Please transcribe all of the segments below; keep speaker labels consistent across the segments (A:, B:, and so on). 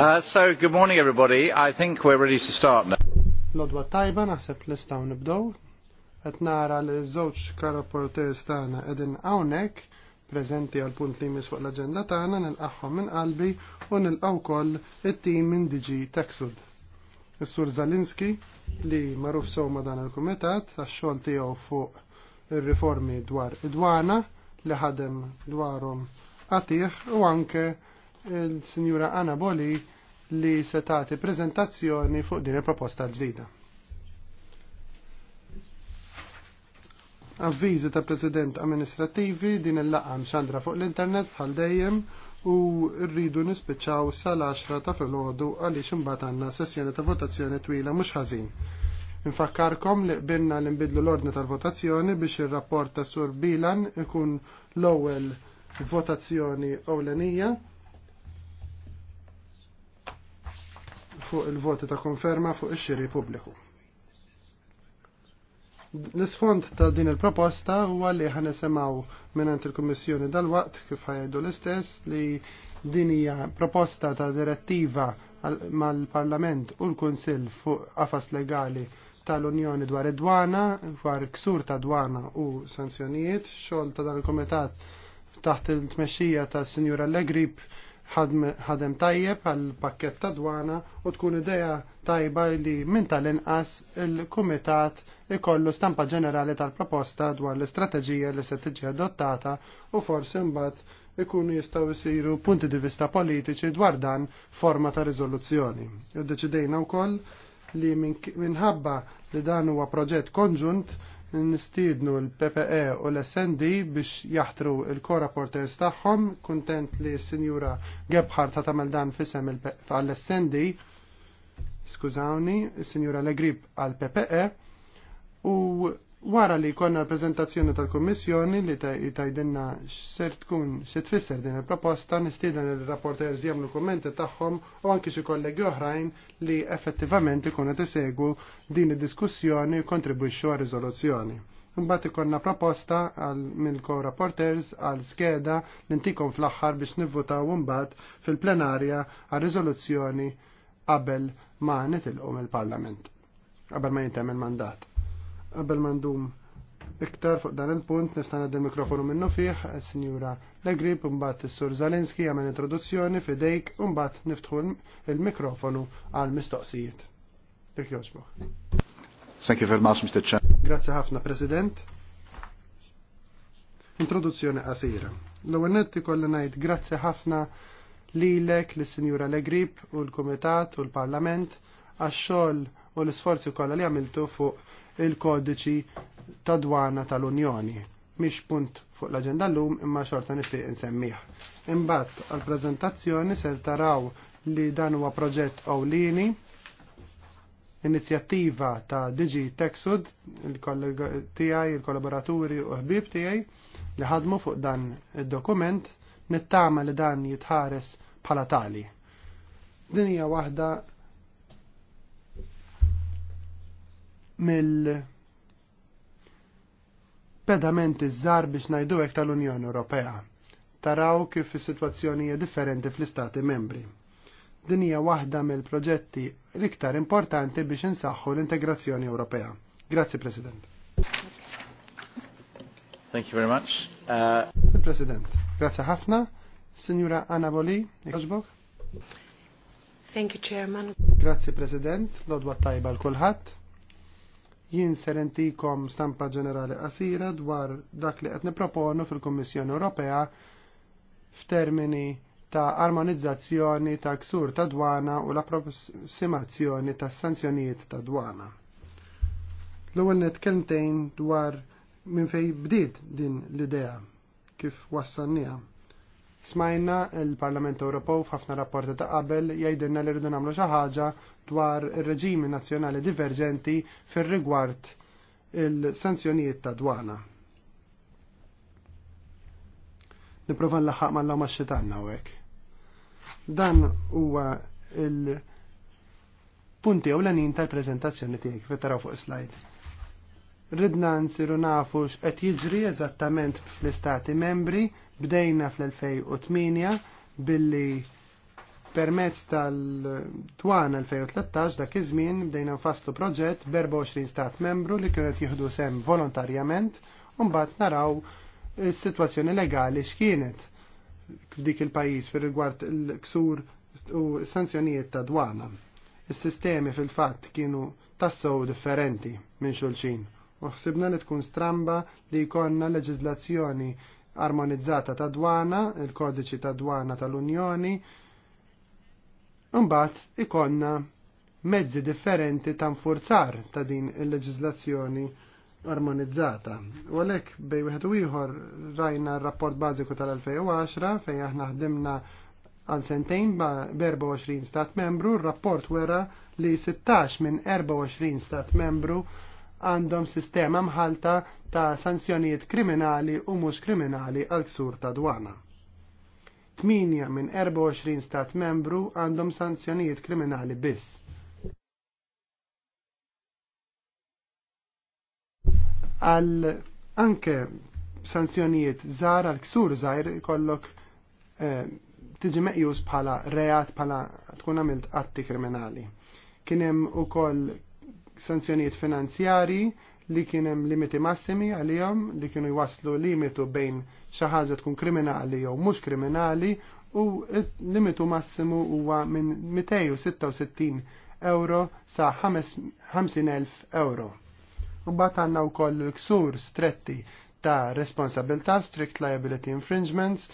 A: Uh, so, good morning everybody. I think we're ready to start now.
B: Lodwa tajba naħseb l-istaw nibdow. Et nara li żewġ karaportez tagħna Edin hawnhekk prezenti għal punt li jmiss fuq l-aġenda tagħna nilqaħħom minn qalbi u nilqgħu wkoll it-tim minn DG Texud. Is-Sur Zalinski li marruf so ma' dan il-kumitat għax-xogħol tiegħu fuq ir-riformi dwar id-dwana li ħadem dwarhom qatih, u anke il-Sinjura Anna Boli li se tagħti preżentazzjoni fuq din il-proposta l-ġdida. Avviżi ta' President Amministrativi din il-laqam xandra fuq l-internet bħal dejjem u rridu nispiċċaw sal-10 ta' filgħodu għaliex imbagħad għandna sessjoni ta' votazzjoni twila mhux ħażin. Infakkarkom li qbilna li nbidlu l-ordni tal-votazzjoni biex ir-rapport ta' Sur Bilan ikun l-ewwel votazzjoni ewlenija fuq il-voti ta' konferma fuq ix-xiri pubbliku. L-isfond ta' din il-proposta huwa li ħanisemaw minnant il-Kummissjoni dal-waqt kif ħajdu l-istess li din hija proposta ta' direttiva mal-Parlament u l-Kunsill fuq qafas legali tal-Unjoni dwar id-dwana, dwar ksur ta' dwana u sanzjonijiet, xogħol ta' dan il-Komitat taħt il-tmexxija ta' Sinjura Legrip ħadem tajjeb għal pakket ta' dwana u tkun ideja tajba li minn tal-inqas il-Kumitat ikollu stampa ġenerali tal-proposta dwar l-istrateġija li se tiġi adottata u forsi mbagħad ikunu jistgħu jsiru punti di vista politiċi dwar dan forma ta' riżoluzzjoni. Iddeċidejna wkoll li minħabba li dan huwa proġett konġunt nistiednu l-PPE u l-SND biex jaħtru il-co-rapporters tagħhom. Kuntent li s-Sinjura Gebhardt ta' tagħmel dan fissem għall-SND. Skużawni, s-Sinjura Legrib għall-PPE u Wara li konna l-prezentazzjoni tal-Kommissjoni li tajdenna x'ser tkun xi tfisser din il-proposta, nistieden il-rapporters zjamlu kummenti tagħhom u anki xi kollegi oħrajn li effettivament ikunu tisegwu din id-diskussjoni u kontribwixxu għar-riżoluzzjoni. Imbagħad ikollna proposta mill co rapporters għal skeda li ntikom fl-aħħar biex nivvutaw mbagħad fil-plenarja għar-riżoluzzjoni qabel ma nitilqu mill-Parlament qabel ma jintem il-mandat. Qabel mandum iktar fuq dan il-punt nista' ngħaddi il mikrofonu minnu fiħ il sinjura Legrib un-bat is-Sur Zalinski jagħmel introduzzjoni f'idejk un-bat niftħu il mikrofonu għal mistoqsijiet. Dik jogħġbok.
A: Thank you very much, Mr. Chair.
B: Grazie ħafna, President. Introduzzjoni qasira. L-ewwel nett ikolli ngħid grazzi ħafna lilek lis-Sinjura Legrib u l-Kumitat u l-Parlament għax-xogħol u l-isforzi kollha li għamiltu fuq il-kodiċi ta' dwana tal-Unjoni. Mhix punt fuq l-aġenda llum imma xorta nixtieq insemmiħ. Imbagħad għall-preżentazzjoni se taraw li dan huwa proġett ewlieni inizjattiva ta' Digi Texud, il-kollega tiegħi, il-kollaboraturi u ħbib tiegħi li ħadmu fuq dan id-dokument, nittama li dan jitħares bħala tali. Din hija waħda mill pedamenti żgħar biex ngħidu hekk tal-Unjoni Ewropea. Taraw kif is-sitwazzjoni hija differenti fl-istati membri. Din hija waħda mill-proġetti l-iktar importanti biex insaħħu l-integrazzjoni Ewropea. Grazzi President.
A: Thank you very much. Uh...
B: president grazzi ħafna. Signora Anna Boli, Thank you, Chairman. Grazzi President, Lodwa tajba l-kulħat jien serentikom stampa ġenerali qasira dwar dak li qed niproponu fil-Kummissjoni Ewropea f'termini ta' armonizzazzjoni ta' ksur ta' dwana u l-approssimazzjoni ta' sanzjonijiet ta' dwana. L-ewwel nitkellmtejn dwar minn fej bdiet din l-idea kif wassannija. Smajna il-Parlament Ewropew f'ħafna rapporti ta' qabel jgħidilna li rridu nagħmlu xi ħaġa dwar ir-reġimi nazzjonali diverġenti fir-rigward il-sanzjonijiet ta' dwana. Niprofan nlaħħaq ma' l-għama xitanna għek. Dan huwa il-punti u l-għanin tal-prezentazzjoni tijek, fit-taraw fuq slide. Ridna nsiru nafu x'qed jiġri eżattament fl-istati membri bdejna fl-2008 billi Permezz tal-dwan 2013 dak iż-żmien bdejna nfasslu proġett b'24 stat membru li kienu qed jieħdu sem volontarjament u mbagħad naraw is-sitwazzjoni legali x'kienet f'dik il-pajjiż fir rigward il-ksur u s-sanzjonijiet ta' dwana. Is-sistemi fil-fatt kienu tassew differenti minn xulxin u ħsibna li tkun stramba li jkollna leġiżlazzjoni armonizzata ta' dwana, il-kodiċi ta' dwana tal-Unjoni, Imbagħad ikonna mezzi differenti ta' nfurzar ta' din il-leġiżlazzjoni armonizzata. U għalhekk bej wieħed u ieħor rajna r-rapport bażiku tal-2010 fejn aħna ħdimna għal sentejn ba' 24 stat membru, r-rapport wera li 16 minn 24 stat membru għandhom sistema mħalta ta' sanzjonijiet kriminali u mhux kriminali għal ksur ta' dwana. 8 minn 24 stat membru għandhom sanzjonijiet kriminali biss. Għal anke sanzjonijiet żgħar għal ksur żgħar ikollok eh, tiġi meqjus bħala reat bħala tkun għamilt atti kriminali. Kien hemm ukoll sanzjonijiet finanzjari li kien hemm limiti massimi għalihom li kienu jwaslu limitu bejn xi ħaġa tkun kriminali jew mhux kriminali u limitu massimu huwa minn 266 euro sa 50.000 euro. U bat għanna u koll l-ksur stretti ta' responsabilta, strict liability infringements,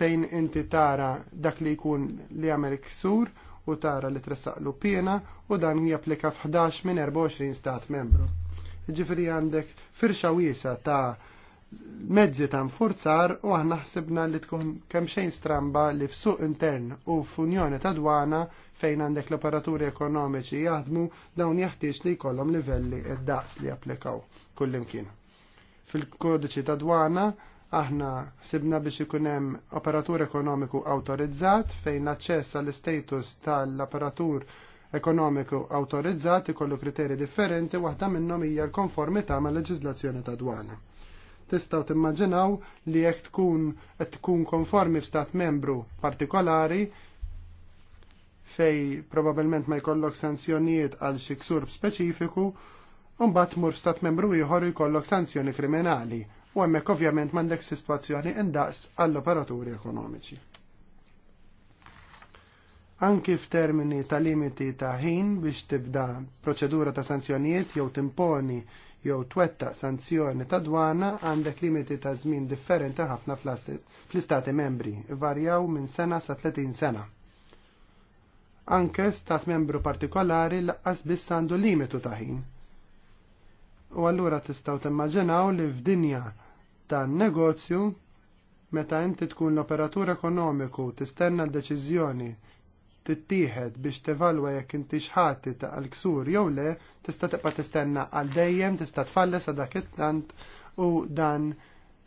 B: fejn inti tara dak li jkun li għamel ksur u tara li tressaqlu piena u dan japplika f'11 minn 24 stat membru ġifiri għandek firxa wiesa ta' mezzi ta' nfurzar u aħna ħsibna li tkun kemm xejn stramba li f'suq intern u f'unjoni ta' dwana fejn għandek l-operaturi ekonomiċi jaħdmu dawn jaħtiex li jkollhom livelli id-daqs li applikaw kullimkien. Fil-kodiċi ta' dwana aħna sibna biex ikun hemm operatur ekonomiku awtorizzat fejn aċċessa l status tal-operatur ekonomiku awtorizzat ikollu kriteri differenti waħda minnhom hija l-konformità mal-leġiżlazzjoni ta' dwana. Tistgħu timmaġinaw li jekk tkun qed tkun konformi f'stat membru partikolari fej probabilment ma jkollok sanzjonijiet għal xi ksur speċifiku mbagħad mur f'stat membru ieħor jkollok sanzjoni kriminali u hemmhekk ovvjament m'għandek sitwazzjoni indaqs għall-operaturi ekonomiċi anki f'termini ta' limiti ta' ħin biex tibda proċedura ta' sanzjonijiet jew timponi jew twetta sanzjoni ta' dwana għandek limiti ta' żmien differenti ħafna fl-istati membri, varjaw minn sena sa' 30 sena. Anke stat membru partikolari laqqas biss għandu limitu ta' ħin. U allura tistgħu timmaġinaw li f'dinja tan negozju meta inti tkun l-operatur ekonomiku tistenna d-deċiżjoni tittieħed biex tevalwa jekk inti xħati ta' għal-ksur jew le, tista' tibqa' tistenna għal dejjem, tista' tfalles sa dak it-tant u dan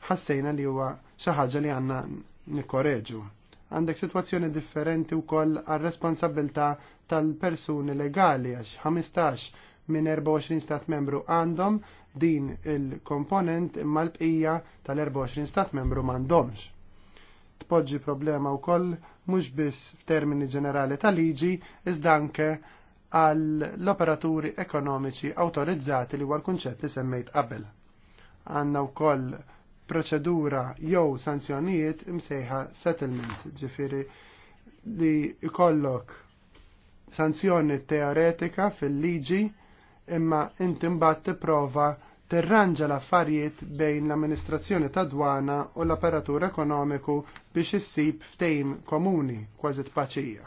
B: ħassejna li huwa xi ħaġa li għandna nikkoreġu. Għandek sitwazzjoni differenti wkoll għar-responsabilità tal-persuni legali għax 15 minn 24 stat membru għandhom din il-komponent imma l-bqija tal-24 stat membru m'għandhomx tpoġġi problema wkoll mhux biss f'termini ġenerali ta' liġi iżda anke għall-operaturi ekonomiċi awtorizzati li għal l-kunċett li semmejt qabel. Għandna wkoll proċedura jew sanzjonijiet imsejħa settlement, ġifiri li ikollok sanzjoni teoretika fil-liġi imma inti mbagħad tipprova prova terranġa l-affarijiet bejn l-amministrazzjoni ta' dwana u l-apparatur ekonomiku biex issib ftejm komuni kważi tpaċija.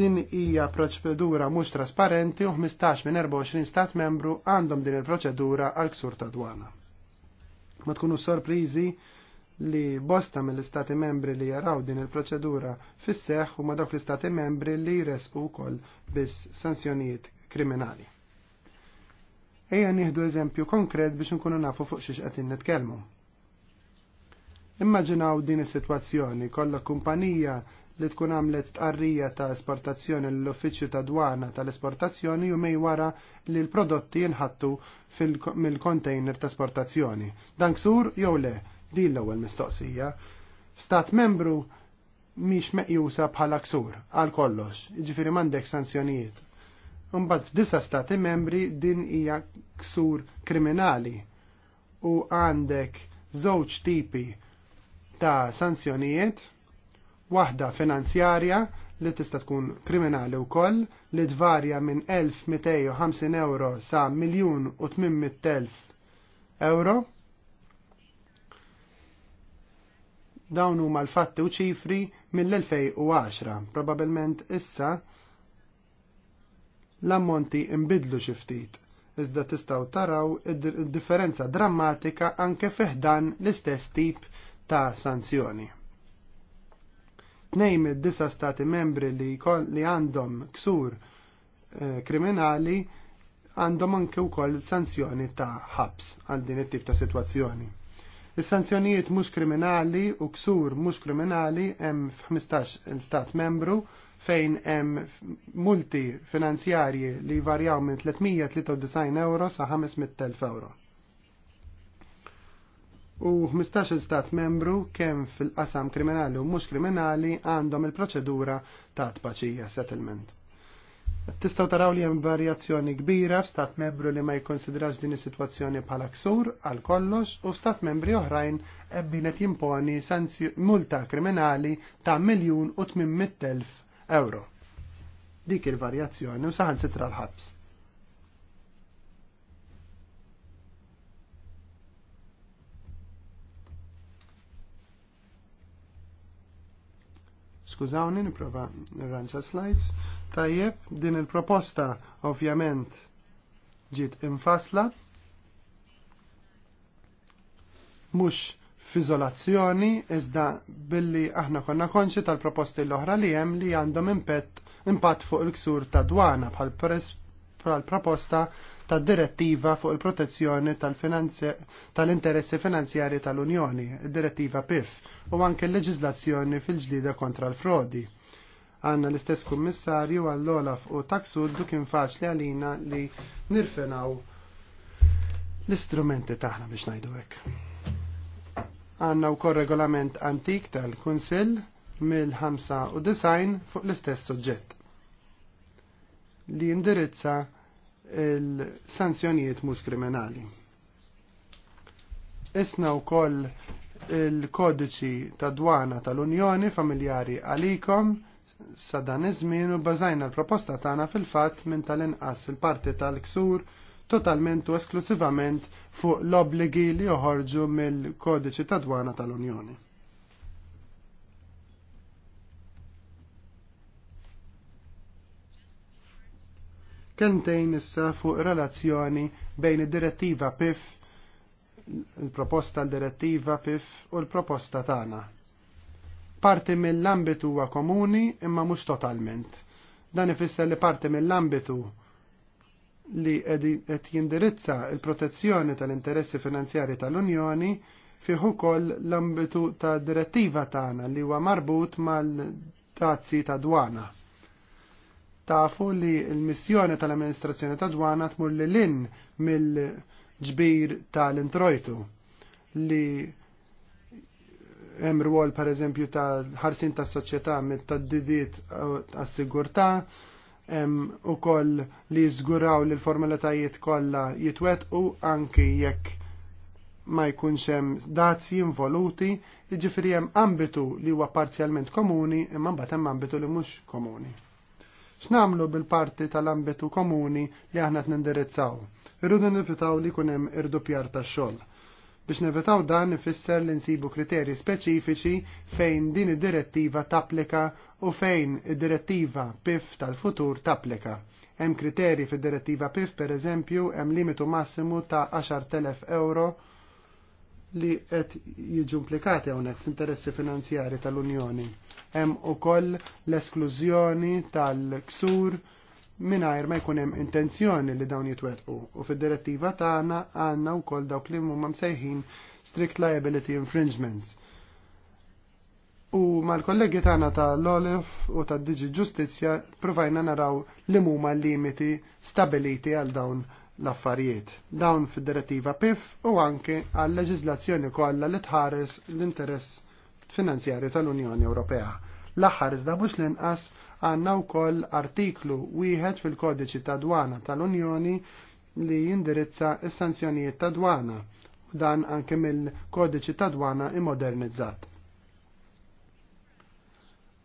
B: Din hija proċedura mhux trasparenti u 15 minn 24 stat membru għandhom din il-proċedura għal ksur ta' dwana. Ma tkunu sorpriżi li bosta mill-istati membri li jaraw din il-proċedura fis u ma dawk l-istati membri li jresqu wkoll biss sanzjonijiet kriminali. Ejja nieħdu eżempju konkret biex nkunu nafu fuq xiex qed nitkellmu. Immaġinaw din is-sitwazzjoni kollha kumpanija li tkun għamlet stqarrija ta' esportazzjoni l-uffiċċju ta' dwana tal-esportazzjoni u mej wara li l-prodotti jinħattu mill-kontejner ta' esportazzjoni. Dan ksur jew le, din l-ewwel mistoqsija. Stat membru miex meqjusa bħala ksur għal kollox, ġifiri m'għandek sanzjonijiet. Mbagħad f'disa stati membri din hija ksur kriminali u għandek żewġ tipi ta' sanzjonijiet, waħda finanzjarja li tista' tkun kriminali wkoll li tvarja minn 1250 euro sa miljun u 800.000 euro. Dawn huma l-fatti u ċifri mill-2010, probabilment issa l-ammonti imbidlu xi ftit, iżda tistgħu taraw id-differenza drammatika anke fiħdan l-istess tip ta' sanzjoni. Nejn id-disa stati membri li, li għandhom ksur eh, kriminali għandhom anke wkoll sanzjoni ta' ħabs għal din it-tip ta' sitwazzjoni. Is-sanzjonijiet mhux kriminali u ksur mhux kriminali hemm f'15 stat membru fejn hemm multi finanzjarji li varjaw minn 393 euro sa 500.000 euro. U 15 stat membru kemm fil-qasam kriminali u mhux kriminali għandhom il-proċedura ta' tpaċija settlement. Tistaw taraw li hemm varjazzjoni kbira f'stat membru li ma jikkonsidrax din is-sitwazzjoni bħala ksur għal kollox u f'stat membri oħrajn ebbinet jimponi multa kriminali ta' miljun u tmim telf euro. Dik il-varjazzjoni u saħan sitra l-ħabs. skużawni, niprofa nirranċa slides. Tajjeb, din il-proposta ovvjament ġiet infasla. Mux f'izolazzjoni iżda billi aħna konna konċi tal-proposti l-oħra li hemm li għandhom impatt fuq il-ksur ta' dwana bħal proposta ta' direttiva fuq il-protezzjoni tal-interessi finanzjari tal-Unjoni, direttiva PIF, u anke l-leġizlazzjoni fil-ġlida kontra l-frodi. Għanna l-istess kummissarju għall-Olaf u taksur du kien faċli għalina li nirfenaw l-istrumenti taħna biex najdu hekk. Għanna u regolament antik tal-Kunsill mill-95 fuq l-istess suġġett li indirizza il-sanzjonijiet mhux kriminali. Isna wkoll il-kodiċi ta' dwana tal-Unjoni familjari għalikom sa dan iż-żmien u bażajna l-proposta tagħna fil-fatt minn tal-inqas il-parti tal-ksur totalment u esklusivament fuq l-obligi li joħorġu mill-kodiċi ta' dwana tal-Unjoni. Kentejn issa fuq relazzjoni bejn id-direttiva PIF, il-proposta direttiva PIF u l-proposta tagħna. Parti mill-ambitu huwa komuni imma mhux totalment. Dan ifisser li parti mill-ambitu li qed jindirizza il-protezzjoni tal-interessi finanzjari tal-Unjoni fih ukoll l-ambitu ta' direttiva tagħna li huwa marbut mal-tazzi ta' dwana. Tafu li l-missjoni tal-amministrazzjoni ta' dwana tmur li lin mill-ġbir tal-introjtu li hemm rwol pereżempju ta' ħarsin tas-soċjetà mit taddidiet għas-sigurtà, uh, u koll li jizguraw li l-formalitajiet kolla jitwet u anki jekk ma jkunx hemm dazzi involuti, jiġifieri hemm ambitu li huwa parzjalment komuni imma mbagħad hemm ambitu li mhux komuni. X'namlu bil-parti tal-ambitu komuni li aħna nindirizzaw? Irridu nifitaw li kun hemm irdupjar tax-xogħol Biex nevetaw dan ifisser li nsibu kriterji speċifiċi fejn din id-direttiva tapplika u fejn id-direttiva PIF tal-futur tapplika. Hemm kriterji fid-direttiva PIF per eżempju hemm limitu massimu ta' 10.000 euro li qed jiġu implikati hawnhekk fl-interessi finanzjari tal-Unjoni. Hemm ukoll l-esklużjoni tal-ksur tal ksur Minajr ma jkun hemm intenzjoni li dawn jitwetqu u fid-direttiva tagħna għandna wkoll dawk li huma msejħin strict liability infringements. U mal-kollegi tagħna ta' l-Olif u ta' Digi Ġustizzja provajna naraw li huma limiti stabiliti għal dawn l-affarijiet. Dawn fid-direttiva PIF u anke għal leġiżlazzjoni kollha li tħares l-interess finanzjarju tal-Unjoni Ewropea. L-aħħar iżda mhux l-inqas għandna wkoll artiklu wieħed fil-Kodiċi ta' Dwana tal-Unjoni li jindirizza s-sanzjonijiet ta' dwana u dan anke mill-Kodiċi ta' Dwana immodernizzat.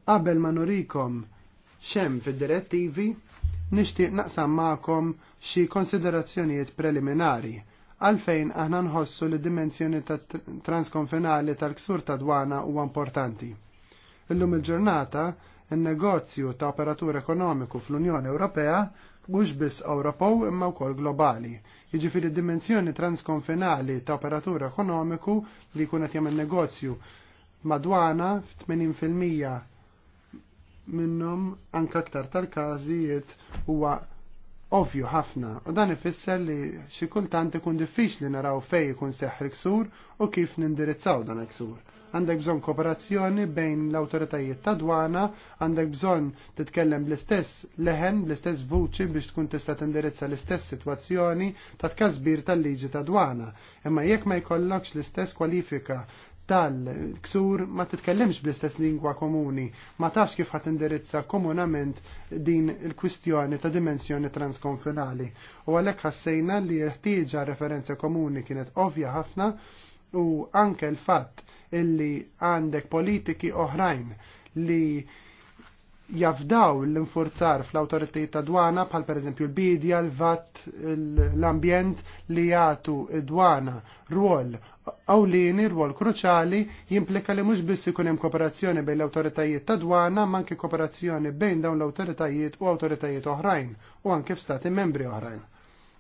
B: Qabel ma nurikom xem fid-direttivi, nixtieq naqsam ma'kom xi konsiderazzjonijiet preliminari għalfejn aħna nħossu li dimensjoni ta' transkonfinali tal-ksur ta' dwana huwa importanti. Illum il-ġurnata in-negozju ta' operatur ekonomiku fl-Unjoni Ewropea mhux biss Ewropew imma wkoll globali. Jiġifieri d-dimensjoni transkonfinali ta' operatur ekonomiku li jkun qed jagħmel negozju madwana f'80% minnhom anke aktar tal-każijiet huwa ovvju ħafna u dan ifisser li xi kultant ikun diffiċli naraw fejn ikun seħħ iksur u kif nindirizzaw dan iksur għandek bżonn kooperazzjoni bejn l-awtoritajiet ta' dwana, għandek bżonn titkellem bl-istess leħen, bl-istess vuċi biex tkun tista' tindirizza l-istess sitwazzjoni ta' tkazbir tal-liġi ta' dwana. Imma jekk ma jkollokx l-istess kwalifika tal-ksur ma titkellemx bl-istess lingwa komuni, ma tafx kif ħat indirizza komunament din il-kwistjoni ta' dimensjoni transkonfinali. U għalek ħassejna li jeħtieġa referenza komuni kienet ovja ħafna u anke l-fatt illi għandek politiki oħrajn li jafdaw l-infurzar fl-autoritajiet ta' dwana bħal pereżempju l-bidja, l-vat, l-ambjent li jagħtu dwana rwol awlini, rwol kruċali jimplika li mhux biss ikun hemm kooperazzjoni bejn l-awtoritajiet ta' dwana ma anke kooperazzjoni bejn dawn l-awtoritajiet u awtoritajiet oħrajn u anke f'stati membri oħrajn.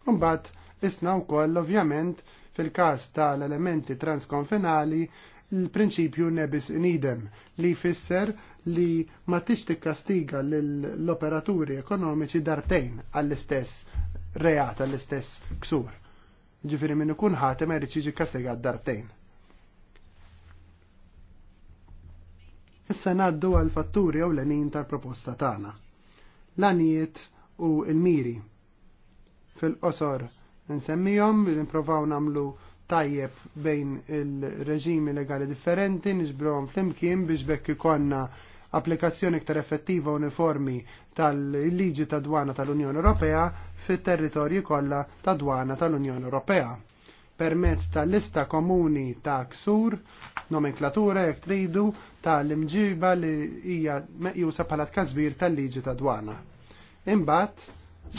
B: Imbagħad isna wkoll ovvjament fil-każ tal-elementi transkonfinali l-prinċipju nebis idem li jfisser li ma tix tikkastiga l-operaturi ekonomiċi dartejn għall-istess reat għall-istess ksur. Ġifiri minn ikun ħatem eriċ ċiġi kastiga dartejn. Issa naddu għal fatturi u l-enin tal-proposta tagħna. L-anijiet u l-miri. Fil-qosor nsemmijom, l-improvaw namlu tajjeb bejn il-reġimi legali differenti, nisbrom flimkien biex bekk ikonna applikazzjoni ktar effettiva uniformi tal-liġi ta' dwana tal-Unjoni Ewropea fit-territorji kollha ta' dwana tal-Unjoni Ewropea permezz ta' lista komuni ta' ksur, nomenklatura jek tridu ta' l-imġiba li hija meqjusa bħala tkażbir tal-liġi ta' dwana. Imbagħad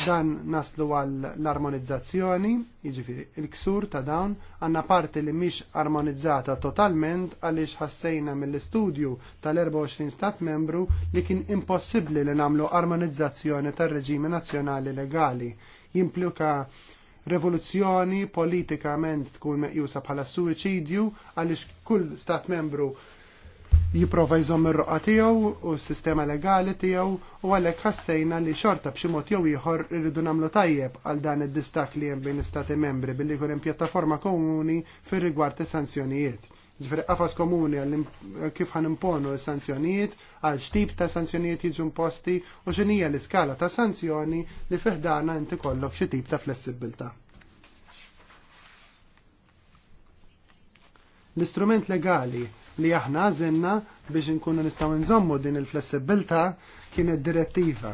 B: dan naslu għal l-armonizzazzjoni, jiġifieri il-ksur ta' dawn, għandna parti li mhix armonizzata totalment għaliex ħassejna mill-istudju tal-24 stat membru li kien impossibbli li nagħmlu armonizzazzjoni tar-reġimi nazzjonali legali. Jimpluka rivoluzzjoni politikament tkun meqjusa bħala suicidju għaliex kull stat membru jiprofa jżomm ir-roqa tiegħu u s-sistema legali tiegħu u għalhekk ħassejna li xorta b'xi mod jew ieħor irridu nagħmlu tajjeb għal dan id-distak li hemm bejn istati membri billi jkun hemm pjattaforma komuni fir-rigward is-sanzjonijiet. Ġifri qafas komuni għal kif ħan imponu s-sanzjonijiet, għal x'tip ta' sanzjonijiet jiġu imposti u x'inhija l-iskala ta' sanzjoni li fiħdana inti kollok xi tip ta' flessibilta'. L-istrument legali li aħna għażilna biex inkunu nistgħu nżommu din il-flessibilità kienet direttiva.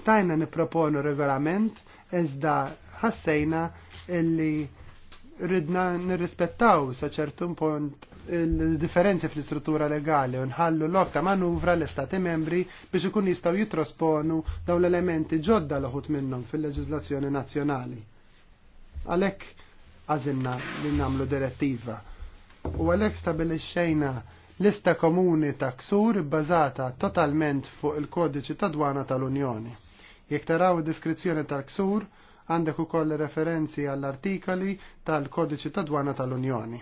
B: Stajna nipproponu regolament iżda ħassejna illi ridna nirrispettaw sa ċertu punt il-differenzi fl-istruttura legali u nħallu l-okta manuvra l-Estati membri biex ikun jistaw jitrosponu daw l-elementi ġodda l-ħut minnhom fil-leġizlazzjoni nazzjonali. Għalek għazinna li namlu direttiva u għalhekk stabilixxejna lista komuni ta' ksur bbażata totalment fuq il-kodiċi ta' dwana tal-Unjoni. Jekk taraw diskrizzjoni tal-ksur, għandek ukoll referenzi għall-artikoli tal-kodiċi ta' dwana tal-Unjoni.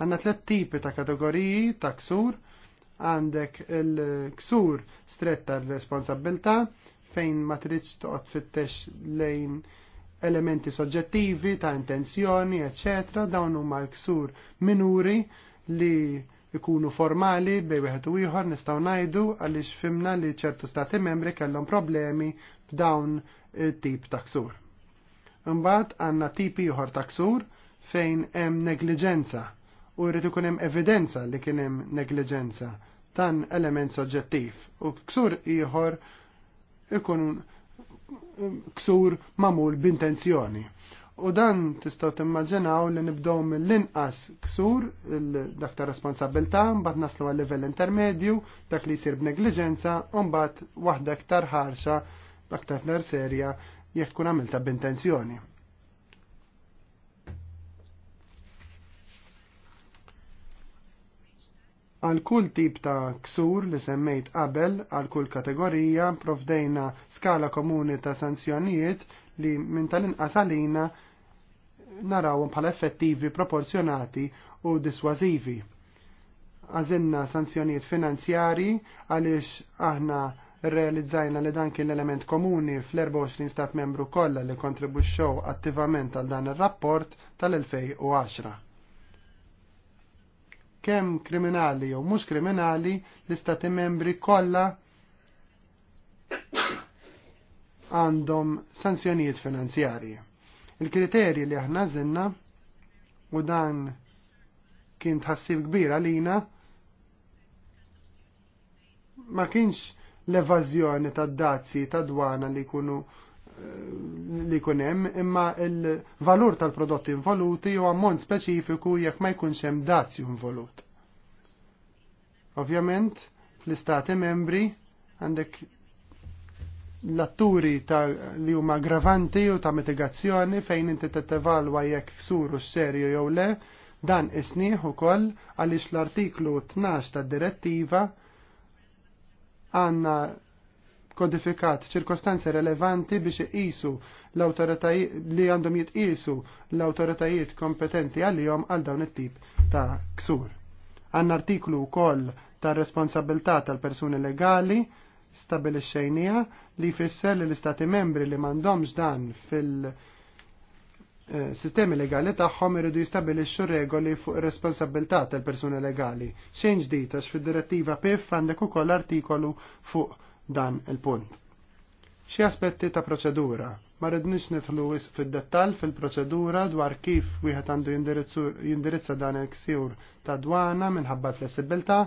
B: Għandna tliet tipi ta' kategoriji ta' ksur, għandek il-ksur stretta r-responsabilta' fejn ma tridx toqgħod fittex lejn elementi soġġettivi ta' intenzjoni, eccetera, dawn huma l-ksur minuri li ikunu formali bej wieħed u ieħor nistgħu ngħidu għaliex fimna li ċertu stati membri kellhom problemi b'dawn it-tip ta' ksur. Imbagħad għandna tipi ieħor ta' ksur fejn hemm negliġenza u jrid ikun hemm evidenza li kien hemm negliġenza dan element soġġettiv u ksur ieħor ikun ksur mamul b'intenzjoni. U dan tistaw timmaġinaw li nibdow mill-inqas ksur dak ta' responsabilta, mbagħad naslu għal livell intermedju, dak li jsir b'negliġenza, u mbagħad waħda aktar ħarxa, aktar serja, jekk tkun għamilta b'intenzjoni. Għal kull tip ta' ksur li semmejt qabel, għal kull kategorija, provdejna skala komuni ta' sanzjonijiet li minn tal-inqas għalina narawhom bħala effettivi, proporzjonati u diswazivi. Għazinna sanzjonijiet finanzjari għaliex aħna realizzajna li dan kien l-element komuni fl-24 stat membru kollha li kontribuxxew attivament għal dan ir-rapport tal-2010 kemm kriminali jew mhux kriminali l-istati membri kollha għandhom sanzjonijiet finanzjarji. Il-kriterji li aħna żinna u dan kien tħassib kbira għalina ma kienx l-evażjoni tad-dazzi tad-dwana li jkunu Eh, li kunem imma il-valur tal-prodotti involuti u ammont speċifiku jekk ma jkunx hemm dazju involut. Ovvjament, fl-istati membri għandek l-atturi li huma gravanti u ta' mitigazzjoni fejn inti tevalwa jekk suru x-serju jew le, dan isnieħ ukoll għaliex l-artiklu 12 tad-direttiva għandna kodifikat ċirkostanzi relevanti biex iqisu l-autoritajiet li għandhom jitqisu l-autoritajiet kompetenti għalihom għal dawn it-tip ta' ksur. Għanna artiklu wkoll ta' responsabilità tal-persuni legali stabilixxejnija li jfisser li l-istati membri li m'għandhomx dan fil- eh, sistemi legali tagħhom iridu jistabilixxu regoli fuq responsabilità tal-persuni legali. Xejn ġdid għax fid-direttiva PIF għandek ukoll artikolu fuq dan il-punt. Xi aspetti ta' proċedura ma rridniex nidħlu wis fid-dettall fil-proċedura dwar kif wieħed għandu jindirizza dan il-ksur ta' dwana minħabba flessibilità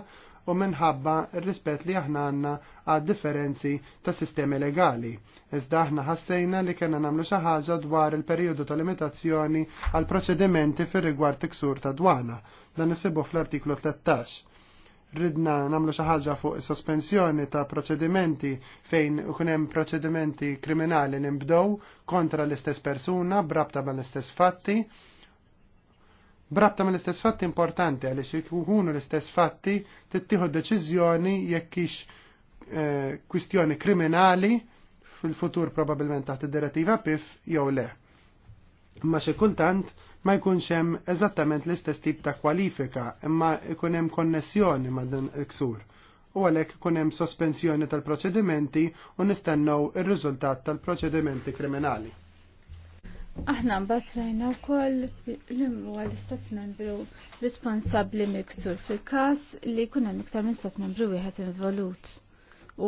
B: u minħabba r-rispett li aħna għandna għad differenzi ta' sistemi legali. Iżda aħna ħassejna li kena nagħmlu xi ħaġa dwar il-perjodu ta' limitazzjoni għal proċedimenti fir rigward tiksur ta' dwana. Dan isibu fl-artiklu 13 ridna namlu xi ħaġa fuq sospensjoni ta' proċedimenti fejn ikun hemm proċedimenti kriminali nimbdow kontra l-istess persuna brabta mal-istess fatti. Brabta l istess fatti importanti għaliex ikunu l-istess fatti tittieħu deċiżjoni jekk hix eh, kwistjoni kriminali fil-futur probabilment taħt id-direttiva PIF jew le. Imma xi kultant ma jkunx hemm eżattament l-istess tip ta' kwalifika imma jkun hemm konnessjoni ma' dan il-ksur u għalhekk ikun hemm sospensjoni tal-proċedimenti u nistennew ir-riżultat tal-proċedimenti kriminali.
C: Aħna mbagħad rajna wkoll li huwa l-istat membru responsabbli miksur fil-każ li jkun hemm iktar minn stat membru wieħed involut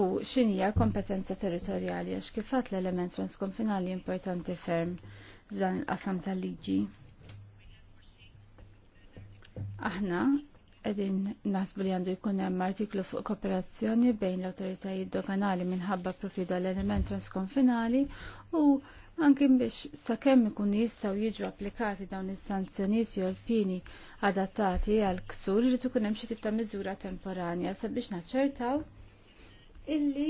C: u x'inhija kompetenza territorjali għax kif l-element transkonfinali importanti ferm f'dan il-qasam tal-liġi. Aħna qegħdin naħsbu li għandu jkun hemm artiklu fuq kooperazzjoni bejn l-awtoritajiet doganali minħabba propju dal-element transkonfinali u anke biex sakemm ikun jistgħu jiġu applikati dawn is-sanzjonijiet jew alpini adattati għal ksur irid ikun hemm xi tip ta' miżura temporanja sabiex naċċertaw illi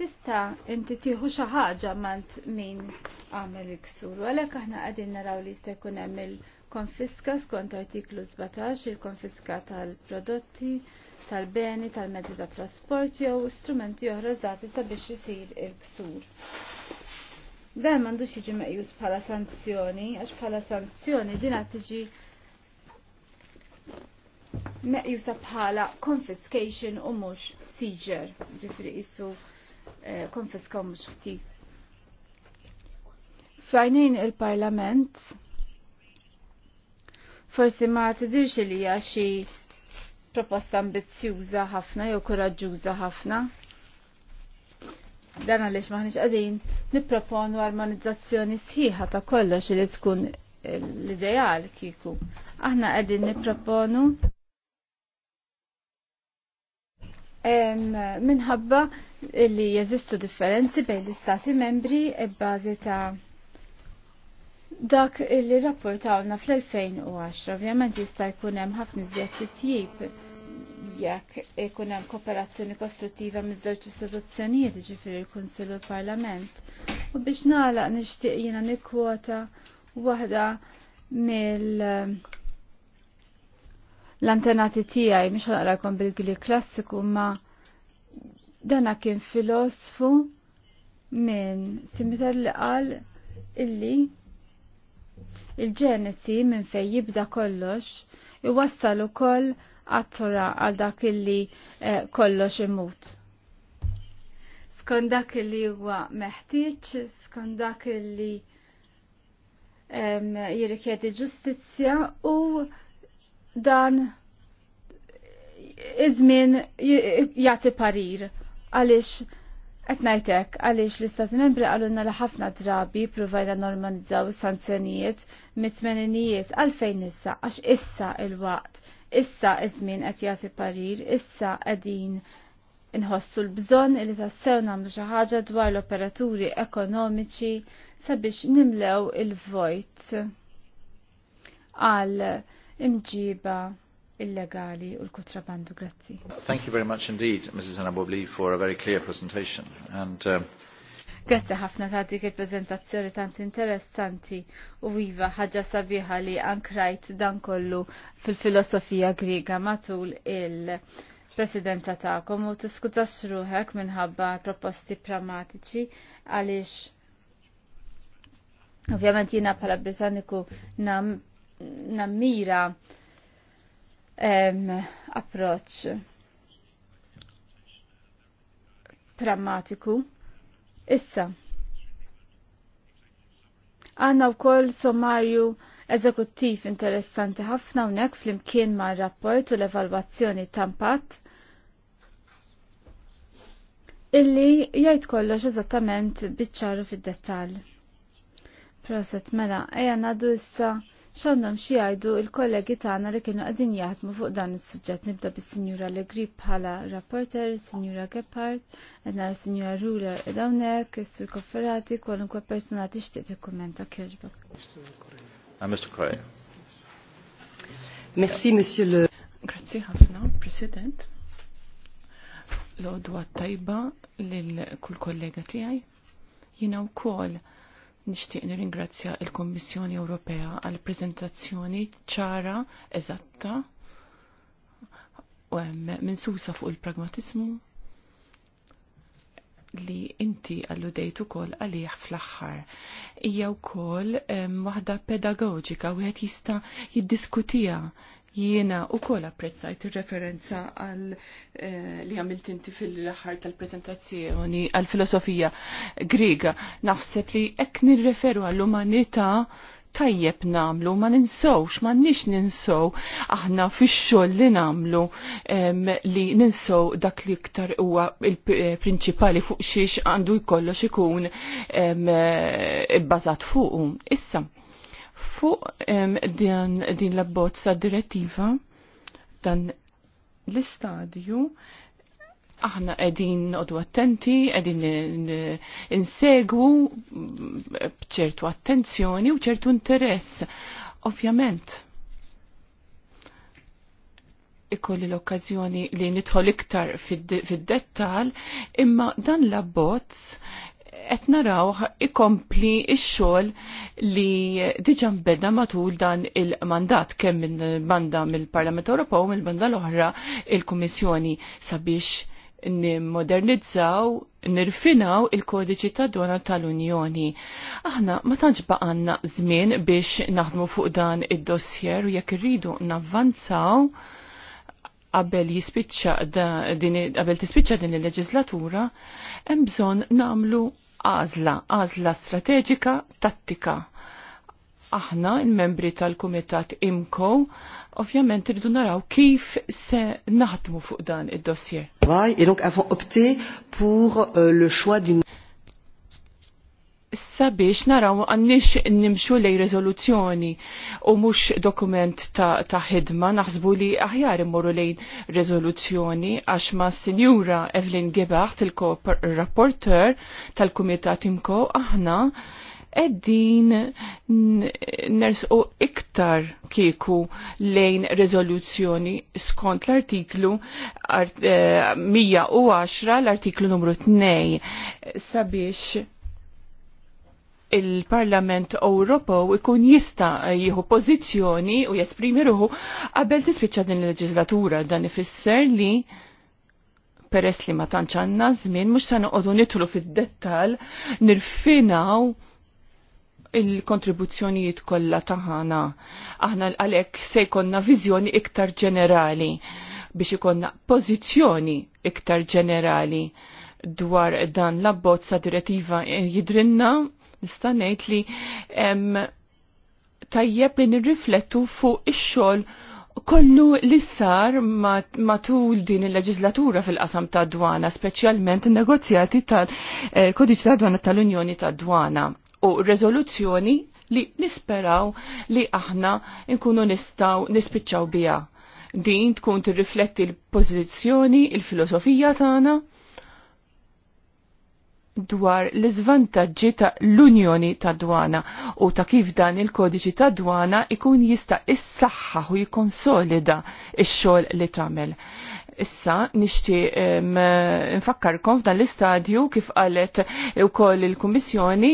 C: tista inti tieħu xi ħaġa mant min għamel iksur. Għalhekk aħna qegħdin naraw li jista' jkun hemm il- konfiska skont artiklu 17 il-konfiska tal-prodotti, tal-beni, tal-mezzi ta' trasport jew strumenti oħra żati sabiex isir il-ksur. Dan m'għandux jiġi meqjus bħala sanzjoni, għax bħala sanzjoni din qed tiġi meqjusa bħala confiscation u mhux seizure, ġifri qisu eh, konfiska u mhux ħtib. Fajnin il-Parlament forsi ma tidirx li hija xi proposta ambizzjuża ħafna jew koraġġuża ħafna. Dan għaliex maħniex qegħdin nipproponu armonizzazzjoni sħiħa ta' kollox li tkun l-ideal kieku. Aħna qegħdin nipproponu minħabba li jeżistu differenzi bejn l-istati membri e bażi ta' Dak li rapportawna fl-2010 ovvjament jista' jkun hemm ħafna iżjed titjib jekk ikun hemm kooperazzjoni kostruttiva miż-żewġ istituzzjonijiet ġifieri l-Kunsill u l-Parlament. U biex nagħlaq nixtieq jiena nikkwota waħda mill l-antenati tiegħi mhux ħanaqrakom bil-Gli klassiku ma dana kien filosfu minn simitar li qal illi Il-ġenesi minn fej jibda kollox iwassal ukoll għattura għal dak illi eh, kollox imut. Skon dak illi huwa meħtieġ, skon dak illi jirrikjedi ġustizzja u dan iż-żmien jagħti parir għaliex Etnajtek, għalix l-istati membri għalunna li ħafna drabi provajda normalizzaw sanzjonijiet mit-tmeninijiet għalfejn issa, għax issa il-waqt, issa izmin qed jagħti parir, issa qegħdin inħossu l-bżon li tassew nagħmlu xi ħaġa dwar l-operaturi ekonomiċi sabiex nimlew il-vojt għal imġiba illegali u l-kontrabandu. Grazzi. Thank you
A: very much indeed, Mrs. Anabobli, for a very clear presentation. And, um...
C: Grazzi ħafna ta' dik il-prezentazzjoni tant interessanti u viva ħaġa sabiħa li ankrajt dan kollu fil-filosofija griega matul il- Presidenta ta'kom u tiskutas ruħek minħabba proposti pragmatiċi għaliex ovvjament jina pala Britanniku nammira nam approċ prammatiku. Issa, għanna u koll sommarju eżekuttiv interessanti ħafna unek fl-imkien ma' rapport u l-evalwazzjoni tampat illi jgħid kollox eżattament biċċaru fid-dettall. Proset mela, eja naddu issa Xandam xie għajdu il-kollegi tagħna li kienu għadin jaħdmu fuq dan is-suġġett nibda bis-Sinjura Legri bħala rapporter, Sinjura Gephardt, għedna Sinjura Rula dawnek, Sur Kofferati, kwalunkwe persona tixtieq kommenta kieġbek.
A: Ah, Mr. Correa.
C: Merci, Monsieur le... Grazie ħafna, President
D: l-odwa tajba l-kull kollega tijaj. Jina u kol Nixtieq nirringrazzja il-Kommissjoni Ewropea għal prezentazzjoni ċara, eżatta, u hemm minsusa fuq il-pragmatismu li inti għalludejtu kol għalih fl-axħar. Ija u kol um, ehm, pedagogika u jista jiddiskutija Jiena u kol apprezzajt il-referenza għal eh, li għamilt inti fil-ħar tal-prezentazzjoni għal filosofija griga. Naħseb li ek nirreferu għall-umanita tajjeb namlu, ma ninsowx, ma nix ninsow aħna fix-xogħol li namlu em, li ninsow dak li iktar huwa il-prinċipali eh, fuq xiex għandu jkollox ikun eh, bbażat fuqu. Issa, Fuq din, din l-abbozza direttiva dan l-istadju aħna edin odu attenti, edin insegwu bċertu attenzjoni u ċertu interess. Ovvjament, ikolli l-okkazjoni li nidħol iktar fid-dettal, imma dan l-abbozz qed raw ikompli x-xogħol li diġà beda matul dan il-mandat kemm minn banda mill-Parlament Ewropew u mill-banda l-oħra il-Kummissjoni sabiex nimmodernizzaw, nirfinaw il-kodiċi ta' dona tal-Unjoni. Aħna ma tantx baqanna żmien biex naħdmu fuq dan id-dossier u jekk irridu navvanzaw qabel jispiċċa din qabel tispiċċa din il-leġislatura, hemm bżonn nagħmlu għażla, għażla strateġika tattika. Aħna, il-membri tal-Kumitat IMCO, ovvjament irridu naraw kif se naħdmu fuq dan id-dossier. Et donc avons opté pour euh, le choix d'une sabiex naraw għannix nimxu lej rezoluzzjoni u mux dokument ta', ta ħidma naħsbu li aħjar immorru lejn rezoluzzjoni għax ma' sinjura Evelyn Gebach il-rapporter tal-Kumitat Imko, aħna eddin nersqu iktar kieku lejn rezoluzzjoni skont l-artiklu 110 eh, l-artiklu numru 2 sabiex il-Parlament Ewropew ikun jista' jieħu pożizzjoni u jesprimi ruħu qabel tispiċċa din il-leġislatura dan ifisser li peress li ma tantx għandna żmien mhux se noqogħdu nidħlu fid-dettall nirfinaw il-kontribuzzjonijiet kollha taħana. Aħna għalhekk se jkollna viżjoni iktar ġenerali biex ikonna pożizzjoni iktar ġenerali dwar dan l-abbozza direttiva jidrinna nista' ngħid li tajjeb li nirriflettu fuq ix-xogħol kollu li sar matul din il-leġislatura fil-qasam ta' dwana, speċjalment negozjati tal-kodiċ eh, ta' dwana tal-Unjoni ta' dwana u rezoluzzjoni li nisperaw li aħna nkunu nistaw nispiċċaw biha. Din tkun tirrifletti l-pożizzjoni, il-filosofija tagħna dwar l-izvantaġġi ta' l-Unjoni ta' Dwana u ta' kif dan il-kodiċi ta' Dwana ikun jista' issaħħa u jikonsolida x-xogħol li tagħmel. Issa nixtieq nfakkarkom f'dan l-istadju kif qalet ukoll il-Kummissjoni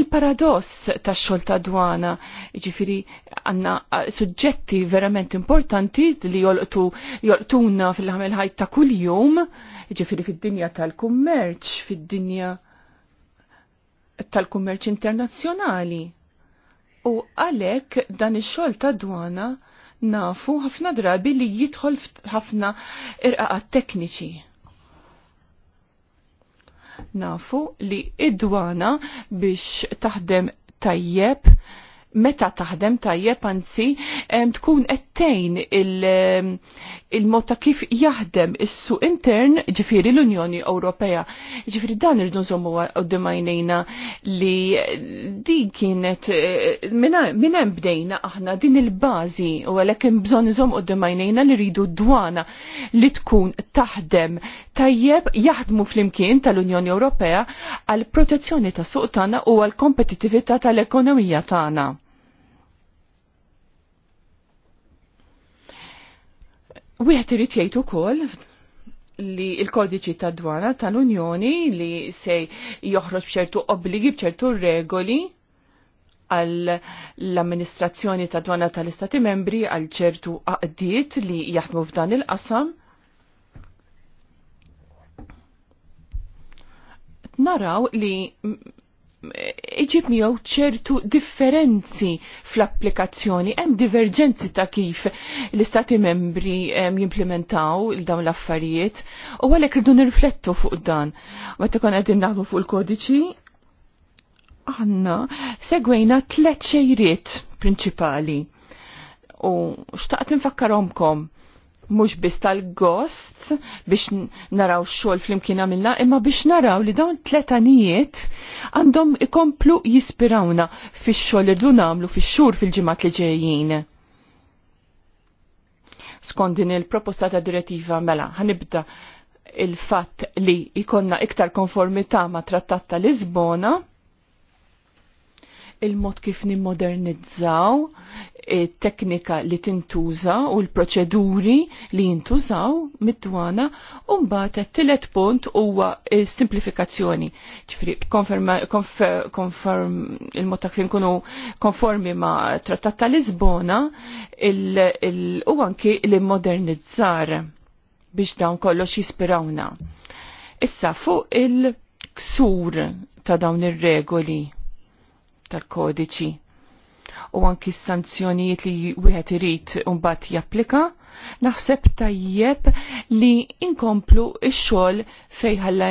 D: il-paradoss tax-xogħol ta' dwana. Ġifieri għandna suġġetti verament importanti li jolqtu jolqtuna fil-ħamel ħajt ta' kuljum, ġifieri fid-dinja tal-kummerċ, fid-dinja tal-kummerċ internazzjonali. U għalek dan ix-xogħol ta' dwana nafu ħafna drabi li jidħol ħafna irqaqat tekniċi. Nafu li id-dwana biex taħdem tajjeb meta taħdem tajjeb anzi tkun ettejn il mota kif jaħdem is-suq intern ġifiri l-Unjoni Ewropea. Ġifiri dan irdu nżommu għoddimajnejna li din kienet eh, minn hemm bdejna aħna din il-bażi u għalhekk hemm bżonn iżomm għoddimajnejna li rridu dwana li tkun taħdem tajjeb jaħdmu fl-imkien tal-Unjoni Ewropea għal protezzjoni tas-suq tagħna u għal kompetitività tal-ekonomija tagħna Wieħed irid jgħid ukoll li il-kodiċi ta' dwana tal-Unjoni li se joħroġ bċertu obbligi bċertu regoli għall-amministrazzjoni ta' dwana tal-Istati membri għal ċertu qaqdiet li jaħdmu f'dan il-qasam. Naraw li iġib ċertu differenzi fl-applikazzjoni, hemm diverġenzi ta' kif l-istati membri jimplementaw il-dawn l-affarijiet u għalhekk rridu nirflettu fuq dan. Meta kon qegħdin naħdu fuq il-kodiċi, għanna segwejna tliet xejriet prinċipali u xtaqt nfakkaromkom mux biss tal-gost biex naraw xol fl-imkien għamilna, imma biex naraw li dawn tletanijiet għandhom ikomplu jispirawna fix xol irdu namlu fix xur fil-ġimat li ġejjin. Skondin il-proposta ta' direttiva mela, ħanibda il-fatt li ikonna iktar konformità ma' trattat ta' Lisbona, il-mod kif nimmodernizzaw teknika li tintuża u l-proċeduri li jintużaw mid-dwana u mbagħad it-tielet punt huwa s-simplifikazzjoni. Ġifri konferm il-mod ta' kif nkunu konformi ma' Trattat ta' Lisbona u anki l-immodernizzar biex dawn kollox jispirawna. Issa fuq il- ksur ta' dawn ir-regoli tal-kodiċi u anki s-sanzjonijiet li wieħed irid mbagħad japplika, naħseb tajjeb li inkomplu x-xogħol fejħalla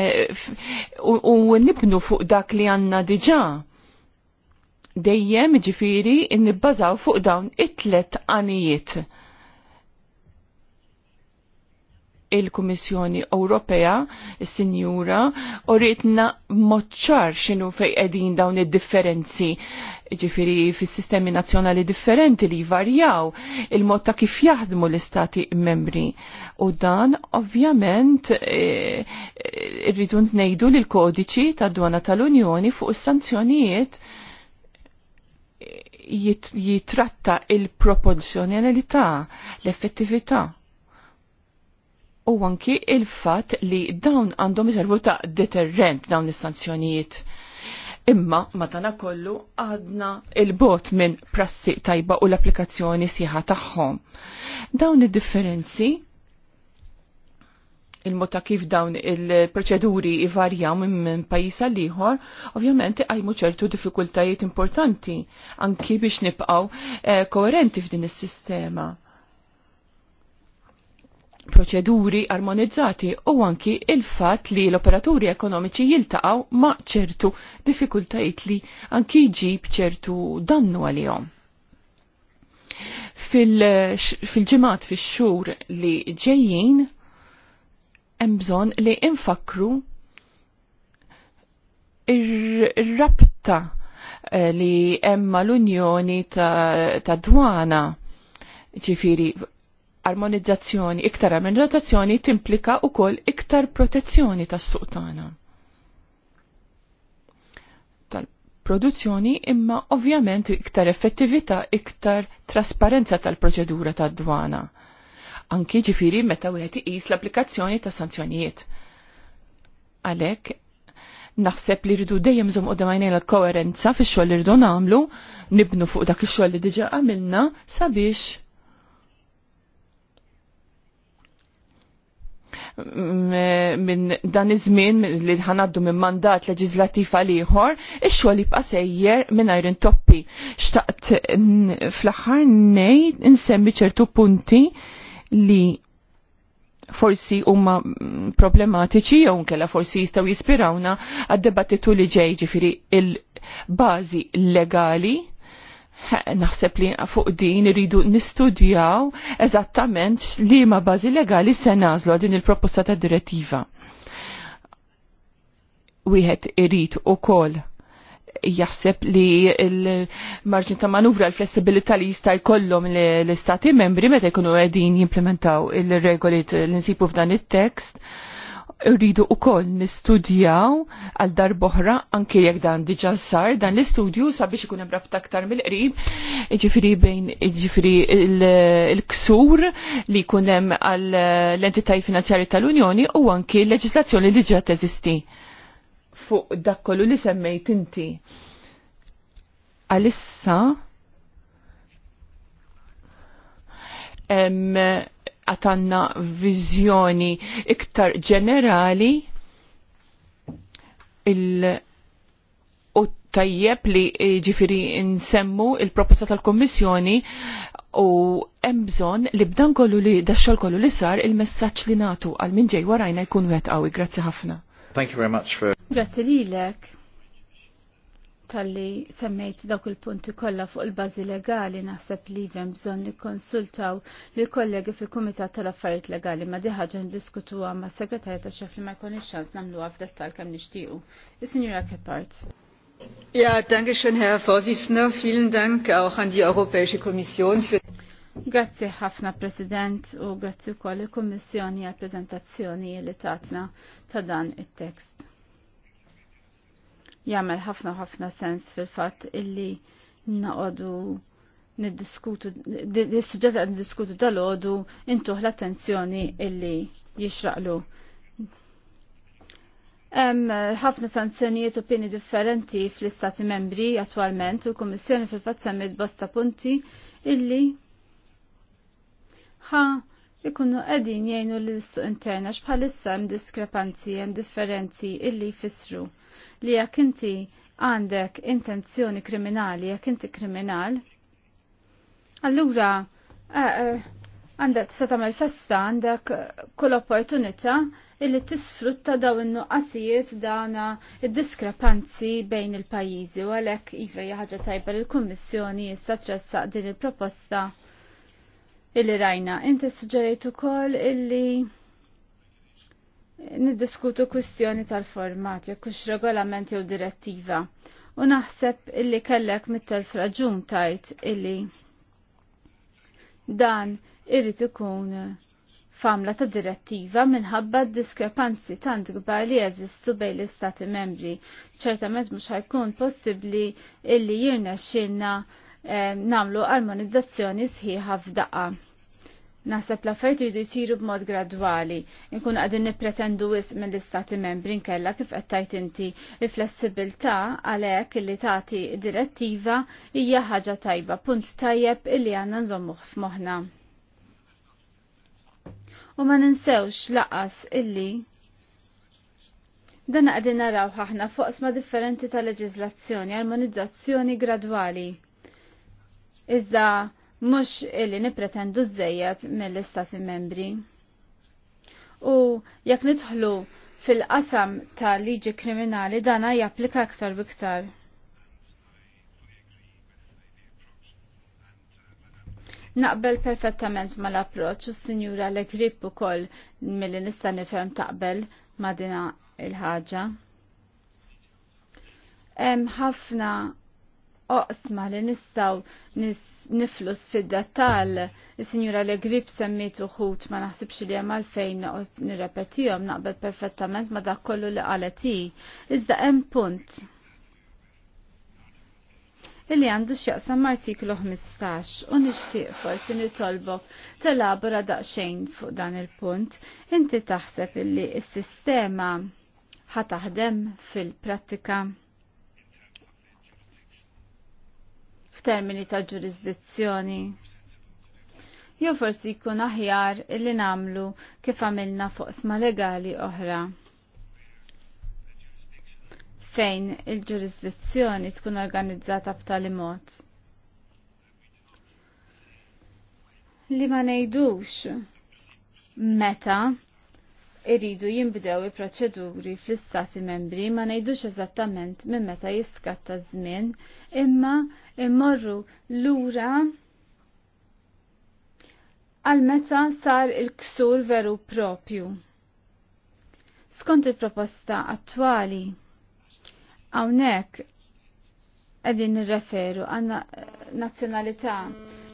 D: u nibnu fuq dak li għandna diġà. Dejjem ġifiri nibbażaw fuq dawn it-tlet għanijiet il-Kummissjoni Ewropea, il sinjura u rritna moċċar x'inhu fejn qegħdin dawn id-differenzi ġifiri fis sistemi nazjonali differenti li varjaw il-mod ta' kif jaħdmu l-istati membri. U dan ovvjament eh, irridu e, ngħidu l-kodiċi ta' dwana tal-Unjoni fuq is-sanzjonijiet jitratta il-proporzjonalità, l-effettività u anki il-fat li dawn għandhom iservu ta' deterrent dawn is-sanzjonijiet. Imma matana kollu għadna il-bot minn prassi tajba u l-applikazzjoni sieħa tagħhom. Dawn id-differenzi il mota ta' kif dawn il-proċeduri ivarjaw minn pajjiż għal ieħor, ovvjament għajmu ċertu diffikultajiet importanti anki biex nibqgħu eh, koerenti f'din is-sistema proċeduri armonizzati u anki il-fat li l-operaturi ekonomiċi jiltaqaw ma ċertu diffikultajiet li anki jġib ċertu dannu għalihom. Fil-ġimat fil fix-xhur li ġejjin hemm bżonn li infakru ir-rabta eh, li emma l-unjoni ta', ta dwana ċifiri armonizzazzjoni, iktar armonizzazzjoni timplika u koll iktar protezzjoni tas suqtana Tal-produzzjoni imma ovvjament iktar effettività, iktar trasparenza tal-proċedura tad-dwana. Anki ġifiri meta wieħed iqis l-applikazzjoni ta' sanzjonijiet. Għalhekk naħseb li rridu dejjem żom qudiem l-koerenza fix-xogħol li rridu nagħmlu, nibnu fuq dak ix-xogħol li diġà għamilna sabiex minn dan iż-żmien li ħanaddu minn mandat leġislattiv għal ieħor, ix-xogħol jibqa' sejjer mingħajr intoppi. Xtaqt fl-aħħar ngħid insemmi ċertu punti li forsi huma problematiċi jew kella forsi jistgħu jispirawna għad-debattitu li ġej ġifieri il-bażi legali naħseb li fuq din iridu nistudjaw eżattament li ma bażi legali se nażlu din il-proposta ta' direttiva. Wieħed irid ukoll jaħseb li il-marġin ta' manuvra l-flessibilità li jista' jkollhom l-istati membri meta jkunu qegħdin jimplementaw il-regoli l-insibu f'dan it-tekst rridu u koll nistudjaw għal dar boħra, anke jekk dan diġa sar dan l-istudju sabiex ikun hemm rabta aktar mill-qrib ġifiri bejn ġifiri l-ksur li jkun hemm għal l-entitajiet finanzjarji tal-Unjoni u anke l-leġislazzjoni li ġiet teżisti fuq dak kollu li semmejt inti. Għalissa għatanna vizjoni iktar ġenerali il u tajjeb li eh, ġifiri nsemmu il-proposta tal-Kommissjoni u emżon li bdan kollu li daxxol kollu li sar il-messaċ li natu għal minn ġej warajna jkun wet għawi. Grazzi
A: ħafna. Thank you very much for...
C: Grazzi lilek tal-li semmejt dawk il-punti kollha fuq il-bażi legali naħseb li jvem bżonn nikkonsultaw lill kollegi fil-Kumitat tal-Affarijiet Legali ma di ħaġa ndiskutuha mas segretarja ta' xef li ma jkunx namlu nagħmluha f'dettal kemm nixtiequ. Is-Sinjura Keppart. Ja, danke schön, Herr Vorsitzender. Vielen Dank auch an die Europäische Kommission für Grazzi ħafna President u grazzi wkoll il-Kummissjoni għall prezentazzjoni li tatna ta' dan it-tekst jagħmel ħafna ħafna sens fil-fatt illi naqogħdu niddiskutu l-suġġett niddiskutu dal-għodu intuħ l-attenzjoni illi jixraqlu. Hemm ħafna sanzjonijiet opinji differenti fl-Istati membri attwalment u l-Kummissjoni fil-fatt semmiet bosta punti illi ħa ikunu qegħdin jgħinu l-suq interna x'bħalissa hemm diskrepanzi hemm differenti illi jfissru li jekk inti għandek intenzjoni kriminali, jekk inti kriminal, allura eh, eh, għandek se tagħmel festa għandek kull opportunità illi tisfrutta daw in-nuqqasijiet dana id-diskrepanzi bejn il-pajjiżi u għalhekk iva hija ħaġa tajba l kummissjoni issa tressaq din il-proposta illi rajna. Inti suġġerejt ukoll illi niddiskutu kwistjoni tal-format, jekk hux regolament jew direttiva. U naħseb illi kellek mit fraġun tajt illi dan irrid ikun famla ta' direttiva minħabba d diskrepanzi tant kbar li jeżistu bejn l-istati membri. ċertament mhux ħajkun possibbli illi jirna xinna eh, namlu armonizzazzjoni sħiħa f'daqqa. Naħseb l-affarijiet jridu jsiru b'mod gradwali. Inkun qegħdin nippretendu wis mill-istati membri nkella kif qed tajt inti il-flessibilità għalhekk illi tagħti direttiva hija ħaġa tajba, punt tajjeb illi għandna nżommuh f'moħħna. U ma ninsewx laqas illi Dan għadin naraw ħahna ma' differenti ta' leġizlazzjoni, armonizzazzjoni gradwali. Iżda mhux illi nippretendu żejjed mill-istati membri. U jekk nidħlu fil-qasam ta' liġi kriminali dana japplika aktar biktar. Naqbel perfettament ma l-approċ u s-sinjura l grip u koll mill-li nista nifem taqbel ma dina il-ħagġa. Hemm ħafna oqsma li nistaw nis niflus fid-dettal, il-Sinjura Li Grip semmit uħut ma naħsibx li hemm u nirrepetihom naqbel perfettament ma dak kollu li qalet hi. Iżda hemm punt. Illi għandu x'jaqsam artiklu 15 u nixtieq forsi nitolbok telabora daqsxejn fuq dan il-punt. Inti taħseb illi s-sistema ħataħdem fil-prattika. f'termini ta' ġurisdizzjoni. Jew forsi jkun aħjar illi namlu kif għamilna fuq sma legali oħra. Fejn il-ġurisdizzjoni tkun organizzata b'tali mod. Li ma nejdux meta iridu jimbdew i-proċeduri fl-istati membri ma ngħidux eżattament minn meta jiskatta żmien imma immorru lura għal meta sar il-ksur veru propju. Skont il-proposta attwali, għawnek għedin referu għanna nazzjonalità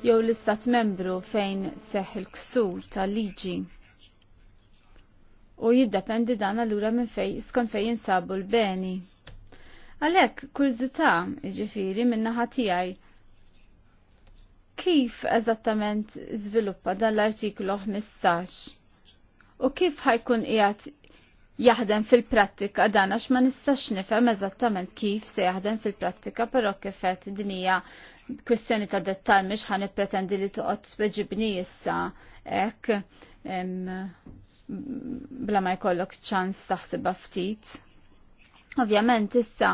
C: jew l-istat membru fejn seħ il-ksur tal-liġi u jiddependi dan allura minn fej skont fej jinsabu l-beni. Għalhekk kurzita, jiġifieri minn naħatijaj, tiegħi kif eżattament żviluppa dan l-artiklu 15 u kif ħajkun qiegħed jaħdem fil-prattika dan għax ma nistax nifhem eżattament kif se jaħdem fil-prattika, però kif qed din hija kwistjoni ta' dettal mhix ħan ippretendi li toqgħod speġibni issa hekk bla ma jkollok ċans taħseb ftit. Ovvjament issa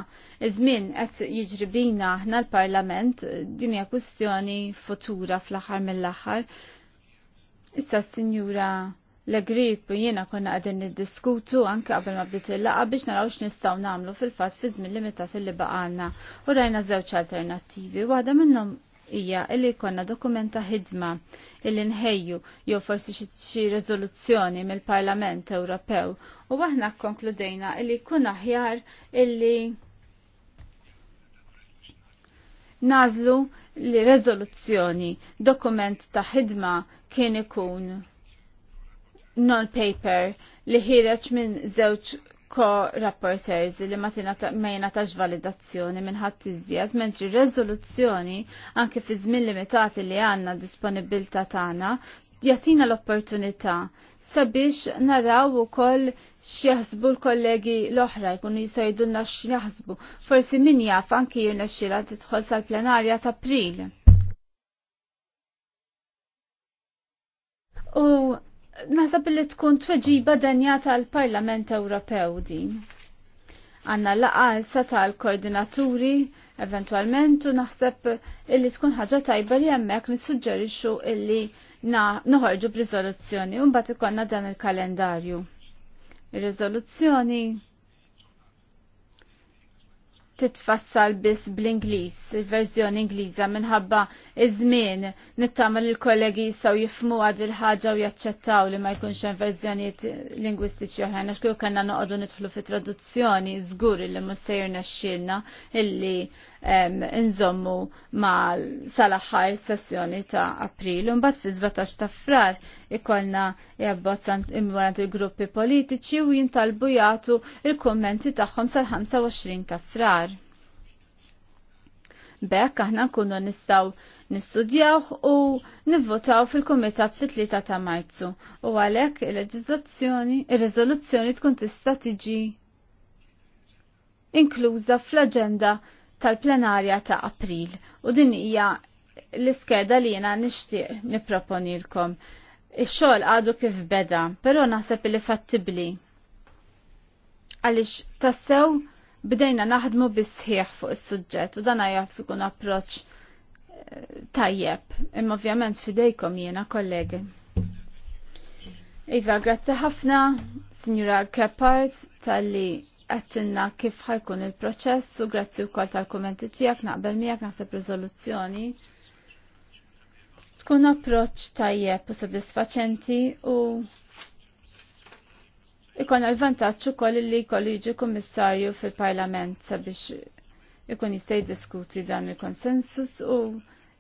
C: iż-żmien qed jiġri bina aħna l-Parlament din hija kwistjoni futura fl-aħħar mill-aħħar. Issa s-Sinjura l-grip jiena konna qegħdin niddiskutu anke qabel ma bdiet il laqgħa biex naraw x'nistgħu nagħmlu fil-fatt fi żmien limitat li baqalna u rajna żewġ alternattivi. Waħda minnhom hija illi jkollna dokumenta ħidma illi nħejju jew forsi xi riżoluzzjoni mill-Parlament Ewropew u aħna konkludejna illi jkun aħjar illi nażlu li riżoluzzjoni dokument ta' ħidma kien ikun non-paper li ħireġ minn żewġ co-rapporters li ma taġ validazzjoni minn ħadd iżjed, mentri r anke fi żmien limitati li għandna disponibilta tagħna jagħtina l-opportunità sabiex naraw u koll xieħsbu l-kollegi l-oħra jkunu jisajdunna xieħsbu. Forsi min jaf anki jirna xila titħol sal-plenarja ta' april. U Nasab li tkun tweġiba denja tal-Parlament Ewropew din. Għanna laqalsa tal-koordinaturi eventualment u naħseb illi tkun ħaġa tajba li hemmhekk nissuġġerixxu illi noħorġu b'rizoluzzjoni u mbagħad ikonna dan il-kalendarju. Ir-riżoluzzjoni titfassal biss bl-Ingliż, il-verżjoni Ingliża minħabba iż-żmien nittama li l-kollegi jistgħu jifhmu għad il-ħaġa u jaċċettaw li ma jkunx hemm verżjonijiet lingwistiċi oħrajn għax kull kellna noqogħdu nidħlu fi traduzzjoni żgur li mhux sejjer nexxielna illi nżommu ma sal-axħar sessjoni ta' april. Mbagħad fi 17 ta' frar ikollna jabbozz imwarant il-gruppi politiċi u jintalbu jagħtu il-kummenti tagħhom sal-25 ta' frar. Bekk aħna nkunu nistgħu nistudjaw u nivvotaw fil-Kumitat fit-3 ta' Marzu u għalhekk il-leġiżlazzjoni, ir-riżoluzzjoni tkun tista' tiġi inkluża fl-aġenda tal-plenarja ta' April u din hija l-iskeda li jena nixtieq nipproponilkom. Ix-xogħol għadu kif beda, però naħseb li fattibli. Għaliex tassew bdejna naħdmu bisħiħ fuq is-suġġett u dan jaf ikun approċċ eh, tajjeb, imma ovvjament fidejkom jiena kollegi. Iva, grazzi ħafna, Signora Kepard, tal-li għattilna kif ħajkun il-proċess u grazzi u kol tal-kommenti tijak naqbel miegħek naħseb rizoluzzjoni. Tkun approċ tajjeb u soddisfaċenti u ikon għal vantaċu kol koll li kolliġi kummissarju fil-parlament sabiex ikun jistaj diskuti dan il-konsensus u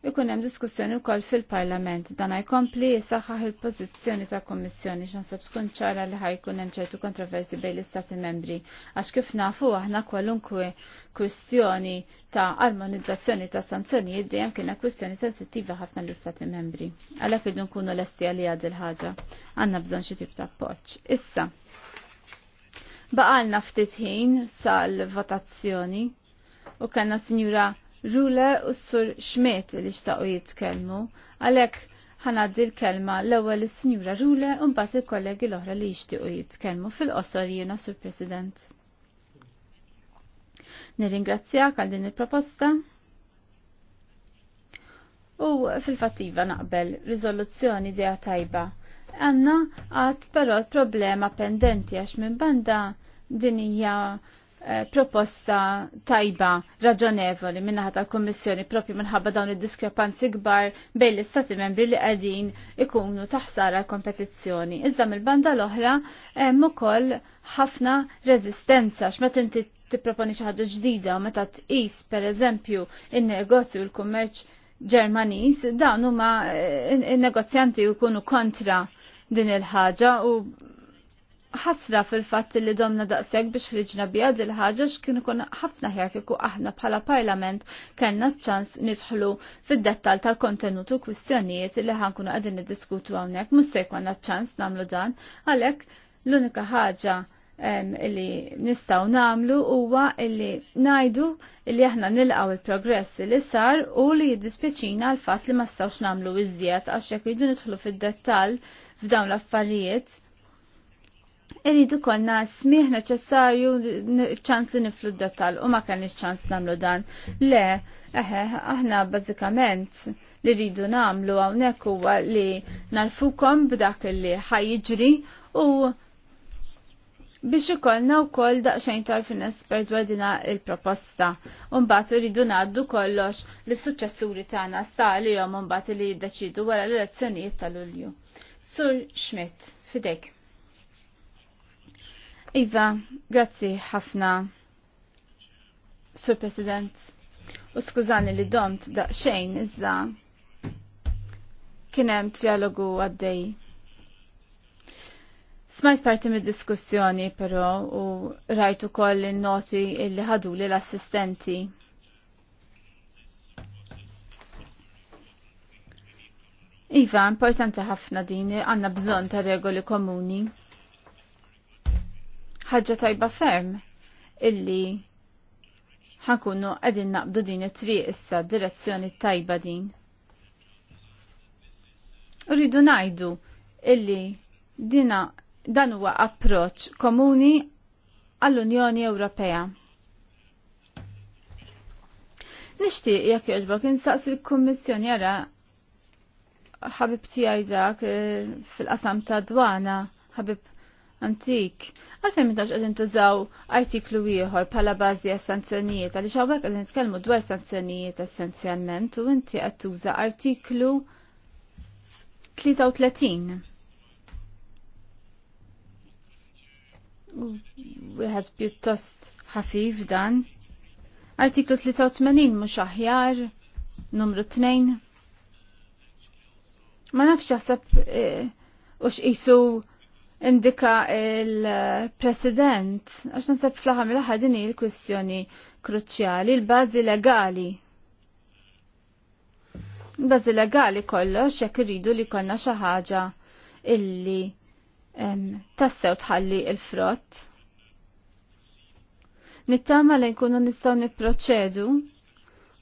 C: ikun hemm diskussjoni wkoll fil-Parlament dan jkompli jisaħħaħ il-pożizzjoni ta' Kummissjoni x'ansab tkun ċara li ħajkun hemm ċertu kontroversi bejn l-Istati membri għax kif nafu aħna kwalunkwe kwistjoni ta' armonizzazzjoni ta' sanzjonijiet dejjem kienha kwistjoni sensittiva ħafna l-Istati membri. Għalhekk irdu nkunu lesti għalija il ħaġa għandna bżonn xi tip ta' appoġġ. Issa, baqalna ftit ħin sal-votazzjoni u kellna sinjura Rule u s-sur Schmidt li xtaqo jitkellmu, għalek ħanaddi l-kelma l-ewwel is-Sinjura Rule u mbagħad il-kollegi l-oħra li jixtiequ jitkellmu fil-qosor jiena sur President. Nirringrazzjak għal din il-proposta. U fil-fattiva naqbel rizoluzzjoni dija tajba. Għanna għad però problema pendenti għax minn banda din hija Eh, proposta tajba raġonevoli minnaħat tal-Kommissjoni propju minħabba dawn id-diskrepanzi kbar bejn l-Istati membri li qegħdin ikunu taħsara kompetizzjoni. Iżda mill-banda l-oħra hemm ukoll ħafna reżistenza x'ma inti tipproponi xi ħaġa ġdida u meta tqis pereżempju in-negozju l-kummerċ Ġermaniż dawn huma eh, in-negozjanti jkunu kontra din il-ħaġa u ħasra fil-fatt li domna daqseg biex ħriġna bija dil ħaġa x'kien ikun ħafna ħjar kieku aħna bħala parlament kellna ċans nidħlu fid-dettal tal-kontenut u kwistjonijiet li ħankunu qegħdin niddiskutu hawnhekk mhux se jkollna ċans nagħmlu dan għalhekk l-unika ħaġa li nistaw namlu huwa li najdu li aħna nilqaw il-progress li sar u li jiddispjaċina l fatt li ma stawx namlu iżjed għax jekk jidu nidħlu fid-dettall f'dawn l-affarijiet Irridu konna miħ neċessarju ċans li niflu d-detal u ma kellniex ċans namlu dan. Le, eħe, aħna bazzikament li rridu namlu għaw huwa li narfukom b'dak li ħajġri u biex ikollna wkoll daqsxejn tarfin espert dwar dina il-proposta. Umbagħad iridu ngħaddu kollox lis suċċessuri tagħna sta li jom mbagħad li jiddeċidu wara l-elezzjonijiet tal-Ulju. Sur Schmidt, fidek. Iva, grazzi ħafna, Sur President. U skużani li domt xejn iżda kienem trialogu għaddej. Smajt parti mid diskussjoni però u rajtu koll il-noti illi ħadu li l-assistenti. Iva, importanti ħafna din, għanna bżon ta' regoli komuni ħaġa tajba ferm illi ħankunu għedin naqbdu din it-triq issa direzzjoni tajba din. Rridu najdu illi dina dan huwa approċ komuni għall-Unjoni Ewropea. Nishtiq jekk jogħġbok insaqs il-Kummissjoni ara ħabib tiegħi dak eh, fil-qasam ta' dwana ħabib antik. Għalfejn minn għedin tużaw artiklu ieħor bħala bażi għas-sanzjonijiet għaliex hawnhekk qed nitkellmu dwar sanzjonijiet essenzjalment u inti qed tuża artiklu 33. Wieħed pjuttost ħafif dan. Artiklu 83 mhux aħjar, numru 2. Ma nafx jaħseb eh, u xqisu eh, indika il-president, għax nasab flaħam il l din il-kwistjoni kruċjali, il-bazi legali. Il-bazi legali kollox jekk irridu li konna xi ħaġa illi tassew tħalli il-frott. Nittama li nkunu nistgħu nipproċedu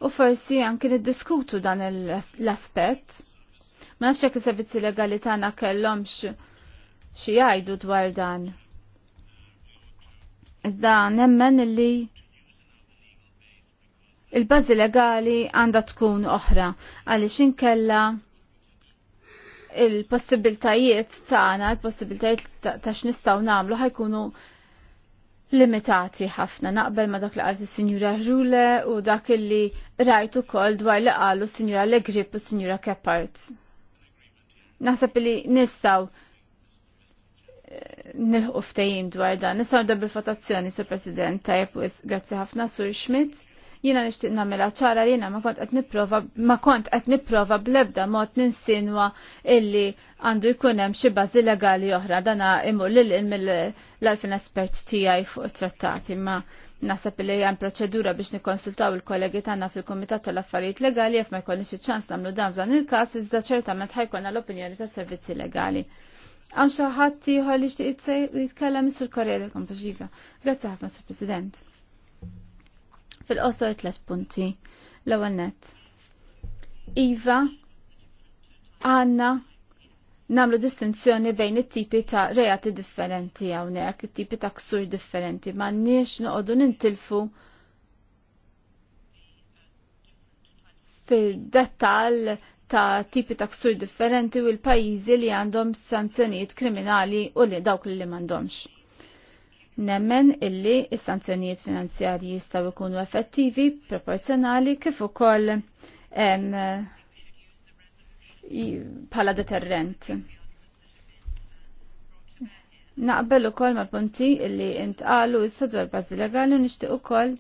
C: u forsi anki niddiskutu dan l-aspett. Ma nafx jekk is-servizzi legali tagħna kellhomx xi jgħidu dwar dan. Iżda nemmen li il-bażi legali għandha tkun oħra għaliex inkella il-possibiltajiet tagħna, il-possibiltajiet ta' x'nistgħu nagħmlu ħajkunu limitati ħafna naqbel ma dak li qalt is-Sinjura Rule u dak li rajt ukoll dwar li qalu s-Sinjura Legrip u s-Sinjura Keppart. Naħseb li nistgħu nilħu ftejim dwar dan. Nistaw nibda bil-votazzjoni, Sur President, tajb u grazzi ħafna, Sur Schmidt. Jiena nixtieq nagħmilha ċara li jiena ma kont qed nipprova ma kont qed nipprova bl-ebda mod ninsinwa illi għandu jkun hemm xi bażi legali oħra dana imur lil mill-arfin espert tiegħi fuq it-trattati ma naħseb li hemm proċedura biex nikkonsultaw il-kollegi tagħna fil-Kumitat tal-Affarijiet Legali jekk ma jkollniex iċ-ċans nagħmlu dan f'dan il-każ iżda ċertament ħajkonna l-opinjoni tas-servizzi legali. Għan xaħat tiħor li jitkellem Mr. Korea del Kompaxiva. Grazie ħafna, Mr. President. Fil-qosor tlet punti. L-ewwel net. Iva, għanna namlu distinzjoni bejn it-tipi ta' reati differenti hawnhekk, it-tipi ta' ksur differenti, ma nix noqogħdu nintilfu fil detal ta' tipi ta' ksur differenti u l-pajizi li għandhom sanzjonijiet kriminali u li dawk li mandomx. Nemmen illi is-sanzjonijiet finanzjarji jistaw ikunu effettivi, proporzjonali kif ukoll bħala deterrent. Naqbel ukoll ma' punti illi intqalu issa dwar bażi legali u nixtieq ukoll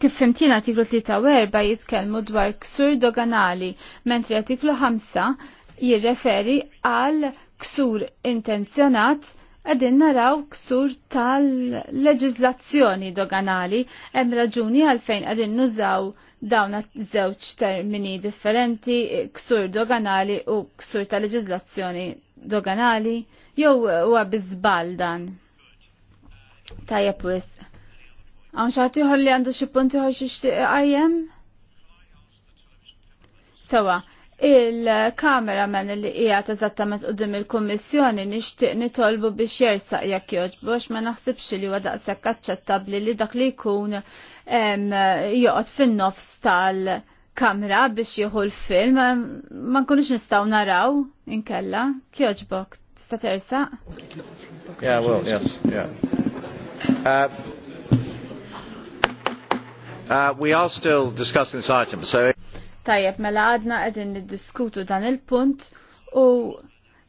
C: kif fimtina artiklu 3 jitkellmu dwar ksur doganali, mentri artiklu 5 jirreferi għal ksur intenzjonat għedin naraw ksur tal-leġizlazzjoni doganali, hemm raġuni għalfejn għedin nużaw dawn żewġ termini differenti, ksur doganali u ksur tal-leġizlazzjoni doganali, jew huwa biżbal dan. Tajja wisq. Għan xaħtiħor li għandu xippunti ħor xixtiq għajem? Sawa, il-kameraman li qiegħed eżattament qudiem il-Kummissjoni nixtieq nitolbu biex jersaq jekk jogħġbux ma naħsibx li huwa daqshekk aċċettabbli li dak li jkun joqgħod fin-nofs tal-kamra biex jieħu l-film ma nkunux nistgħu naraw inkella kjoġbok tista' tersaq.
A: Yeah, well, yes, yeah. Uh, Uh, we are still discussing this item, so...
C: Tajjeb, mela għadna għedin diskutu dan il-punt u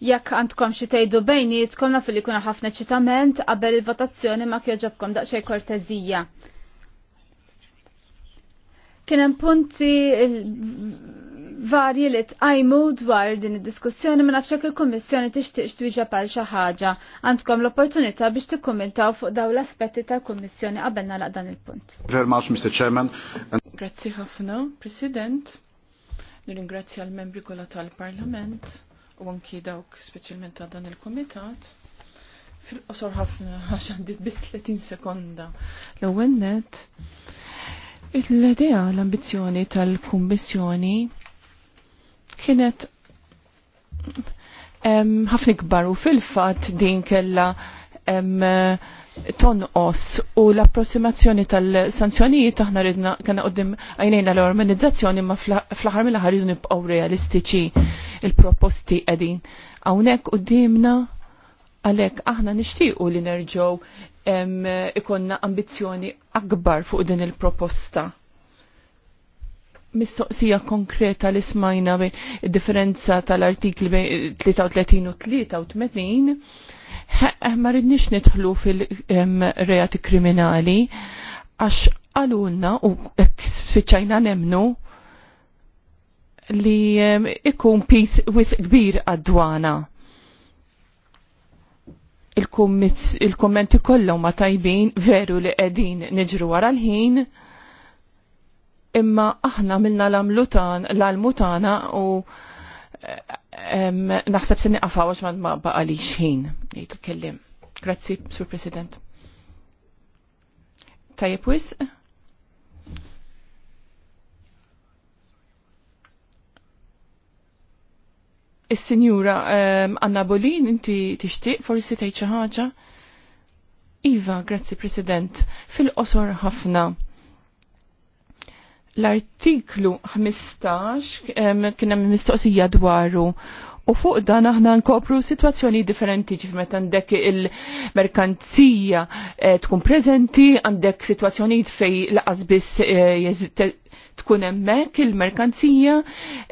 C: jekk għandkom xi tgħidu bejni, naf li kuna ħafna ċitament qabel il-votazzjoni ma kjoġobkom daqsxejn kortezija. Kien hemm punti varji li tqajmu dwar din id-diskussjoni ma nafx il-Kummissjoni tixtieq twieġa pal xi ħaġa. Għandkom l-opportunità biex tikkummentaw fuq dawn l-aspetti tal-Kummissjoni qabelna nagħlaq dan il-punt.
A: Mr. Chairman.
C: Grazzi ħafna, President.
D: Nirringrazzja l-membri kollha tal-Parlament u anki dawk speċjalment ta' dan il-Kumitat. Fil-qosor ħafna għax għandit biss 30 sekonda. L-ewwel net il-idea l-ambizzjoni tal-Kummissjoni kienet ħafna kbar u fil-fat din kella tonqos u l-approssimazzjoni tal-sanzjonijiet aħna ridna kena qoddim għajnejna l-organizzazzjoni ma fl-ħar mill aħħar ridu nibqgħu realistiċi il-proposti qegħdin. Hawnhekk qudiemna għalhekk aħna nixtiequ li nerġgħu ikonna ambizzjoni akbar fuq din il-proposta mistoqsija konkreta li smajna differenza tal-artikli 33 u 83 eh, ma rridniex nidħlu fil-reati kriminali għax għalunna u fiċajna nemnu li ikun pis wis kbir għadwana. Il-kommenti kollu kollha ma tajbin veru li qegħdin niġru wara l-ħin imma aħna minna l-amlutan, l-almutana u naħseb sinni għafaw għax ma baqa li xħin, jgħid il-kellim. Grazzi, Sur President. Tajjeb wis? Is-sinjura Anna Bolin, inti tixtieq forsi tgħid xi ħaġa? Iva, grazzi President, fil-qosor ħafna L-artiklu 15 kienem mistoqsija dwaru u fuq dan aħna nkopru situazzjoni differenti ġif għandek il-merkanzija eh, tkun prezenti, għandek situazzjoni fej laqas biss eh, tkun hemmhekk il-merkanzija,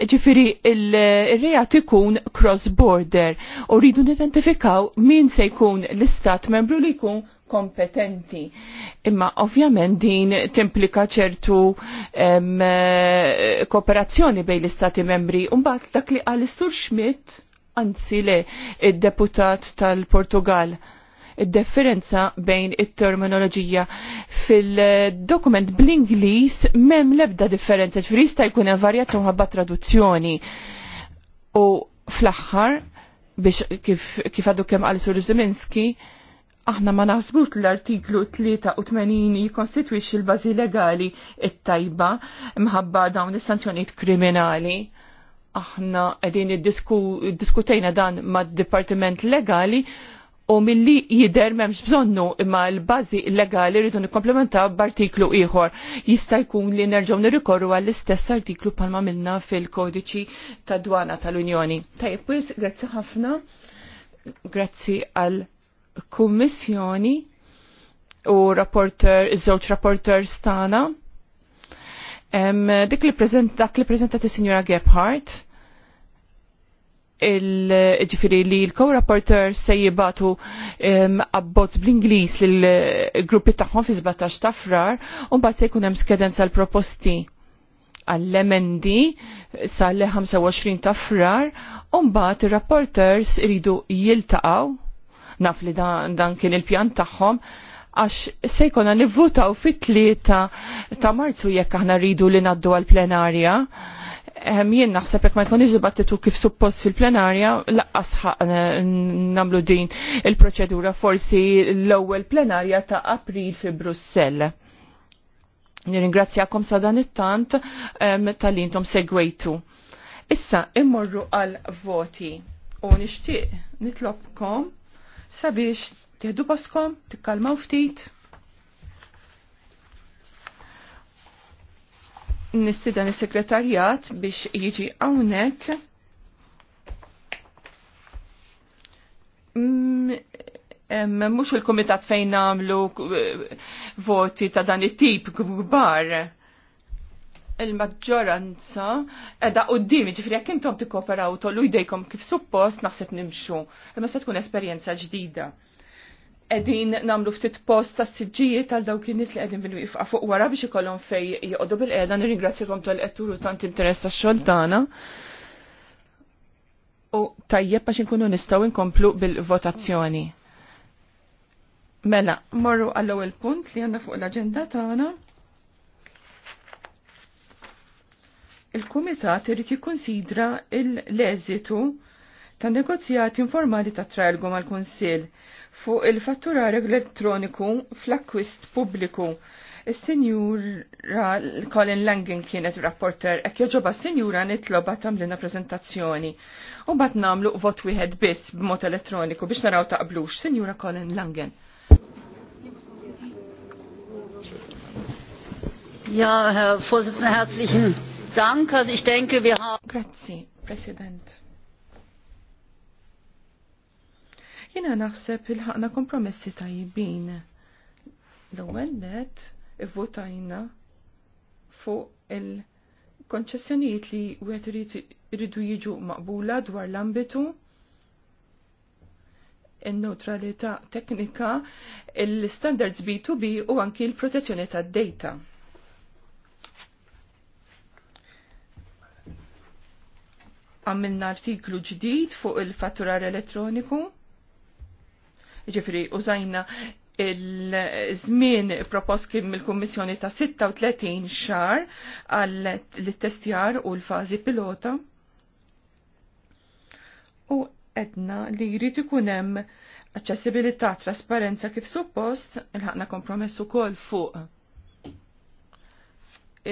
D: ġifiri il reja ikun cross-border u rridu nidentifikaw min se jkun l-istat membru li jkun kompetenti. Imma ovvjament din timplika ċertu eh, kooperazzjoni bejn l-istati membri. Umbat dak li għal Sur Schmidt, anzi le, il deputat tal-Portugal differenza bejn it-terminoloġija fil-dokument bl-Inglis mem lebda differenza ċfri jista' jkun hemm varjazzjoni ħabba traduzzjoni. U fl-aħħar biex kif għadu kemm għal Sur Zeminski, Aħna ma naħsbux l-artiklu 83 jikonstitwix il-bazi legali it-tajba mħabba dawn is-sanzjonijiet kriminali. Aħna qegħdin iddiskutejna dan mad-Dipartiment Legali u milli jider memx bżonnu imma l-bazi legali rridu nikkomplementaw b'artiklu ieħor. Jista' jkun li nerġgħu nirrikorru għall-istess artiklu palma minna fil-kodiċi tad dwana tal-Unjoni. Tajb, grazzi ħafna. Grazzi għal kummissjoni u rapporter, iż-żewġ rapporter stana. dik li prezenta, dak li prezentat is-Sinjora Gebhardt, il-ġifiri li l-co-rapporter se jibatu abbozz bl-Inglis l-gruppi taħħon fi 17 ta' frar, un bat se jkun hemm skedenza l-proposti għall-emendi sal-25 ta' frar, un bat il-rapporters iridu jiltaqaw naf li dan, kien il-pjan tagħhom għax se jkollna nivvutaw fit-tlieta ta' Marzu jekk aħna rridu li naddu għal-plenarja ehm, jien naħseb jekk ma jkunx dibattitu kif suppost fil-plenarja, laqqas nagħmlu din il-proċedura forsi l-ewwel plenarja ta' April fi Brussell. Nirringrazzjakom sa dan it-tant ehm, tal-intom segwejtu. Issa immorru għal voti u nixtieq nitlobkom sabiex tiħdu poskom, tikkalmaw ftit. Nistidan is-sekretarjat biex jiġi hawnhekk. Mm, mhux il-kumitat fejn nagħmlu eh, voti ta' dan it-tip kbar il-maġġoranza edha u d-dimi ġifri intom t u tollu jdejkom kif suppost naħseb nimxu. Imma se tkun esperienza ġdida. Edin namlu ftit post ta' s-sġijiet tal dawk nies li qegħdin bil fuq wara biex ikollhom fej joqogħdu bil-qeda nirringrazzjakom tal-qetturu tant interess tax-xogħol tagħna. U tajjeb għax inkunu nistgħu nkomplu bil-votazzjoni. Mela, morru għall-ewwel punt li għandna fuq l-aġenda tagħna. il-Kumitat irid jikkunsidra l-eżitu ta' negozjati informali ta' trajlgu mal-Kunsill fuq il-fatturar elettroniku fl-akkwist pubbliku. Is-Sinjura Colin Langen kienet rapporter, ek joġoba Sinjura nitloba tamlina prezentazzjoni. U bat namlu vot wieħed biss b'mod elettroniku biex naraw taqblux, Sinjura Colin Langen.
C: Ja, Herr Vorsitzender, herzlichen Danke, ich denke, wir haben. Grazie, President.
D: Jena naħseb il-ħakna kompromessi tajibin. L-ewwel net ivvotajna fuq il-konċessjonijiet li wieħed iridu jiġu maqbula dwar l-ambitu in-neutralità teknika, il-standards B2B u anki l-protezzjoni tad-data. għamilna artiklu ġdid fuq il-fatturar elettroniku. Ġifri, użajna il-żmien propost kien mill-Kummissjoni ta' 36 xar għal l-testjar u l-fażi pilota. U edna li jrid ikun hemm aċċessibilità, trasparenza kif suppost, il-ħakna kompromess ukoll fuq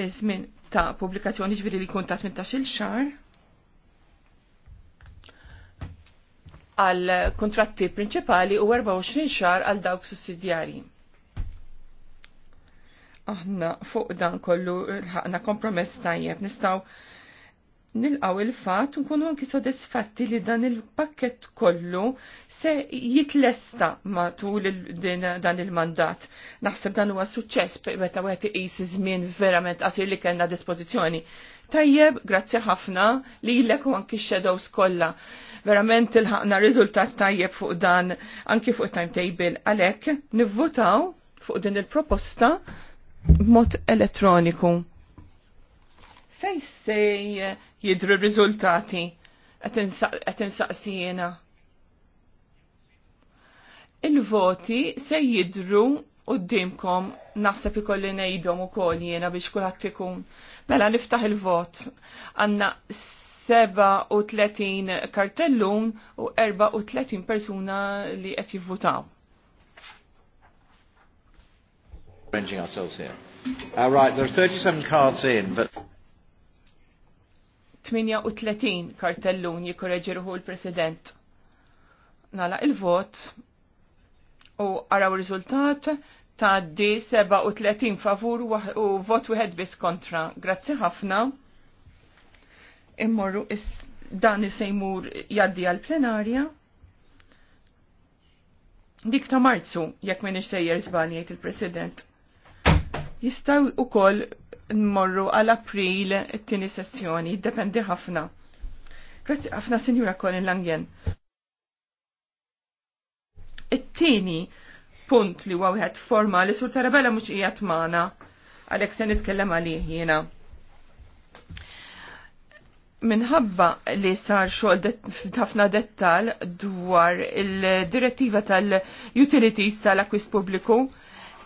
D: iż-żmien ta' pubblikazzjoni ġviri li kun ta' 18 xar għal kontratti prinċipali u 24 xar għal dawk sussidjarji. Aħna fuq dan kollu ħakna kompromess tajjeb nistaw nilqaw il-fat nkunu anki sodisfatti li dan il-pakket kollu se jitlesta matul dan il-mandat. Naħseb dan huwa suċċess meta wieħed iqis żmien verament qasir li kellna dispożizzjoni Tajjeb, grazzi ħafna li jillekom u anki shadows kolla. Verament il-ħakna rizultat tajjeb fuq dan anki fuq timetable għalek nivvotaw fuq din il-proposta b'mod elettroniku. Fej sej jidru rizultati għetin saqsijena? Il-voti se jidru u d-dimkom naħseb ikolli nejdom u kol jena biex kullħat ikun Mela niftaħ il-vot. Għanna 37 kartellum u 34 persuna li qed jivvutaw.
A: Arranging ourselves here. Uh, right, there are 37 cards in, but
D: 38 kartellun jikorreġirħu l-President. Nala il-vot u għaraw rizultat d 37 favur u vot wieħed biss kontra. Grazzi ħafna. Immorru is dan is-sejmur jaddi għal plenarja. Dik ta' marzu, jekk minn iġsejjer zbanijiet jgħid il-President. Jistaw ukoll nmorru għal april it-tieni sessjoni, dependi ħafna. Grazzi ħafna Sinjura Colin Langen. It-tieni punt li huwa wieħed formali sur tarabella mhux qiegħed magħna għalhekk se nitkellem għalih jiena. Minħabba li sar xogħol ħafna dettal dwar il-direttiva tal-utilities tal akwist pubbliku,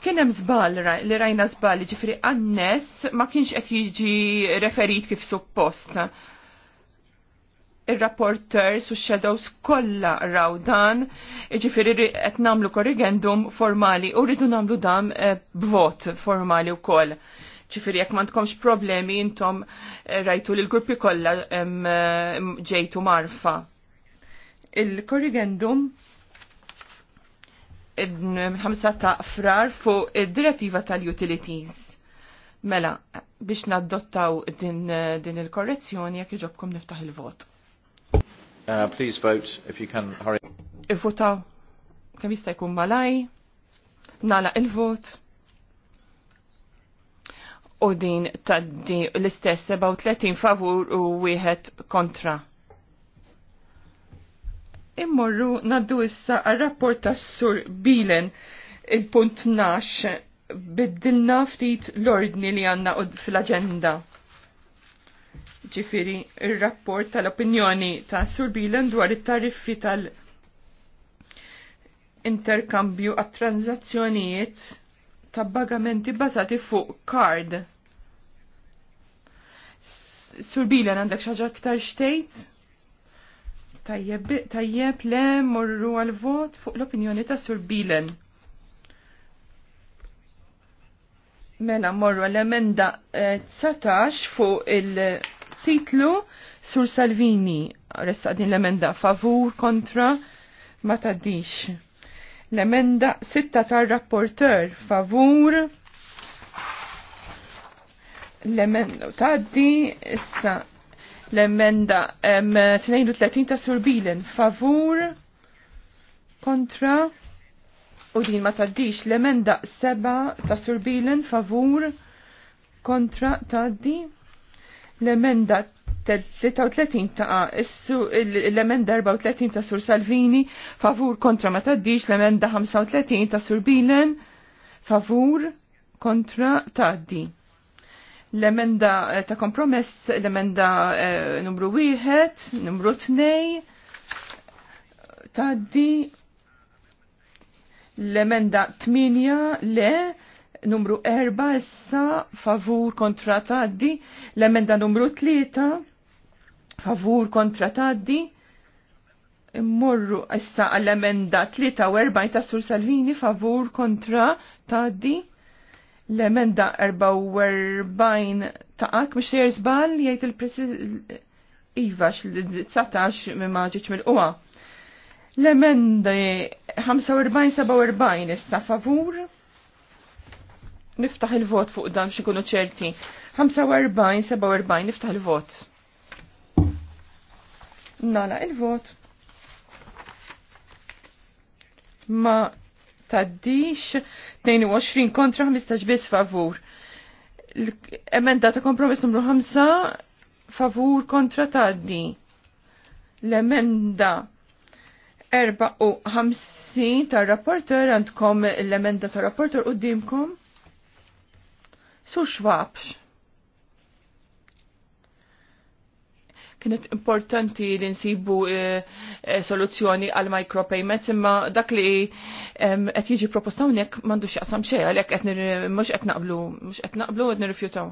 D: kien hemm żball li rajna żball ġifri għannes ma kienx qed jiġi referit kif suppost il-rapporters u shadows kolla raw dan, ġifiri qed namlu korrigendum formali u rridu namlu dan eh, b'vot formali u koll. ċifiri jekk mandkomx problemi intom eh, rajtu li l-gruppi kolla ġejtu marfa. Il-korrigendum 5 ta' frar fuq id-direttiva tal-utilities. Mela, biex naddottaw din, eh, din il-korrezzjoni jekk iġobkom niftaħ il-vot.
A: Uh, please vote if you can hurry.
D: Il-vota kemm jista' jkun malaj, nala il-vot. U din taddi l-istess 37 favur u wieħed kontra. Immorru naddu issa għal-rapport tas Sur Bilen il-punt bid biddilna ftit l-ordni li għanna fil-agenda ġifiri il-rapport tal-opinjoni ta' Sur Bilan dwar it-tariffi tal-interkambju għat tranzazzjonijiet ta' bagamenti bazati fuq card. Sur Bilan għandek xaġa ktar xtejt? Tajjeb, tajjeb le morru għal-vot fuq l-opinjoni ta' Sur Bilan. Mela morru l-emenda 19 eh, fuq il- titlu Sur Salvini resta din l-emenda favur kontra ma taddix. L-emenda sitta tar-rapporter favur l-emenda taddi issa l-emenda 32 ta' Bilen favur kontra u din ma taddix l-emenda 7 ta' surbilen favur kontra taddi l-emenda 33 ta' issu l-emenda 34 ta' Sur Salvini favur kontra ma taddix, l-emenda 35 ta' Sur Bilen favur kontra taddi. L-emenda eh, ta' kompromess, l-emenda eh, numru 1, numru 2, taddi, l-emenda 8 le, numru 4 issa favur kontra taddi, l-emenda numru 3 favur kontra taddi, immorru issa għall-emenda 43 ta' Sur Salvini favur kontra taddi, l-emenda 44 ta' ak mux jersbal jgħid il-president Iva x-19 minn maġiċ mill l emenda 45-47 issa favur Niftaħ il-vot fuq dan biex ikunu ċerti. 45, 47, niftaħ il-vot. Nala il-vot. Ma taddix 22 kontra 15 bis favur. Emenda ta' kompromess numru 5 favur kontra taddi. L-emenda 54 ta' rapporter għandkom l-emenda ta' rapporter u dimkom. Su xwabx. Kienet importanti li nsibu e, e, soluzzjoni għal micropayments imma dak li qed jiġi proposta hawnhekk m'għandux xaqsam xejn għalhekk qed mhux qed naqblu, mhux qed naqblu qed nirrifjutaw.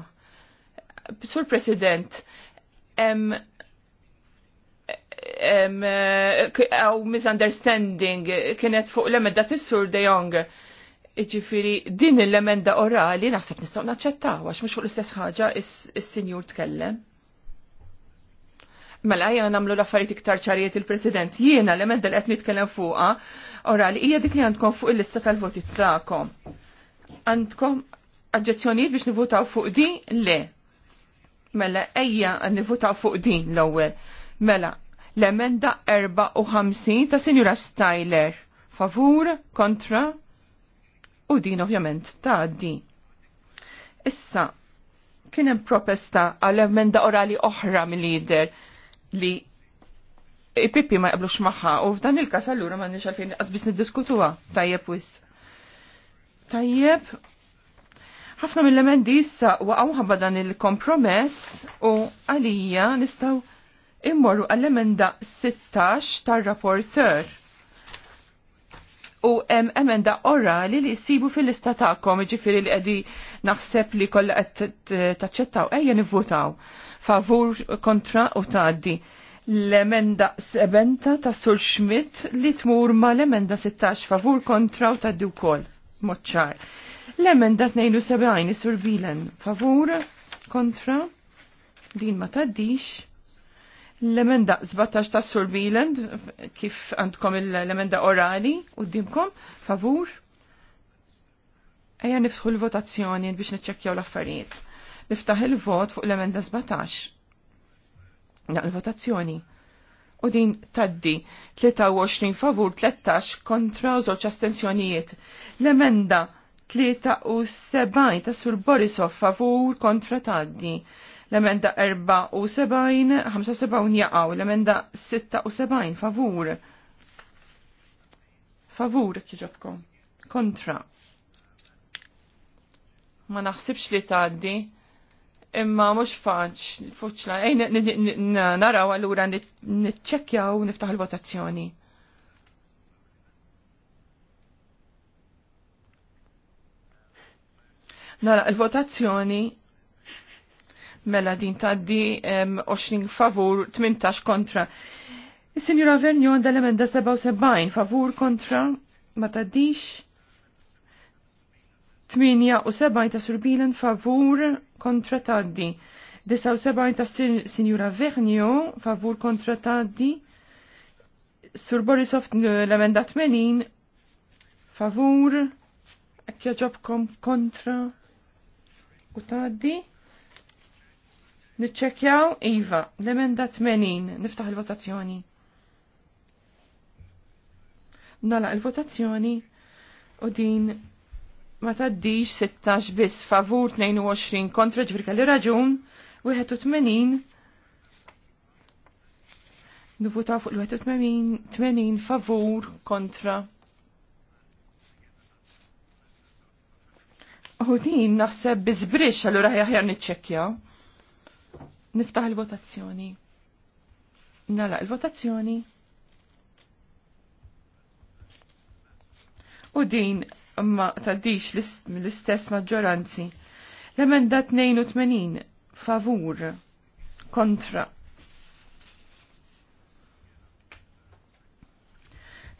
D: Sur President, em, għaw eh, misunderstanding kienet fuq l-emedda sur de Jong Iġifiri, din l-emenda orali naħseb nistgħu naċċetta, għax mhux fuq l-istess ħaġa is-sinjur tkellem. Mela jena namlu l-affarijiet iktar ċarijiet il-President. Jiena l-emenda li qed nitkellem fuqha orali hija dik li għandkom fuq il-lista tal-voti tagħkom. Għandkom aġġezzjonijiet biex nivutaw fuq din? Le. Mela ejja nivutaw fuq din l-ewwel. Mela l-emenda 54 ta' Sinjura Styler. Favur, kontra, u din ovvjament tgħaddi. Issa kien hemm propesta għal emenda orali oħra mill-lider li Pippi ma jqablux magħha u f'dan il-każ allura ma nix għalfejn qasbis niddiskutuha tajjeb wis. Tajjeb, ħafna mill-emendi issa waqgħu ħabba dan il-kompromess u għalija nistgħu immorru għall-emenda 16 tar-rapporter u em emenda orali li sibu fil-lista ta'kom, ġifiri li għedi naħseb li kolla għed taċċettaw, ejja nivvotaw favur kontra u taddi. L-emenda 7 ta' Sur Schmidt li tmur ma l-emenda 16 favur kontra u taddi u kol. Moċċar. L-emenda 72 Sur Bilen favur kontra din ma taddix. L-emenda 17 ta' Sur Bieland, kif għandkom l-emenda orali, u dimkom, favur. Eja niftħu l-votazzjoni biex neċċekkjaw l-affarijiet. Niftaħ il-vot fuq l-emenda 17. Naq l-votazzjoni. U din taddi 23 favur 13 kontra u zoċ astensjonijiet. L-emenda 73 ta' Sur Borisov favur kontra taddi. L-emenda 74, 75 jaqaw, l-emenda 76 favur. Favur kieġobkom. Kontra. Ma naħsibx li taddi imma mux faċ, fuċla, ej, naraw għallura nitċekjaw niftaħ il-votazzjoni. Nara, il-votazzjoni mela din taddi 20 favur 18 kontra. Is-Sinjura Vernjo għandha l-emenda 77 favur kontra ma taddix 78 ta' surbilen favur kontra taddi. 79 ta' Sinjura Vernjo favur kontra taddi. Sur Borisov l-emenda 80 favur kjaġobkom kontra u taddi. Nitċekjaw Iva, l-emenda 80, niftaħ il-votazzjoni. Nala il-votazzjoni u din ma taddix 16 biss favur 22 kontra ġbir kelli raġun 81 nivuta fuq l-81 favur kontra. U din naħseb bizbrix għallura ħjaħjar nitċekjaw. Niftaħ il-votazzjoni. Nala il-votazzjoni. U din ma taddix l-istess maġġoranzi. L-emenda 82 favur kontra.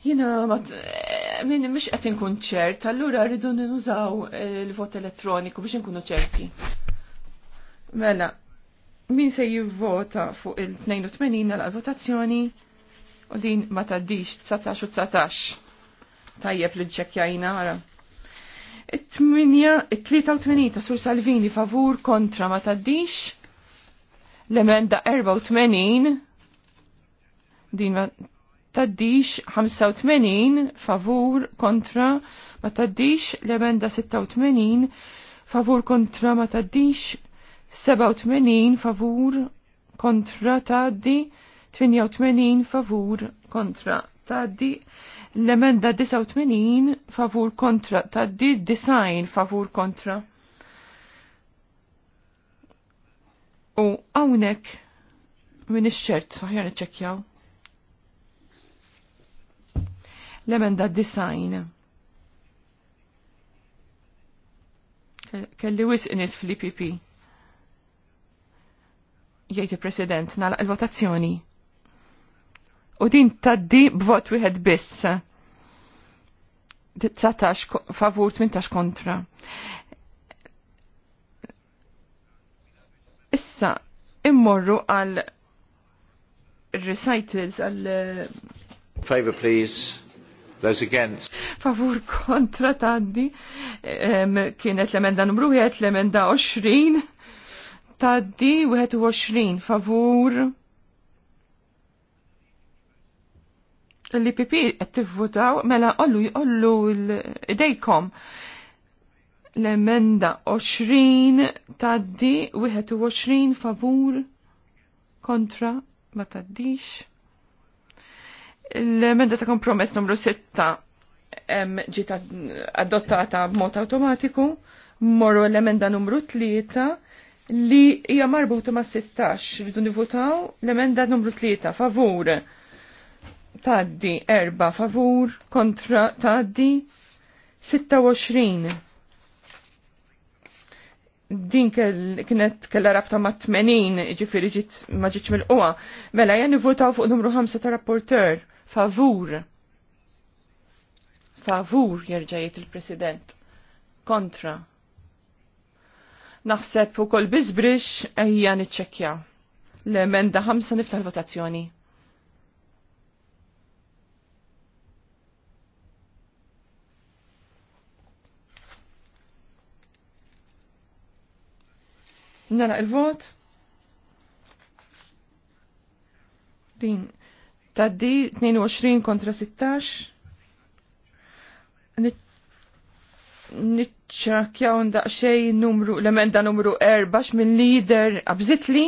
D: Jina, minn mish qed inkun ċert, allura rridu nużaw il-vot elettroniku biex inkunu ċerti. Mela, Min se jivvota fuq il-82 għal-votazzjoni u din ma taddix 19 u 19. Tajjeb li ċekjajna għara. It-83 ta' Sur Salvini favur kontra ma taddix. L-emenda 84 din ma taddix 85 favur kontra ma taddix l-emenda 86 favur kontra ma taddix 87 favur kontra taddi, 88 favur kontra taddi, l-emenda 89 favur kontra taddi, design favur kontra. U għawnek minn ix-xert, iċċekjaw. L-emenda design. Kelli wisqnis fl-IPP jgħid il-President nagħlaq il-votazzjoni. U din taddi b'vot wieħed biss. 19 favur 18 kontra. Issa immorru għal recitals għal
A: Favor please. Those against.
D: Favur kontra taddi. Um, kienet l-emenda numru 1, l-emenda 20 taddi 21 favur l-IPP qed tivvutaw mela għollu jgħollu l-idejkom l-emenda 20 u 21 favur kontra ma Dix. l-emenda ta' kompromess numru 6 ġiet adottata b'mod automatiku morru l-emenda numru 3 li hija marbuta ma' 16 ridu nivutaw l-emenda numru 3 favur taddi 4 favur kontra taddi 26 din kienet kella rabta ma' 80 ġifiri ġit ma ġitx mill-qwa. Mela jen votaw fuq numru 5 ta' rapporter. Favur. Favur jirġajiet il-president. Kontra. 26 Naħseb u kol bizbrix ejja niċċekkja. L-emenda ħamsa niftaħ votazzjoni. Nara il-vot. Din. Taddi 22 kontra 16 nitċakjaw ndaqxej numru, l-emenda numru 4 minn lider abżitli,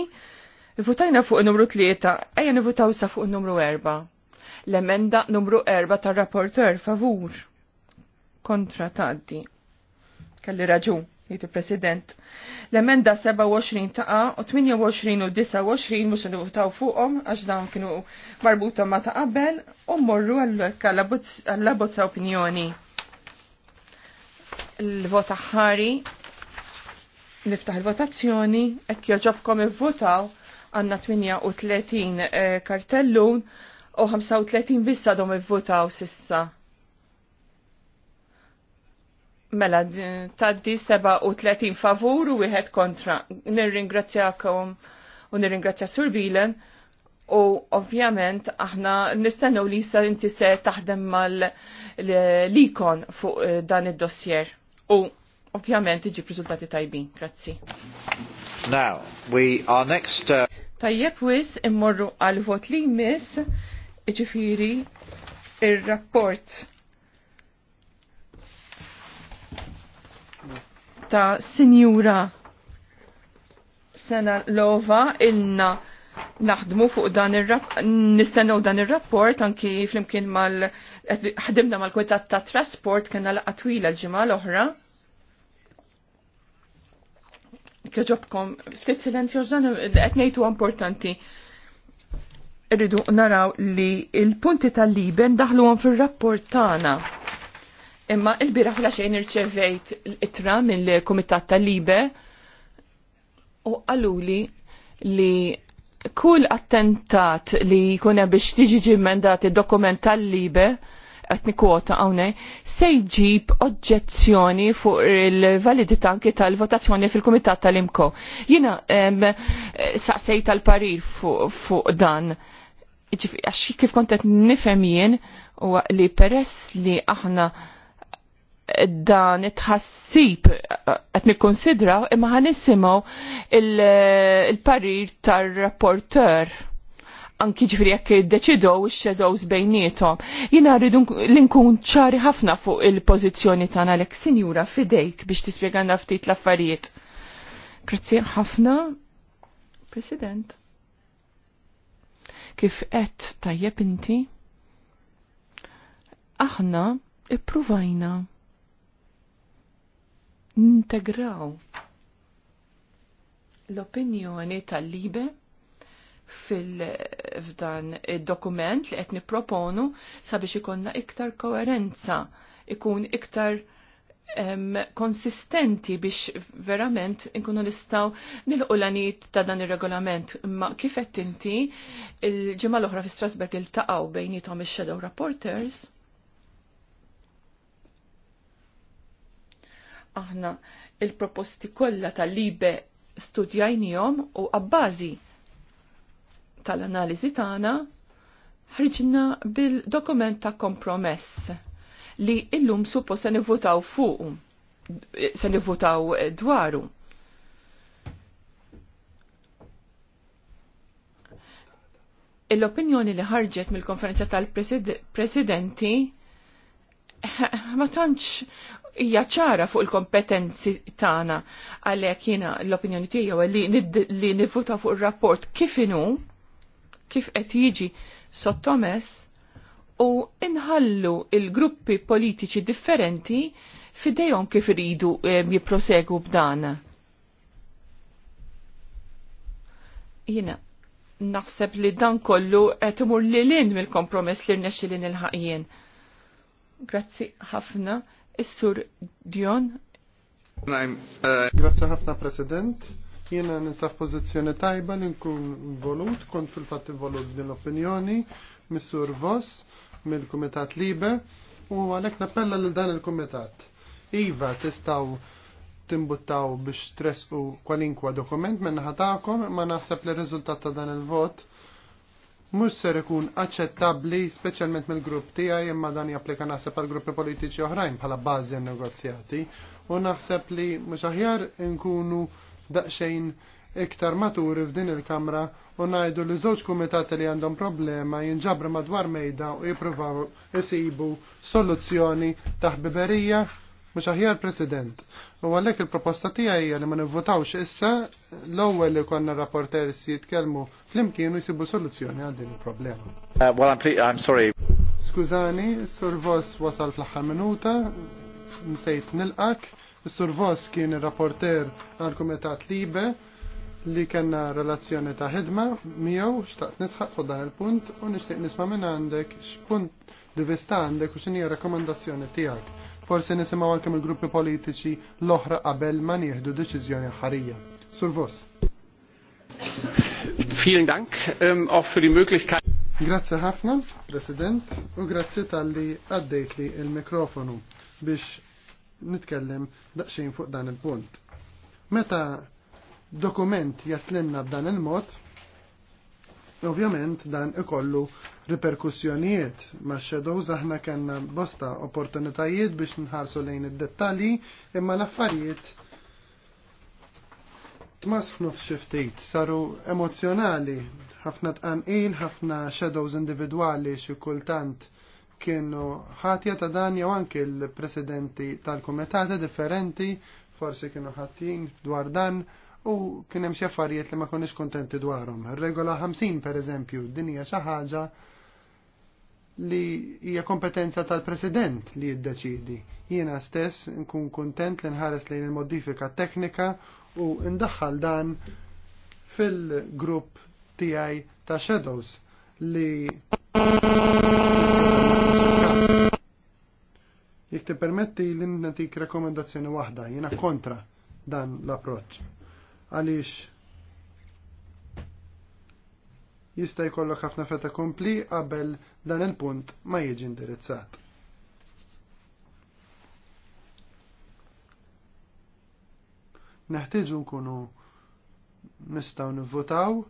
D: votajna fuq numru tlieta ejja nivutaw sa fuq numru erba L-emenda numru erba tar rapporter favur. Kontra taddi. Kalli raġu, jitu president. L-emenda 27 ta' u 28 u 29 mux nivutaw fuqom għax dan kienu marbuta ma ta' qabel u morru għall-abbozza opinjoni il vota ħari, niftaħ il-votazzjoni hekk jogħġobkom ivvutaw għandna 38 eh, kartellun u 35 bissa dom ivvutaw sissa. Mela, taddi 37 favur u wieħed kontra. Nirringrazzjakom u nirringrazzja Sur Bilen u ovvjament aħna nistennew li jista inti se taħdem mal-likon fuq eh, dan id-dossier u ovvjament iġib riżultati tajbin. Grazzi.
A: Now, we are next... Uh... Tajjeb wis immorru
D: għal vot li jmiss iġifiri il-rapport ta' Sinjura Sena Lova ilna naħdmu fuq dan ir-rapport, nistennew dan ir-rapport anki flimkien mal ħdimna mal-kwitat ta' trasport kena laqgħa twila l-ġimgħa l-oħra kħġobkom, ftit silenzju ġdan etnejtu importanti. Rridu naraw li il-punti tal-liben daħlu għan fil-rapport tana. Imma il-biraħ la xejn irċevejt l-itra mill-Komitat tal-Libe u għaluli li kull attentat li jkun biex tiġi ġimmendati dokument tal-Libe qed nikwota hawnhekk, se jġib oġġezzjoni fuq il-validità anki tal-votazzjoni fil-Kumitat tal-Imko. Jiena saqsej tal-parir fuq dan. Għax kif kont qed nifhem jien li peress li aħna dan it-ħassib eh, qed nikkonsidraw imma ħanissimgħu il-parir tar-rapporteur anki ġifri jekk deċidow ix-shadows bejnietom. Jina rridu l-inkun ċari ħafna fuq il-pozizjoni tagħna għalek sinjura fidejk biex tispjegana ftit l-affarijiet. Grazie ħafna, President. Kif qed tajjeb inti? Aħna ippruvajna integraw l-opinjoni tal-libe fil-fdan il-dokument li qed nipproponu sabiex ikonna iktar koerenza, ikun iktar konsistenti biex verament inkunu nistaw nilqu l ta' dan il-regolament. Ma kif qed inti il-ġimgħa l-oħra fi Strasberg iltaqgħu tom ix-shadow rapporters. Aħna il-proposti kollha tal-libe studjajnijom u għabbażi tal-analiżi tagħna ħriġna bil-dokument ta' kompromess li illum suppo se nivvutaw fuq, se nivvutaw dwaru. l-opinjoni li ħarġet mill-konferenza tal-presidenti ma tantx hija ċara fuq il-kompetenzi tagħna għalhekk jiena l-opinjoni tiegħu li nivvuta fuq ir-rapport kif inhu kif qed jiġi sottomess u inħallu il-gruppi politiċi differenti fidejhom kif iridu eh, jipprosegu b'dan. Jina, naħseb li dan kollu qed imur lilin mill-kompromess li rnexxilin nilħaq jien. Grazzi ħafna, is-sur Dion.
A: Grazzi
B: ħafna, President Jiena ninsaf pożizzjoni tajba li nkun volut, kont fil-fatt involut din l-opinjoni, Missur Vos, mill-Kumitat Libe, u għalhekk nappella lil dan il-Kumitat. Iva, tistgħu timbuttaw biex tresqu kwalinkwa dokument minn ħatakom, ma naħseb li riżultat ta' dan il-vot mux ser ikun aċċettabli speċjalment mill-grupp tiegħi imma dan japplika naħseb għal gruppi politiċi oħrajn bħala bażi negozjati u naħseb li mhux aħjar nkunu daqxejn iktar maturi f'din il-kamra u najdu li żewġ kumitati li għandhom problema jinġabru madwar mejda u jippruvaw isibu soluzzjoni ta' ħbiberija mhux aħjar President. U għalhekk il-proposta tiegħi hija li ma nivvotawx issa l-ewwel li konna rapporter si jitkellmu flimkien u jsibu soluzzjoni għal din il-problema.
A: Uh, well, I'm, I'm sorry.
B: Skużani, Sur Vos wasal fl-aħħar minuta, msejt nilqak is kien ir-rapporter għal Kumitat Libe li kellna relazzjoni ta' ħidma miegħu xtaqt nisħaq fuq dan il-punt u nixtieq nisma' minn għandek x'punt di vista għandek u x'inhi rakkomandazzjoni tiegħek. Forsi nisimgħu anke mill-gruppi politiċi l-oħra qabel ma nieħdu deċiżjoni ħarija. Sur Vos. Vielen Dank ähm, auch für die Möglichkeit. Grazie ħafna, President, u grazie tal-li għaddejt li il-mikrofonu biex nitkellem daqsxejn fuq dan il-punt. Meta dokument jaslenna b'dan il-mod, ovvjament dan ikollu riperkussjonijiet ma' shadows aħna kanna bosta opportunitajiet biex nħarsu lejn id-dettali imma l-affarijiet tmasħnu f'xiftit, saru emozjonali, ħafna tqanqil, ħafna shadows individwali xi kultant kienu ħatja ta' dan jew anke l-presidenti tal-kumitati differenti forsi kienu ħatjin dwar dan u kien hemm xi affarijiet li ma konniex kontenti dwarhom. Ir-regola 50 pereżempju din hija xi ħaġa li hija kompetenza tal-president li jiddeċidi. Jiena stess nkun kontent li nħares lejn il-modifika teknika u ndaħħal dan fil-grupp tiegħi ta' Shadows li Jek ti permetti li natik rekomendazzjoni waħda, jena kontra dan l-approċ. Għaliex jista' jkollok ħafna feta kompli qabel dan il-punt ma jiġi indirizzat. Neħtieġu nkunu nistgħu nivvotaw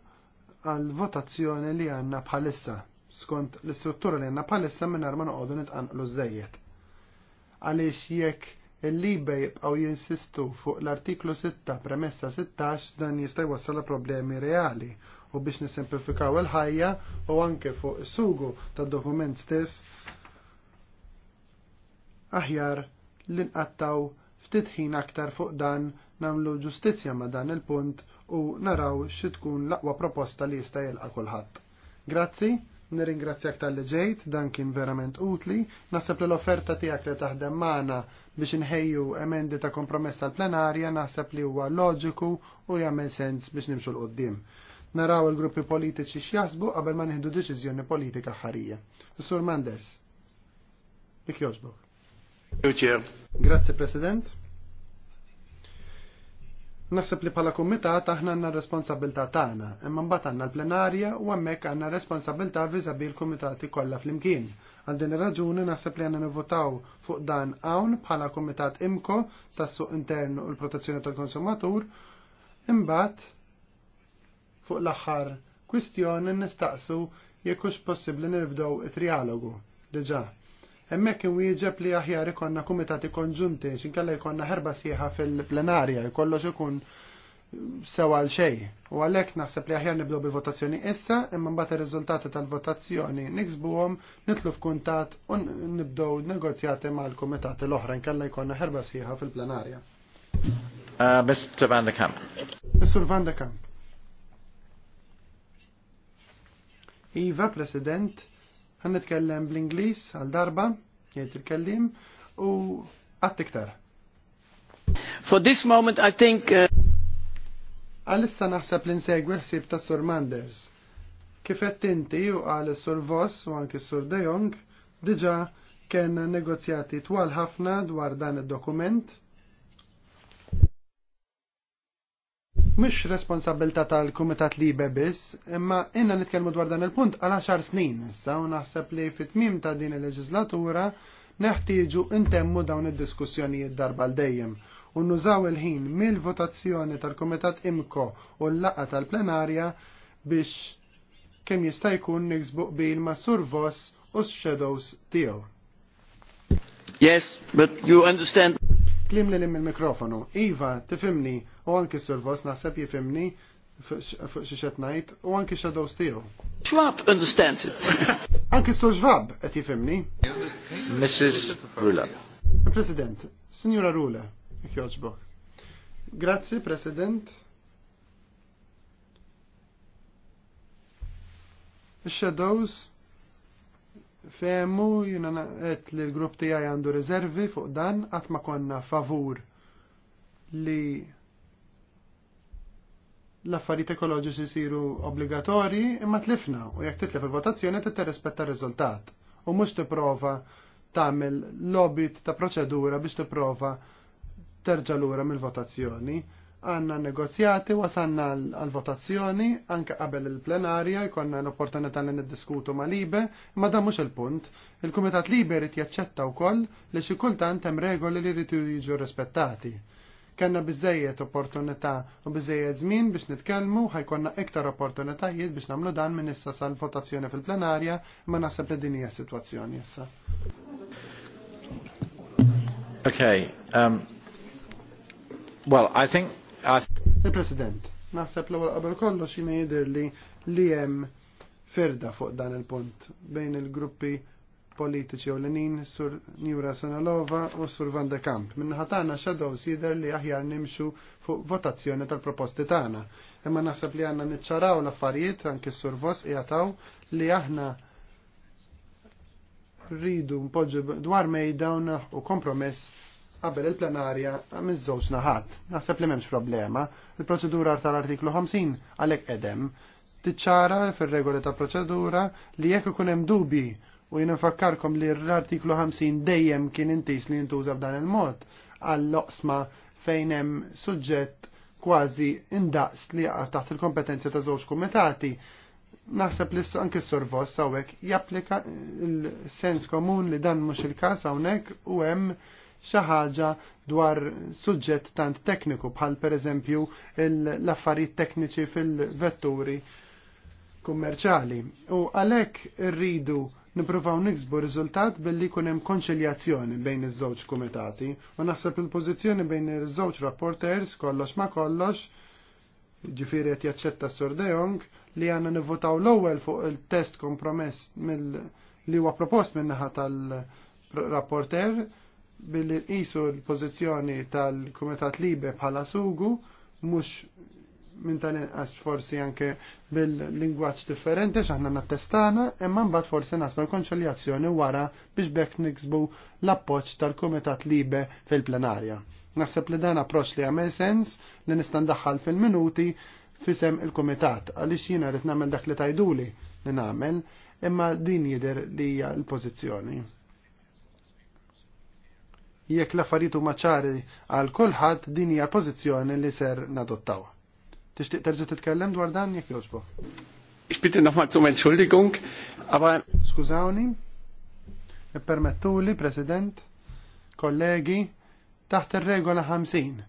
B: għal votazzjoni li għandna bħalissa skont l-istruttura li għanna palissa minn ma noqogħdu l żejjed. Għaliex jekk il-libe għaw jinsistu fuq l-artiklu 6 premessa 16 dan jista' wassal problemi reali u biex nisimplifikaw il-ħajja u anke fuq sugu tad dokument stess aħjar li nqattaw ftit ħin aktar fuq dan namlu ġustizzja ma' dan il-punt u naraw xi tkun l-aqwa proposta li jista' jilqa' kulħadd. Grazzi. Nirringrazzjak tal ġejt, dan kien verament utli. Naħseb li l-offerta tiegħek li taħdem maħna biex inħejju emendi ta' kompromess tal-plenarja naħseb li huwa loġiku u jagħmel sens biex nimxu l-qoddim. Naraw il-gruppi politiċi x'jasbu qabel ma nieħdu deċiżjoni politika ħarija. Sur Manders. Ik joġbok. Grazie President. Naħseb li bħala kumitat aħna għandna responsabilta tagħna, imma mbagħad għandna l-plenarja u hemmhekk għandna responsabilta vizabi l-kumitati kollha flimkien. Għal din ir-raġuni naħseb li għandna nivvotaw fuq dan hawn bħala kumitat imko tas-suq intern u l-protezzjoni tal-konsumatur, imbagħad fuq l-aħħar kwistjoni nistaqsu jekk hux possibbli nibdew it-trialogu Deġa, Hemmhekk inwieġeb li aħjar ikonna kumitati konġunti x'inkella jkollna ħerba sieħa fil-plenarja jkollox ikun sewa għal xej. U għalhekk naħseb li aħjar nibdow bil-votazzjoni issa, imma mbagħad ir-riżultati tal-votazzjoni niksbuhom, nitlu f'kuntat u nibdew negozjati mal-kumitati l-oħra nkella jkollna ħerba sieħa fil-plenarja.
A: Uh, Mr. Van der Kamp.
B: Mr. Van der Kamp. Iva, President, Għan nitkellem bl-Inglis għal darba, jgħid il-kellim, u għat iktar. For this moment I think... Uh, Għalissa naħseb l-insegwi ħsib ta' Sur Manders. Kifett inti u għal Sur Voss u anki Sur De Jong, diġa kena negozjati twal ħafna dwar dan id-dokument, Mux responsabilità tal-Kumitat Libe biss, imma inna nitkellmu dwar dan il-punt għal 10 snin issa u naħseb li fit-tmim ta' din il-leġislatura neħtieġu intemmu dawn id-diskussjonijiet darba l dejjem u nużaw il-ħin mill-votazzjoni tal-Kumitat Imko u l-laqa tal-plenarja biex kemm jista' jkun niksbuq bil ma' Sur Voss u s-shadows tiegħu.
A: Yes, but you understand.
B: Klim li lim il-mikrofonu. Iva, tifimni, u anki s servos naħseb jifimni fuq xi qed ngħid u anki shadows tiegħu. Schwab understands it. Anki sur Schwab qed jifimni.
A: Mrs. Rula.
B: President, Signora Rula, jogħġbok. Grazzi, President. Shadows Femmu, jina għet li l-grupp tijaj għandu rezervi fuq dan, għatma konna favur li l-affarijiet ekoloġiċi jsiru obbligatorji imma tlifna u jekk titlef il-votazzjoni trid tirrispetta r-riżultat u mhux tipprova tagħmel lobit ta' proċedura biex tipprova terġa' lura mill-votazzjoni. Għanna negozjati wasanna għal-votazzjoni anke qabel il-plenarja jkollna l-opportunità li niddiskutu ma' Libe, imma dan mhux il-punt. Il-Kumitat Libe jrid jaċċetta wkoll li xi kultant hemm regoli li jridu jiġu rispettati Kanna bizzejiet opportunità u bizzejiet żmien biex nitkellmu ħajkonna iktar opportunitajiet biex nagħmlu dan minn issa sal-votazzjoni fil-plenarja ma naħseb li din hija sitwazzjoni issa.
A: Okay, um, well, I think... Il-President,
B: naħseb l-ewwel qabel kollox jiena jidir li li hemm ferda fuq dan il-punt bejn il-gruppi politiċi u l-nin sur Njura Sanalova u sur Van de Kamp. Minnaħatana xadow sider li aħjar nimxu fuq votazzjoni tal-proposti tagħna. Imma naħseb li għanna niċċaraw l-affarijiet anke sur Vos jataw li aħna rridu mpoġġu dwar mejdawn u kompromess qabel il-plenarja minn żewġ naħat. Naħseb li m'hemmx problema. Il-proċedura tal-artiklu 50 għalhekk edem tiċċara fir-regoli tal proċedura li jekk ikun hemm dubi U jina nfakkarkom li l-artiklu 50 dejjem kien intis li jintuża f'dan il-mod għall-loqsma fejn hemm suġġett kważi indaqs li jaqa' taħt il kompetenza ta' żewġ kumitati. Naħseb li anke s-sorvos hawnhekk japplika l-sens komun li dan mhux il-każ hawnhekk u hemm xi ħaġa dwar suġġett tant tekniku bħal pereżempju l-affarijiet tekniċi fil-vetturi kummerċali. U għalhekk irridu nippruvaw niksbu riżultat billi jkun hemm konċiljazzjoni bejn iż-żewġ kumitati u naħseb il-pożizzjoni bejn iż-żewġ rapporters kollox ma kollox ġifieri qed jaċċetta Sur li għandna nivvutaw l-ewwel fuq il-test kompromess mill li huwa propost minn naħa tal-rapporter billi qisu l-pożizzjoni tal-Kumitat Libe bħala sugu mhux minn tal-inqas forsi anke bil-lingwaġġ differenti x'aħna nattestana, imma mbagħad forsi naslu konċiljazzjoni wara biex bekk niksbu l-appoġġ tal-Kumitat Libe fil-plenarja. Naħseb li dan approċċ li għamel sens li nista' ndaħħal fil-minuti fisem il-Kumitat għaliex jiena rrid nagħmel dak li tajduli li nagħmel, imma din jidher li hija l-pożizzjoni. Jekk l-affarijiet huma ċari għal kulħadd din hija l pożizzjoni li ser nadottaw. Tixtieq terġa' titkellem dwar dan jekk jogħġbu.
D: Ixbiti bitte zum
B: Entschuldigung, aber Skużawni, ippermettuli President, kollegi, taħt il regola 50.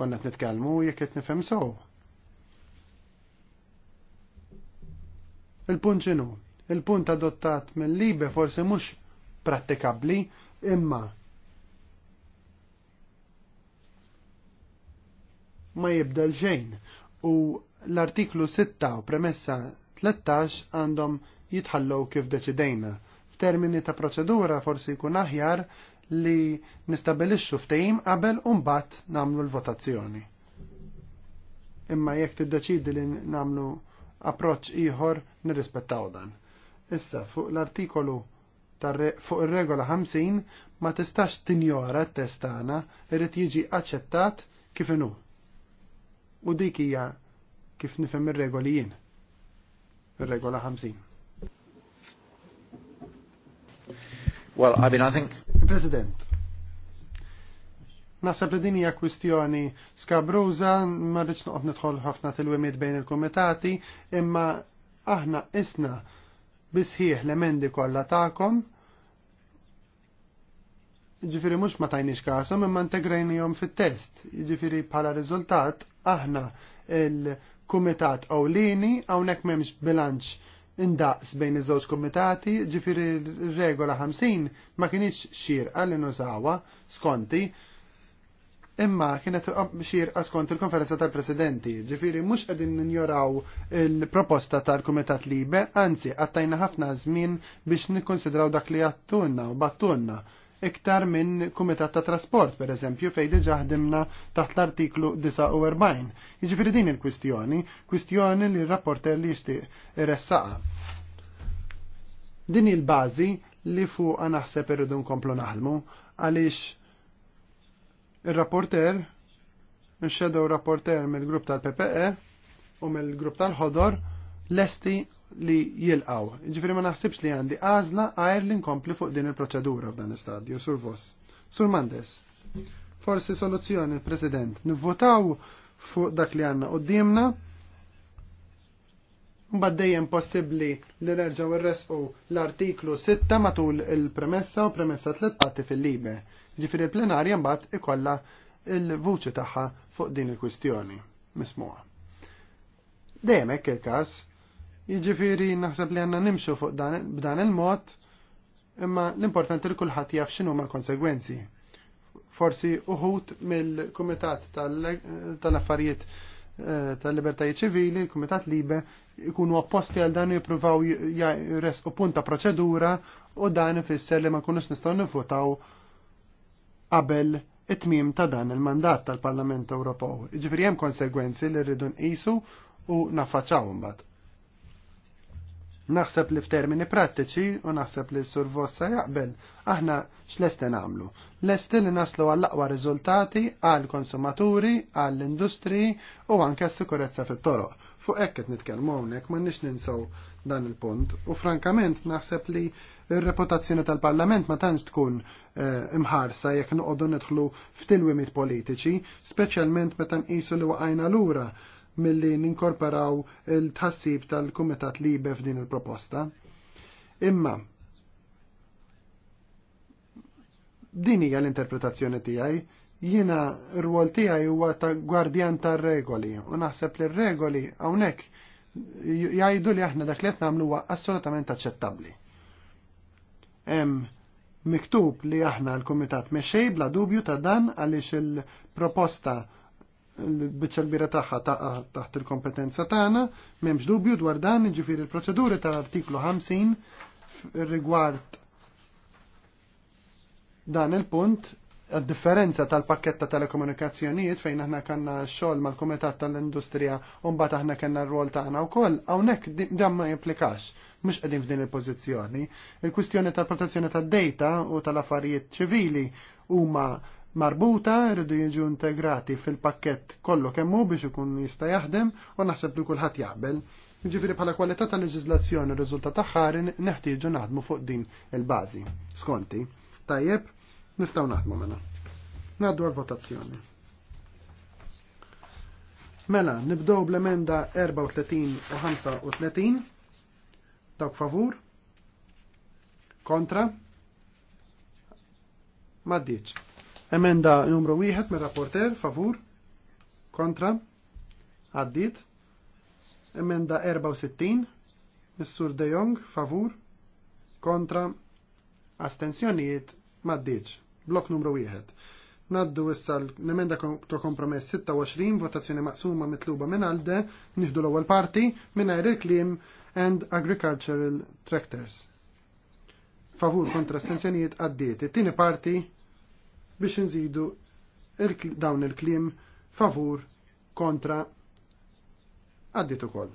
B: Konna qed nitkellmu jekk qed nifhem sew. Il-punt x'inhu? Il-punt adottat mill-libe forsi mhux prattikabbli imma ma jibdel xejn u l-artiklu 6 u premessa 13 għandhom jitħallu kif deċidejna. F'termini ta' proċedura forsi jkun aħjar li nistabilixxu ftehim qabel u mbagħad nagħmlu l-votazzjoni. Imma jekk tiddeċidi li nagħmlu approċċ ieħor nirrispettaw dan. Issa fuq l-artikolu fuq ir-regola 50 ma tistax tinjora t-testana irrid jiġi aċċettat kif inhu U dik hija kif nifhem ir-regoli jien. Ir-regola 50.
A: Well, I mean, I think...
B: President, Naħseb li din hija kwistjoni skabruża, ma rridx noqgħod nidħol ħafna tilwimiet bejn il-kumitati, imma aħna isna bisħieħ l-emendi kollha tagħkom. Ġifieri mhux ma tajniex kasom imma jom fit-test. Ġifieri bħala riżultat aħna il-kumitat awlini, hawnhekk m'hemmx bilanċ indaqs bejn iż-żewġ kumitati, ġifieri regola 50 ma kienx xir li nużawha skonti, imma kienet xierqa skont il-konferenza tal-presidenti, ġifieri mhux qegħdin ninjoraw il-proposta tal-kumitat libe, anzi għattajna ħafna żmien biex nikkonsidraw dak li għattunna u battunna iktar minn Kumitat ta' Trasport, per eżempju, fej diġa ħdimna taħt l-artiklu 49. Jiġifieri din il-kwistjoni, kwistjoni li r-rapporter li jixtieq ressaqa'. Din il-bażi li fuqa naħseb irridu nkomplu naħlmu, għaliex ir-rapporter, il-shadow rapporter mill-grupp tal-PPE u mill-grupp tal-ħodor, lesti li jilqaw. Ġifiri ma naħsibx li għandi għazna għajr li nkompli fuq din il-proċedura f'dan istadju, sur vos. Sur Mandes, forsi soluzzjoni, President, nivvotaw fuq dak li għanna qoddimna, dimna dejjem possibbli li nerġaw irresqu l-artiklu 6 matul il-premessa u premessa tlittati fil-libe. Ġifiri il-plenarja mbagħad ikolla il-vuċi tagħha fuq din il-kwistjoni mismuha. Dejjem hekk il-każ Jiġifieri naħseb li għandna nimxu fuq b'dan il-mod, imma l-importanti li kulħadd jaf x'inhu l-konsegwenzi. Forsi uħut mill-Kumitat tal-Affarijiet eh, tal-Libertajiet Ċivili, l-Kumitat Libe, ikunu opposti għal dan jippruvaw jresqu punta proċedura u dan ifisser li ma kunux nistgħu nifutaw qabel it-tmiem ta' dan il-mandat tal-Parlament Ewropew. Jiġifieri hemm konsegwenzi li rridu nqisu u naffaċċaw imbagħad. Naħseb li f'termini prattiċi u naħseb li s-sur vossa jaqbel, aħna x'lesten nagħmlu. Lesti li naslu għall aqwa riżultati għall konsumaturi, għall industri u anke s-sikurezza fit-toroq. Fuq hekk qed nitkellmu hawnhekk m'għandniex ninsaw dan il-punt. U frankament naħseb li ir-reputazzjoni tal-Parlament ma tantx tkun eh, imħarsa jekk noqogħdu nidħlu f'tilwimiet politiċi, speċjalment meta nqisu li waqajna lura milli ninkorporaw il-tħassib tal-Kumitat Libe f'din il-proposta. Imma, din hija l-interpretazzjoni tiegħi, jiena r-rwol tiegħi huwa ta' gwardjan tar-regoli u naħseb li r-regoli hawnhekk jgħidu li aħna dak li qed nagħmlu huwa assolutament aċċettabbli. Hemm miktub li aħna l-Kumitat mexej bla dubju ta' dan għaliex il-proposta l-bicċa l-bira taħħa taħħa taħt il-kompetenza taħna, memx dubju dwar dan ġifir il-proċeduri tal-artiklu 50 rigward dan il-punt, għad-differenza tal-pakketta telekomunikazzjonijiet fejn aħna kanna xogħol mal-Kumitat tal-Industrija u mbagħad aħna kellna r-rol tagħna wkoll, hawnhekk dam ma jimplikax mhux qegħdin f'din il-pożizzjoni. Il-kwistjoni tal-protezzjoni tad-dejta u tal-affarijiet ċivili huma marbuta rridu jiġu integrati fil-pakket kollu kemmu biex ikun jista' jaħdem u naħseb li kulħadd jaqbel. Ġifieri bħala kwalità ta' leġiżlazzjoni riżultat aħħar neħtieġu naħdmu fuq din il-bażi. Skonti, tajjeb, nistgħu naħdmu mela. Ngħaddu għal-votazzjoni. Mela, nibdow bl-emenda 34 u 35. Dawk favur. Kontra. Maddiċ. Emenda numru 1 mir rapporter favur kontra għaddit. Emenda 64 Missur De Jong favur kontra astensjonijiet maddiċ. Blok numru 1. Naddu issa l-emenda ta' kompromess 26, votazzjoni maqsuma mitluba minn għalde, nifdu l-ewwel parti, minn il-klim and agricultural tractors. Favur kontra stenzjonijiet għaddiet. It-tieni parti biex nżidu dawn il-klim favur kontra għaddit ukoll.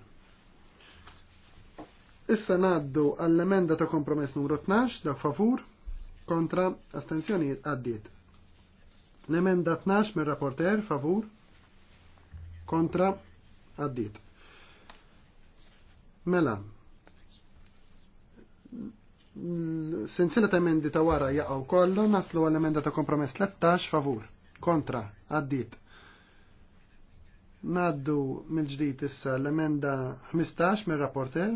B: Issa naddu għall-emenda ta' kompromess numru 12 dak favur kontra astensjonijiet għaddit. L-emenda 12 mir rapporter favur kontra għaddit. Mela, Mm, sensila ta' emendi ta' wara jaqaw kollu naslu għall-emenda ta' kompromess 13 favur. Kontra, għaddit. Naddu mill-ġdid issa l-emenda 15 mill rapporter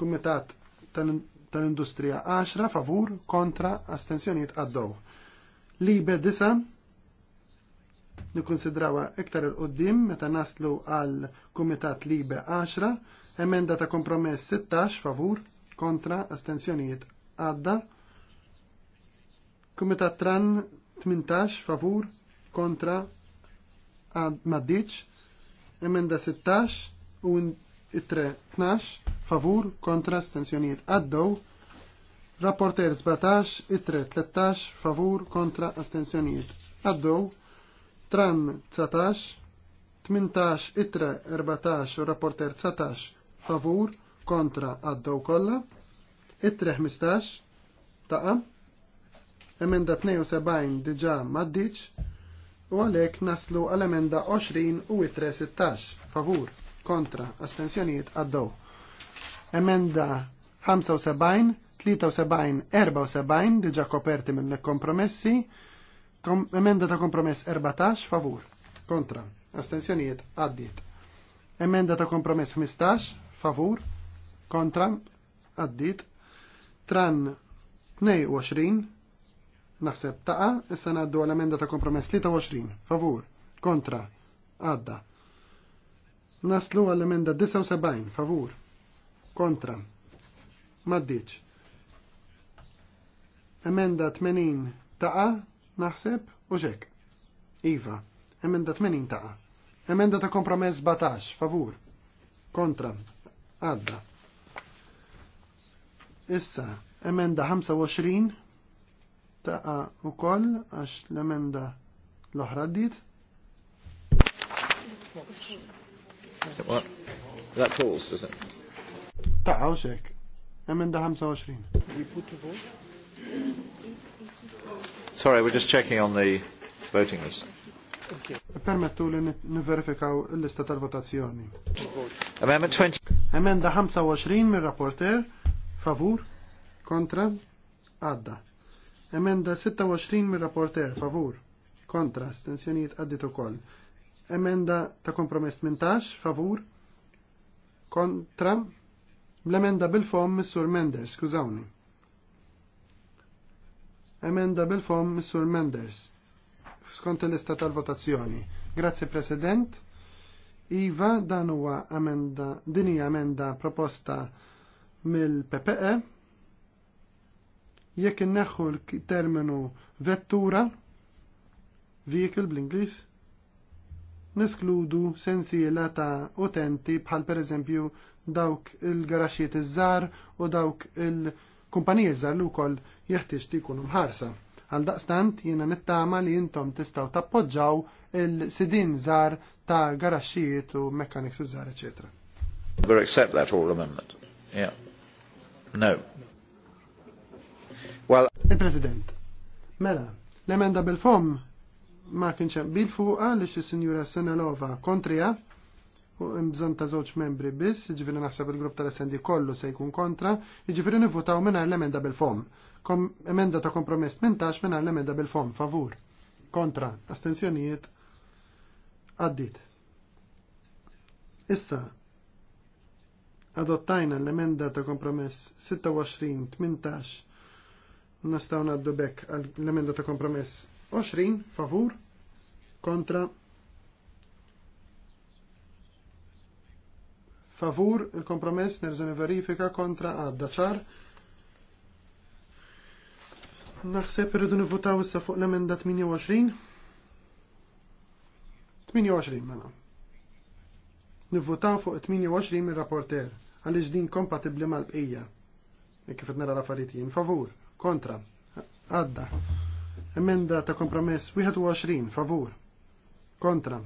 B: Kumitat tal-Industrija 10 favur kontra astensjoniet għaddow. Libe 9 nikonsidrawa iktar il-qoddim meta naslu għal Kumitat Libe 10 emenda ta' kompromess 16 favur kontra astensjonijiet għadda. Kumitat tran 18 favur kontra maddiċ. Emenda 16 u 3 12 favur kontra astensjonijiet għaddow. Rapporter 17, itre 13, favur kontra astensjonijiet. Addow, tran 19, 18, itre 14 u rapporter 19, favur kontra għaddew kollha. It-3 15 taqa. Emenda 72 diġà maddiċ u għalhekk naslu għal emenda 20 u it-3 16 favur kontra astensjoniet għaddaw. Emenda 75, 73, 74 diġa koperti minn kompromessi, kom, emenda ta' kompromess 14 favur, kontra, astensjonijiet għaddit. Emenda ta' kompromess 15 favur, kontra għaddit tran 22 naħseb taqa issa għaddu għal amenda ta' kompromess 23 favur kontra għadda naslu għal emenda 79 favur kontra maddiċ emenda 80 taqa naħseb u ġek Iva emenda 80 taqa emenda ta' kompromess 17 favur kontra għadda Issa, emenda 25 taqa u koll għax l-emenda l-oħra d-dit.
A: That falls, does it?
B: Taqa u xek. Emenda 25.
A: Sorry, we're just checking on the voting list.
B: Okay. Permettu li niverifikaw l-lista tal-votazzjoni. Amendment 20. Emenda 25 mir rapporter Favur? Kontra? Għadda. Emenda 26 mir rapporter favur. Kontra, stenzjoniet għaddit ukoll. Emenda ta' kompromess mintax. favur. Kontra. L-emenda bil-fom Missur Menders, skużawni. Emenda bil-fom Missur Menders. Skont il-lista tal-votazzjoni. Grazzi President. Iva, dan huwa emenda, din hija emenda proposta mill-PPE jekk inneħħu l-terminu vettura vehicle bl-Inglis niskludu sensiela ta' utenti bħal pereżempju dawk il-garaxiet iż-żar u dawk il-kumpaniji iż-żar li wkoll jeħtieġ tikunu mħarsa. Għal daqstant jiena nittama li jintom tistaw tappoġġaw il-sidin żar ta' garaxxijiet u mechanics iż-żar, eċetera.
A: We'll accept that amendment. Yeah. No. Well... Il-President.
B: Mela, l-emenda bil-fom ma kienx bil-fuqa li xi sinjura Senelova kontrija u bżon ta' żewġ membri biss, jiġifieri naħseb il-grupp tal-SND kollu se jkun kontra, jiġifieri nifutaw mingħajr l-emenda bil-fom. emenda ta' kompromess mintax mingħajr l-emenda bil-fom, favur. Kontra, astensjonijiet, għaddit. Issa, adottajna l-emenda ta' kompromess 26-18 nastaw naddu bekk l-emenda ta' kompromess 20 favur kontra favur il-kompromess nerżoni verifika kontra għadda ċar Naħseb irridu nivvotaw issa fuq l-emenda 28. 28 mela. Nivvotaw fuq 28 mir-rapporter għaliex din kompatibbli mal-bqija. E kif qed nara l-affarijiet jien favur, kontra, għadda. Emenda ta' kompromess 21 favur, kontra,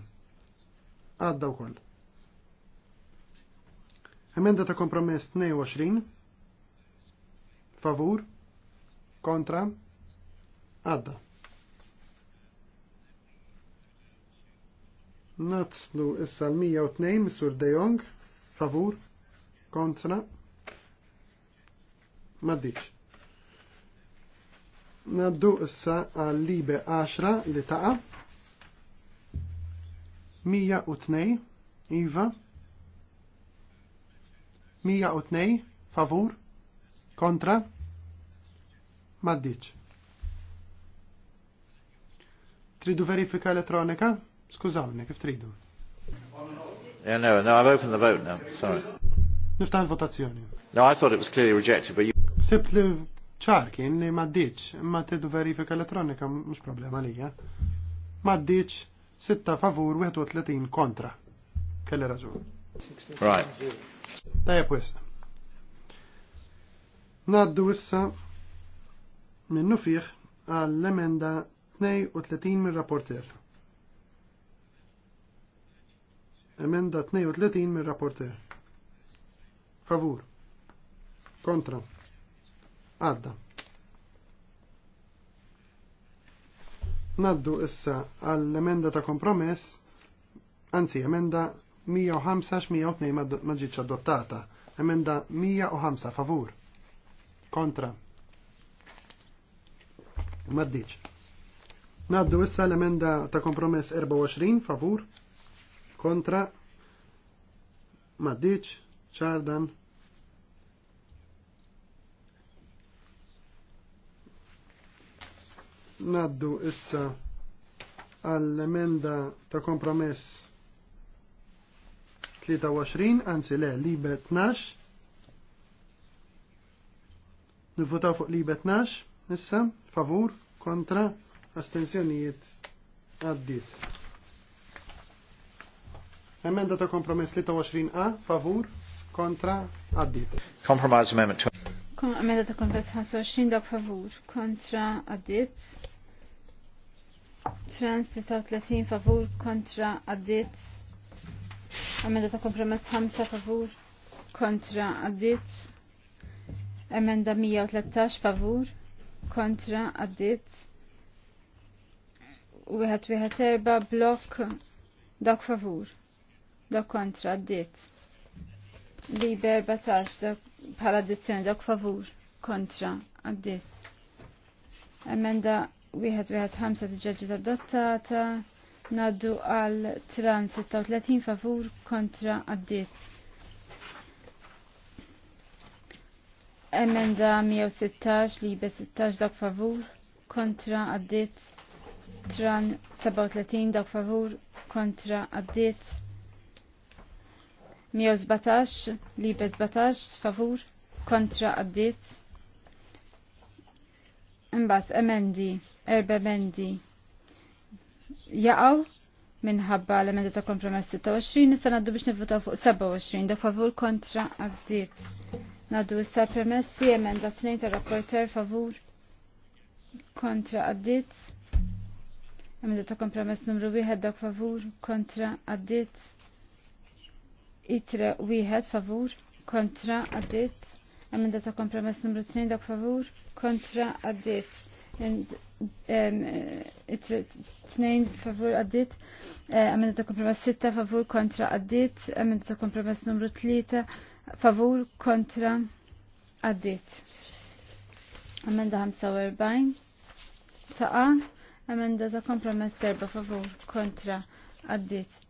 B: għadda wkoll. Emenda ta' kompromess 22 favur, kontra, għadda. Natslu issa l-102 Sur De Jong, favur, kontra maddiċ. Naddu issa għal libe 10 li taqa 102 Iva 102 favur kontra maddiċ. Tridu verifika elettronika? Skużawni, kif tridu?
A: Yeah, no, no, I've opened the vote now, sorry.
B: Niftaħ il-votazzjoni.
A: No, I thought it was clearly rejected, but you...
B: Sibt li ċar kien li maddiċ, imma tiddu verifika elettronika mhux problema lija. Maddiċ 6 favur 31 kontra. Kelli raġun. Right. Tajab wis. Naddu issa minnu fiħ għall-emenda 32 mir-rapporter. Emenda 32 mir-rapporter. Favur. Kontra. Għadda. Naddu issa għall-emenda ta' kompromess, anzi, emenda 105-102 maġiċ adottata. Emenda 105 favur. Kontra. Maddiċ. Naddu issa l-emenda ta' kompromess 24 favur. Kontra. Maddiċ. Ċardan. Naddu issa għall-emenda ta' kompromess 23, għanzi le, libe 12. Nivvotaw fuq libe 12, issa, favur, kontra, astensjonijiet, għaddit. Emenda ta' kompromess 23a, favur, kontra, għaddit.
A: Compromise amendment 20.
C: Amenda ta' kompromess 25, dak favur, kontra, għaddit. Trans 33 favur kontra għaddit. Emenda ta' kompromess 5 favur kontra għaddit. Emenda 113 favur kontra għaddit. Wieħed wieħed erba' blok dak favur. Dak kontra għaddit. Liber 14 dak bħala addizzjoni dak favur kontra għaddit. Emenda wieħed wieħed ħamsa tiġġaġġiet adottata naddu għal tran 36 favur kontra għaddiet. Emenda 116 li 16 dak favur kontra għaddiet. Tran 37 dak favur kontra għaddiet. 117 li 17 favur kontra għaddiet. Imbat emendi erba bendi jaqaw minħabba l-emenda ta' kompromess 26, nissa naddu biex nivvotaw fuq 27, da' favur kontra għaddit. Naddu issa premessi emenda 2 ta' rapporter favur kontra għaddit. Emenda ta' kompromess numru 1 da' favur kontra għaddit. Itre wieħed favur kontra għaddit. Emenda ta' kompromess numru 2 dak favur kontra għaddit. Um, Tnejn favur għaddit, għamenda uh, ta' kompromess sitta favur kontra għaddit, għamenda ta' kompromess numru tlieta favur kontra għaddit. Għamenda 45 ta' għamenda ta' kompromess serba favur kontra għaddit.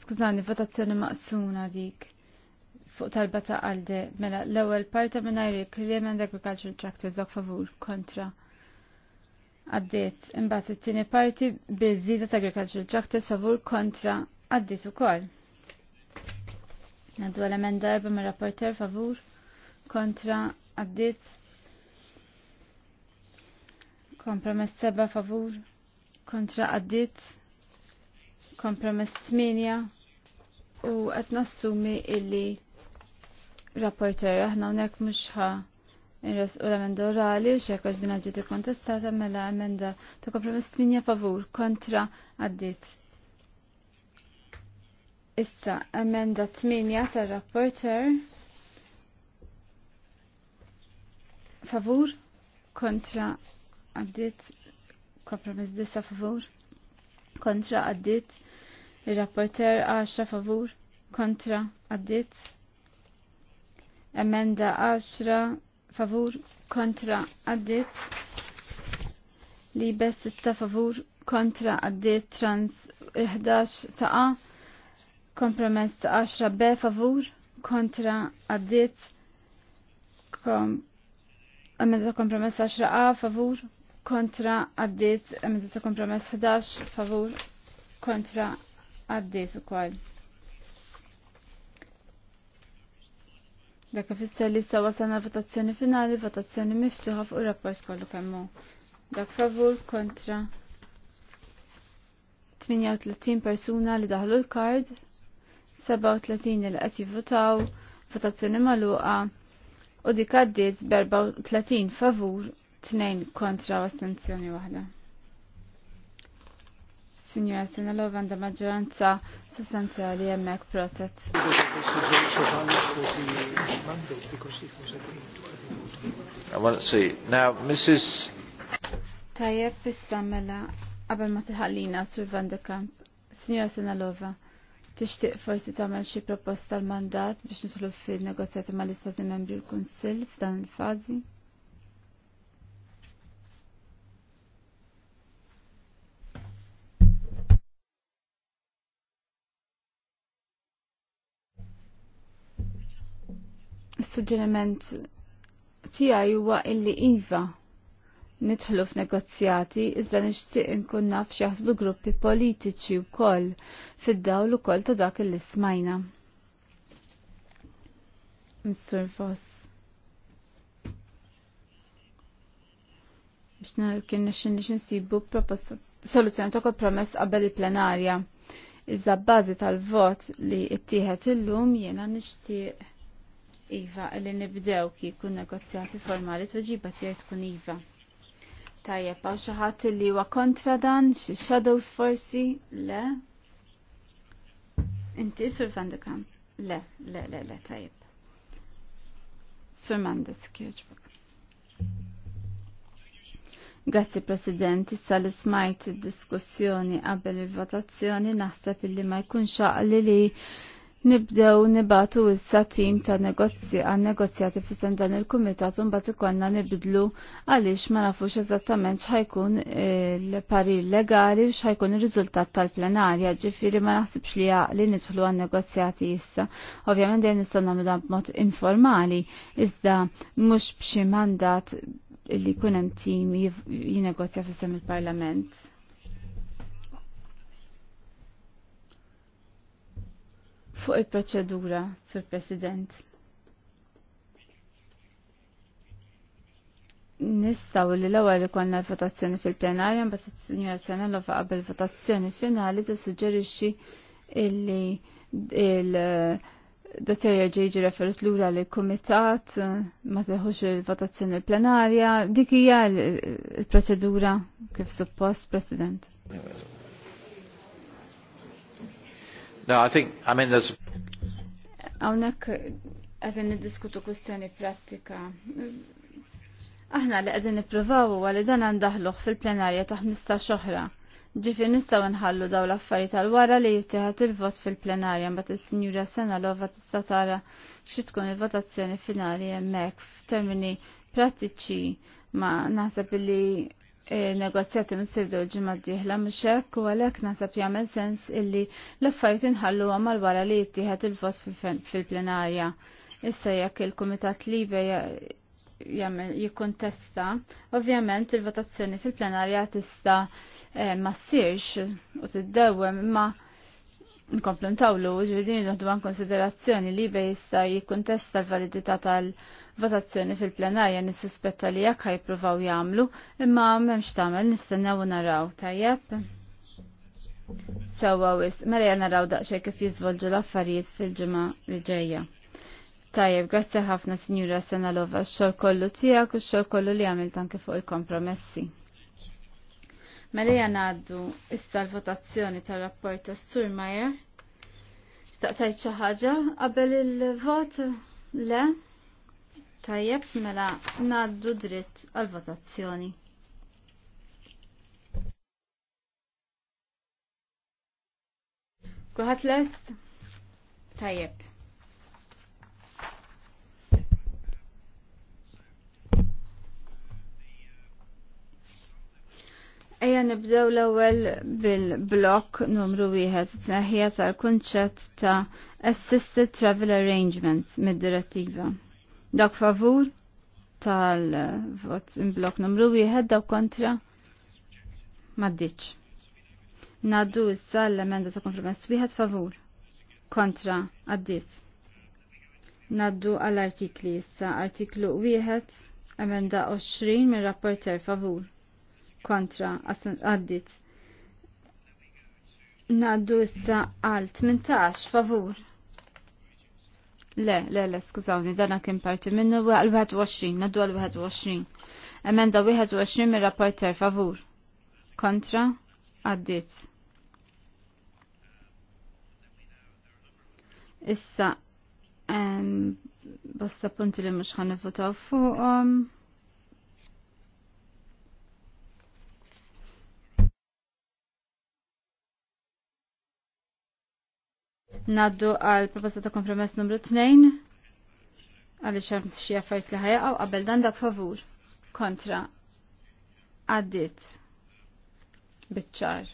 C: Skużani, votazzjoni maqsuna dik fuq talba ta' għalde mela l-ewwel parta mingħajr għajri kliem għand agricultural tractors dak favur kontra. Għaddiet imbagħad it-tieni parti bil żieda ta' agricultural tractors favur kontra u ukoll. Naddu l-emenda darba ma' rapporter favur kontra għaddiet. Kompromess seba favur kontra għaddiet. Kompromess 8 u għatnassumi illi rapporter aħna hawnhekk mhux ħa Inres u l-emenda orali u xekk għax dina ġiti kontestata mela emenda ta' kompromess 8 favur kontra għaddit. Issa, emenda 8 ta' rapporter favur kontra għaddit kompromess disa favur kontra għaddit il-rapporter 10 favur kontra għaddit Emenda 10 favur kontra għaddit. Libe 6 favur kontra għaddit trans 11 Ta'a, Kompromess ta' 10 B favur kontra għaddit. Kom Emenda kompromess 10 A favur kontra għaddit. Emenda ta' kompromess 11 favur kontra għaddit u koll. Dak ifisser li sawa sana votazzjoni finali, votazzjoni miftuħa fuq rapport kollu kemm hu. Dak favur kontra 38 persuna li daħlu l-kard, 37 li qed jivvotaw, votazzjoni magħluqa u dik għaddiet b'34 favur, 2 kontra u astenzjoni waħda. Signora Senalov għanda maġġoranza e hemmhekk proset.
A: I want to see. Now, Mrs.
C: Tajjeb issa mela qabel ma tiħallina sur Van de Kamp. Signora Senalova, tixtieq forsi tagħmel xi proposta l-mandat biex nidħlu fin-negozjati mal-Istati Membri l-Kunsill f'dan il-fażi? Suġġeriment tiegħi huwa illi iva nidħlu f'negozjati iżda nixtieq inkun naf ħsbu gruppi politiċi wkoll fid-dawl ukoll ta' dak li smajna. Mr. Voss. biex kien nixin nsibu proposta soluzzjoni ta' kompromess qabel il-plenarja. Iżda bażi tal-vot li ittieħed illum jiena nixtieq Iva, li nibdew kun negozjati formali tuġiba tiegħi tkun Iva. Tajja, paw xi ħadd li huwa kontra dan, xi shadows forsi? Le. Inti Sur Van de Kamp? Le, le, le, le, tajjeb. Sur Mandes kieġbok. Grazzi President, issa li smajt id-diskussjoni qabel il-votazzjoni naħseb illi ma jkunx aqli li, li nibdew nibatu issa tim ta' negozji għan negozjati fissan dan il-kumitat un bat ikonna nibdlu għalix ma nafux eżattament xajkun il-parir eh, legali u xajkun il-rizultat tal-plenarja ġifiri ma naħsibx li li nidħlu għan negozzjati issa. Ovvjament dejjem nistgħu nagħmlu b'mod informali iżda mhux b'xi mandat li kunem tim jinnegozja fis il-Parlament. fuq il-proċedura, Sur President. Nistaw li l-ewwel ikollna l-votazzjoni fil-plenarja mbagħad is-Sinjora Sanelova qabel votazzjoni finali tissuġġerixxi illi il-dottorja ġejġi referut lura li kumitat eh, ma teħux il-votazzjoni plenarja dik hija l-proċedura kif suppost, President.
A: No, I think, I mean, there's...
C: Għawnek għadin niddiskutu kustjoni pratika. Aħna li għadin niprovawu għalli dan għandahluħ fil-plenarja ta' 15 xoħra. Ġifi nistaw nħallu daw l-affarijiet tal wara li jittieħat il-vot fil-plenarja mbagħad il-Sinjura Sena Lova tista' tara xi tkun il-votazzjoni finali hemmhekk f'termini prattiċi ma naħseb li negozjati msibdu l-ġimma d-dieħla mxek u għalek nasab jagħmel sens illi l-affarijiet inħallu għamal wara li jittieħed il-vot fil-plenarja. Issa jekk il-Kumitat Libe jikun testa, ovvjament il-votazzjoni fil-plenarja tista' eh, ma ssirx u tiddewwem imma ntawlu, ġvidini naħdu għan konsiderazzjoni li bej jista jikuntesta l-validità tal-votazzjoni fil-plenarja nissuspetta li jekk ħajpruvaw jagħmlu imma m'hemmx tagħmel nistennew naraw tajjeb. Sewwa wis, mela naraw daqsxejn kif jiżvolġu l-affarijiet fil-ġimgħa li ġejja. Tajjeb, grazzi ħafna Sinjura Senalova x-xogħol kollu tiegħek u x-xogħol kollu li għamilt anke fuq il-kompromessi. Mela għaddu issa l-votazzjoni tal-rapport ta' Sturmajer. Taqtajt xi ħaġa qabel il-vot le tajjeb mela ngħaddu dritt għal-votazzjoni. Kuħat lest? Tajjeb. Eja nibdew l-ewwel bil-blok numru wieħed tneħħija tal-kunċett ta' Assisted Travel arrangements mid-direttiva. Dak favur tal-vot blok numru wieħed daw kontra maddiċ. Naddu issa l-emenda ta' kompromess wieħed favur kontra għaddiet. Naddu għall-artikli issa artiklu wieħed emenda 20 mir rapporter favur kontra għaddit. Naddu issa għal 18 favur. Le, le, le, skużawni, dana kien parti minnu għal 21, naddu għal 21. Emenda 21 mir rapporter favur. Kontra għaddit. Issa, bosta punti li mux ħan votaw fuqom. Um, Naddu għal proposta ta' kompromess numru 2 għal xem xie affarijiet li ħajaqaw qabel dan dak favur kontra għaddit bitċar.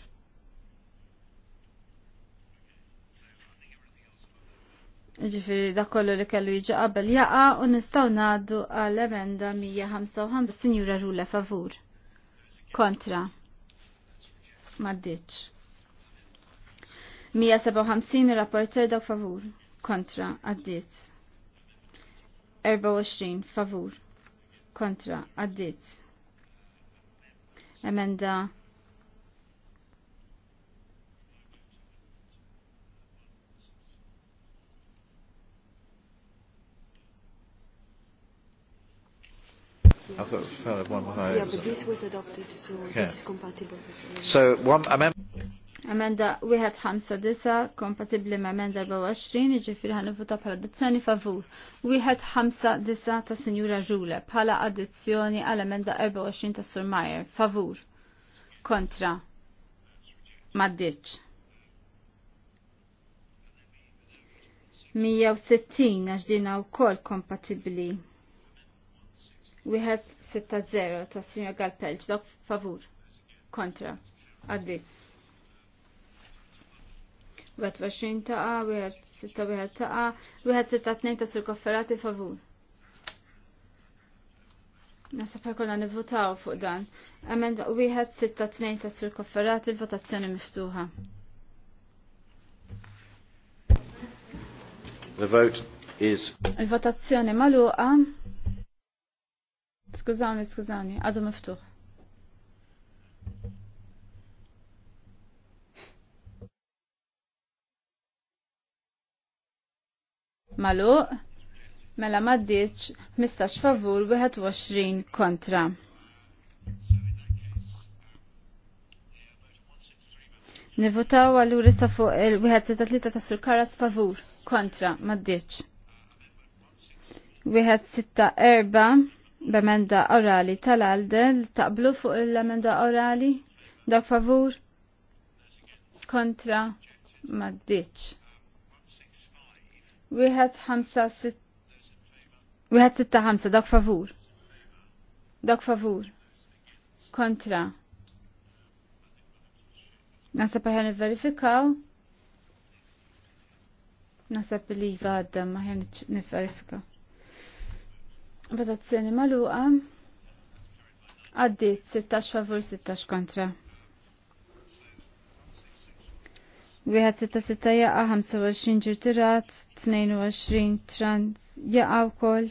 C: Ġifiri, da kollu li kellu jiġi qabel jaqa u nistaw naddu għal emenda 155 sinjura Rule favur. Kontra. Maddiċ. 157 mir-rapporter dak favur kontra għaddiet. 24 favur kontra għaddiet. Emenda
A: I thought it was one high. Yeah, but this was adopted,
B: so
D: yeah. this is compatible with. So
A: one amendment.
C: Amenda 159 kompatibli ma' amenda 24 iġifiri għan nifuta bħala addizzjoni favur. 159 ta' Sinjura Rule bħala addizzjoni għal amenda 24 ta' Sur Mayer favur. Kontra. Maddiċ. 160 għax u kol kompatibli. 160 ta' Sinjura Galpelġ, dok favur. Kontra. Addizzjoni. 21 taqa, 161 taqa, 162 ta' sur kofferati favur. Nasab ħakolla nivvotaw fuq dan. Wieħed 162 ta' sur kofferati votazzjoni miftuħa.
A: The vote is.
C: Il-votazzjoni maluqa. Skużawni, skużawni, għadu miftuħ. Malu, mela maddiċ 15 favur 21 kontra. Nivotaw għallur issa fuq il-163 ta' Sur Karas favur kontra maddiċ. 164 b'emenda orali tal-għaldel taqblu fuq l-emenda orali dak favur kontra maddiċ. Wieħed ħamsa Wieħed sitta ħamsa dak favur. Dak favur. Kontra. Nasab ħan verifikaw. Nasab li għadda ma ħan niverifika. Votazzjoni maluqa. Għaddit 16 favur 16 kontra. Wieħed sitta sitta jaqa' 25 ġirtirat, 22 trans jaqa' wkoll.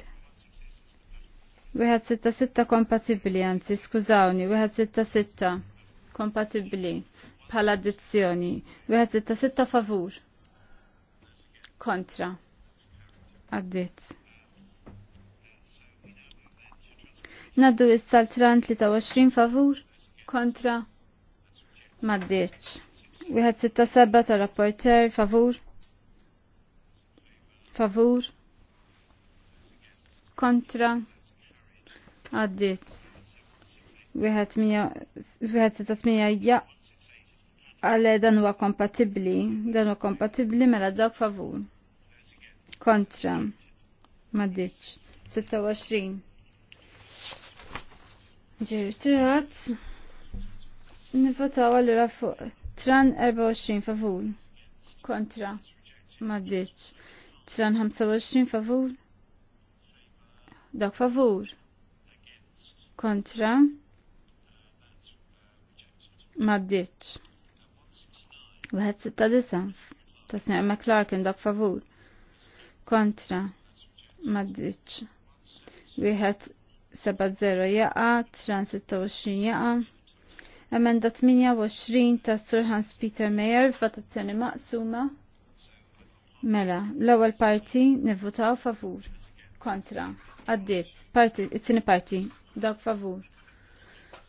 C: Wieħed sitta sitta kompatibbli, anzi skużawni, wieħed sitta sitta kompatibbli bħala addizzjoni. Wieħed sitta sitta favur. Kontra. Għaddit. Naddu issa l ta' 20 favur kontra maddeċ. Wieħed sitta sebba ta' rapporter, favur. Favur. Kontra. Għaddit. Wieħed sitta tmija ja. Għale dan huwa kompatibli. Dan huwa kompatibli mela dawk favur. Kontra. Maddiċ. 26. Ġirtirat. Nifotaw għallura fuq. Tran 24 favur. Kontra. Maddiċ. Tran 25 favur. Dak favur. Kontra. Maddiċ. Wieħed sitta disa. Tasnija McClarkin dak favur. Kontra. Maddiċ. Wieħed 7-0 jaqa, tran 26 jaqa. Emenda 28 ta' Sir Hans Peter Mayer, votazzjoni maqsuma. Mela, l-ewwel parti nivvotaw favur. Kontra. Għaddiet. Parti, it-tieni parti. Dawk favur.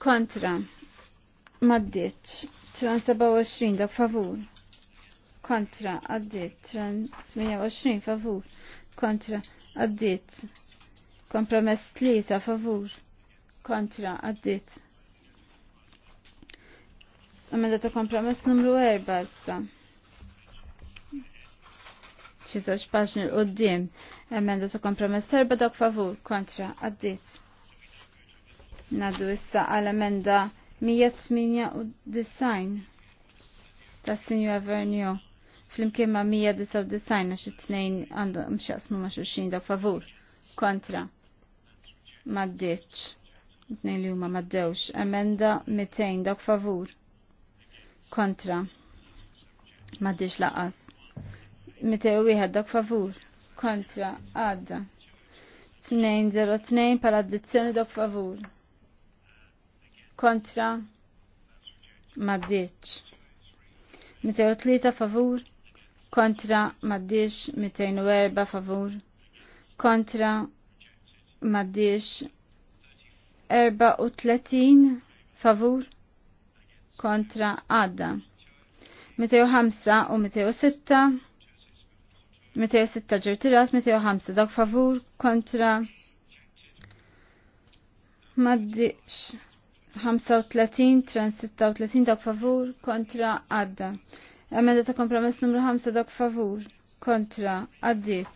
C: Kontra. Maddiet. 27 dawk favur. Kontra. Għaddiet. 28 favur. Kontra. Għaddiet. Kompromess tlieta favur. Kontra. Għaddiet. Emenda ta' kompromess numru 4 issa. ċizoċ paġni l-qudiem. Emenda ta' kompromess erba' dok favur kontra għaddiet. Nadu issa għal emenda 198 ta' Sinju Avernio fl-imkien ma' 199 għax it-tnejn għandhom xaqsmu ma' xulxin dak favur. Kontra. Maddiċ. Tnejn li huma maddewx. Emenda 200 dak favur kontra maddix laqas wieħed dak favur kontra għadda tnejn tnejn pala addizzjoni dok favur kontra maddix tlieta favur kontra maddix erba' favur kontra maddix tletin favur kontra għadda. 205 u 206 206 ġertiras, 205 dak favur kontra maddiċ 35 tran 36 dak favur kontra għadda. Emenda ta' kompromess numru 5 dak favur kontra għaddiet.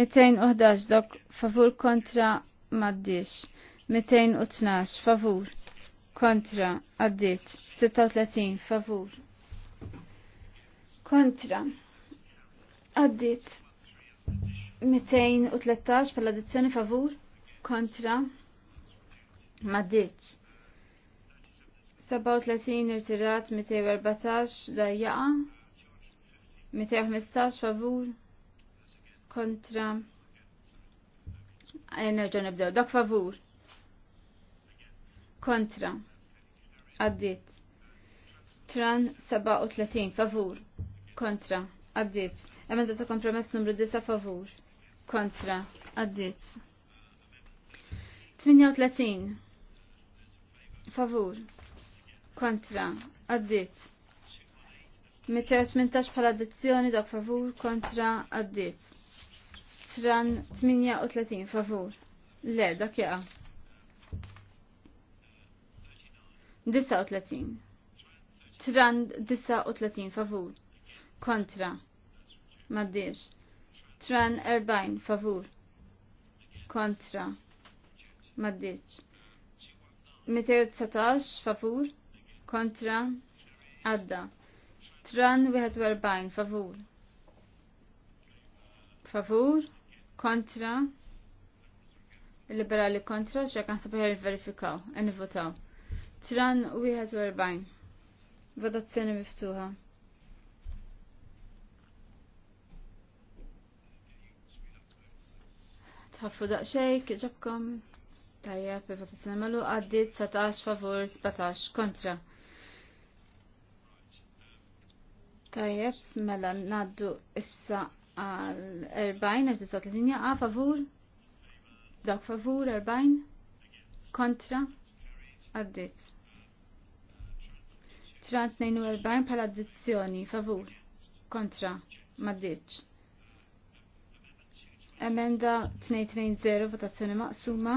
C: 211 dak favur kontra maddiċ. 212 favur kontra għaddit 36 favur kontra għaddit 213 pala addizzjoni favur kontra maddit 37 irtirat 214 dajjaqa 215 favur kontra Nerġa nibdew, dak favur kontra għaddit tran 37 favur kontra għaddit emenda ta' kompromess numru 9 favur kontra għaddit 38 favur kontra għaddit 218 bħala addizzjoni dak favur kontra għaddit tran 38 favur le dak jaqa' 39. Tran 39 favur. Kontra. Maddiex. Tran 40 favur. Kontra. Maddiex. 219 favur. Kontra. Adda. Tran 41 favur. Favur. Kontra. Liberali kontra, xa kan sabiħar verifikaw, en votaw Tran 41. Votazzjoni miftuħa. Tħaffu daqxej, Tajja, Tajjeb, votazzjoni malu għaddit satax, favur 17 kontra. Tajjeb, mela naddu issa għal 40, 39 jaqa favur, dak favur 40, kontra, għaddit. Tran 42 pala addizzjoni, favur, kontra, maddiċ. Emenda 230 votazzjoni maqsuma.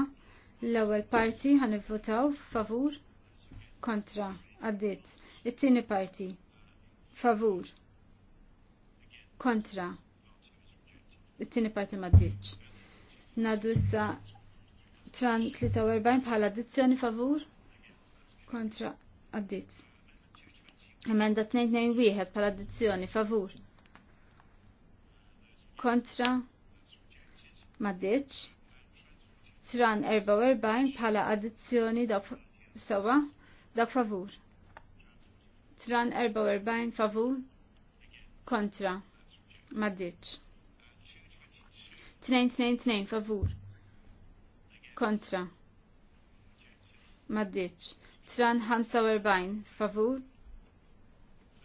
C: L-ewwel parti ħan votaw favur, kontra, għaddit. It-tieni parti, favur, kontra, it-tieni parti maddiċ. Nadu issa 43 bħala addizzjoni favur, kontra, għaddit. Emenda 291 pala addizzjoni favur. Kontra maddiċ. Tran 44 pala addizzjoni dak sewa dak favur. Tran 44 favur. Kontra maddiċ. 2 favur. Kontra. Maddiċ. Tran 45 favur.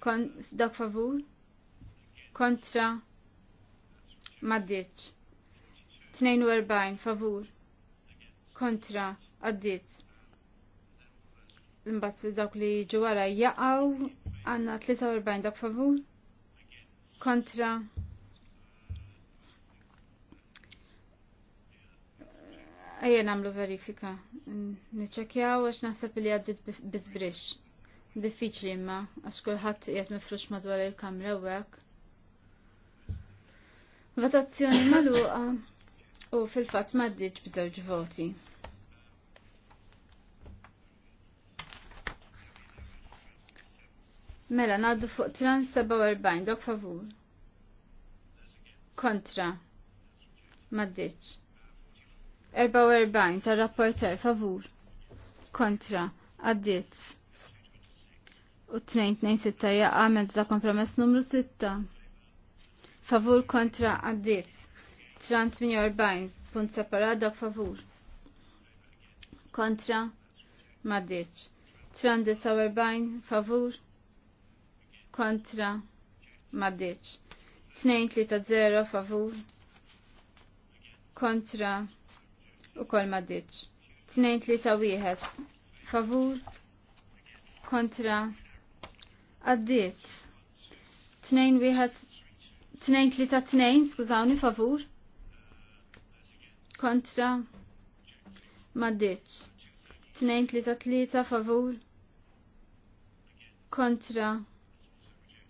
C: Kon dak favur kontra maddiċ. 42 favur kontra għaddiet. Imbatt dawk li ġu wara jaqaw għanna 43 dak favur kontra Ejja namlu verifika. Niċċekjaw għax naħseb li għaddit bizbrix. Diffiċli imma, għax kulħadd qiegħed mifrux madwar il-kamra u hekk. Votazzjoni magħluqa u fil-fatt m'għaddiġ b'żewġ voti. Mela ngħaddu fuq tran 47 dok favur. Kontra. Maddiċ. 44 tar-rapporter favur. Kontra. Għaddiet u 226 jaqa mezz ta' kompromess numru 6. Favur kontra għaddit. Tran 48 punt separat favur. Kontra maddiċ. Tran 49 favur kontra maddiċ. 230 favur kontra u kol maddiċ. 231 favur kontra għaddiet. Tnejn wieħed tnejn tlita tnejn, skużawni favur. Kontra m'għaddietx. Tnejn tlita tlita favur. Kontra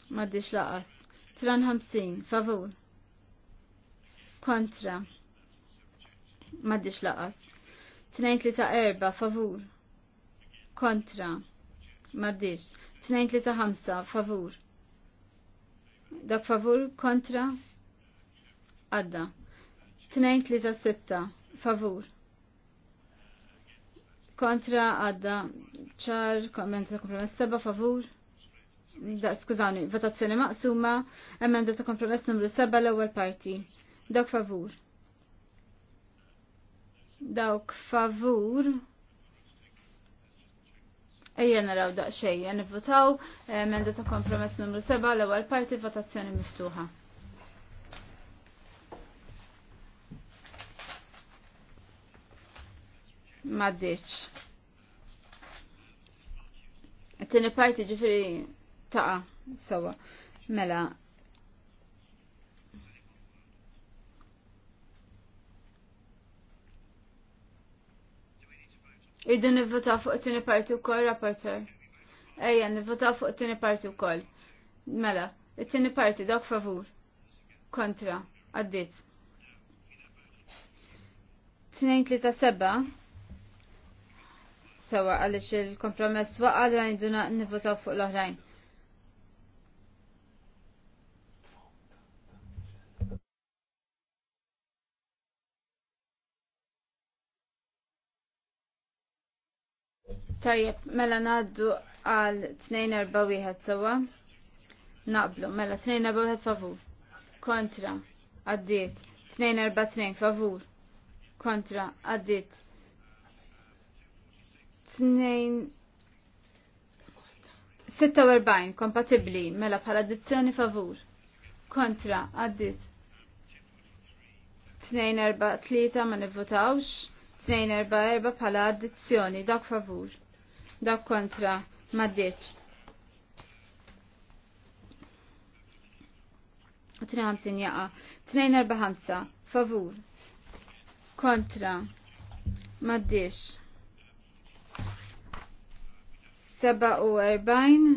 C: m'għaddix laqas. Tran ħamsin, favur. Kontra. M'għaddix laqas. Tnejn tlita erba, favur. Kontra. M'għaddix ħamsa, favur. Dak favur kontra għadda. sitta, favur. Kontra għadda ċar ta' kompromess seba' favur. Da, skużani, votazzjoni maqsuma, emenda ta' kompromess numru 7 l-ewwel parti. Dak favur. Dawk favur Ejja naraw jen nivvotaw eh, emenda ta' kompromess numru 7 l-ewwel parti votazzjoni miftuħa. Maddiċ. It-tieni parti ġifiri taqa' sawa. Mela, Irdu nivvotaw fuq it-tieni parti wkoll rapporter. Ejja, nivvotaw fuq it-tieni parti wkoll. Mela, it-tieni parti dawk favur. Kontra, għaddit. 237 sewa għaliex il-kompromess waqa' dan jiduna nivvotaw fuq l-oħrajn. Tajjeb, mela naddu għal 241 sewa. Naqblu, mela 241 favur. Kontra, għaddiet. 242 favur. Kontra, għaddiet. 46 kompatibli, mela bħala addizzjoni favur. Kontra, għaddit. 243 ma nivvotawx. 244 bħala addizzjoni, dak favur dak kontra maddiċ. 52 jaqa. 245 favur kontra maddiċ. 47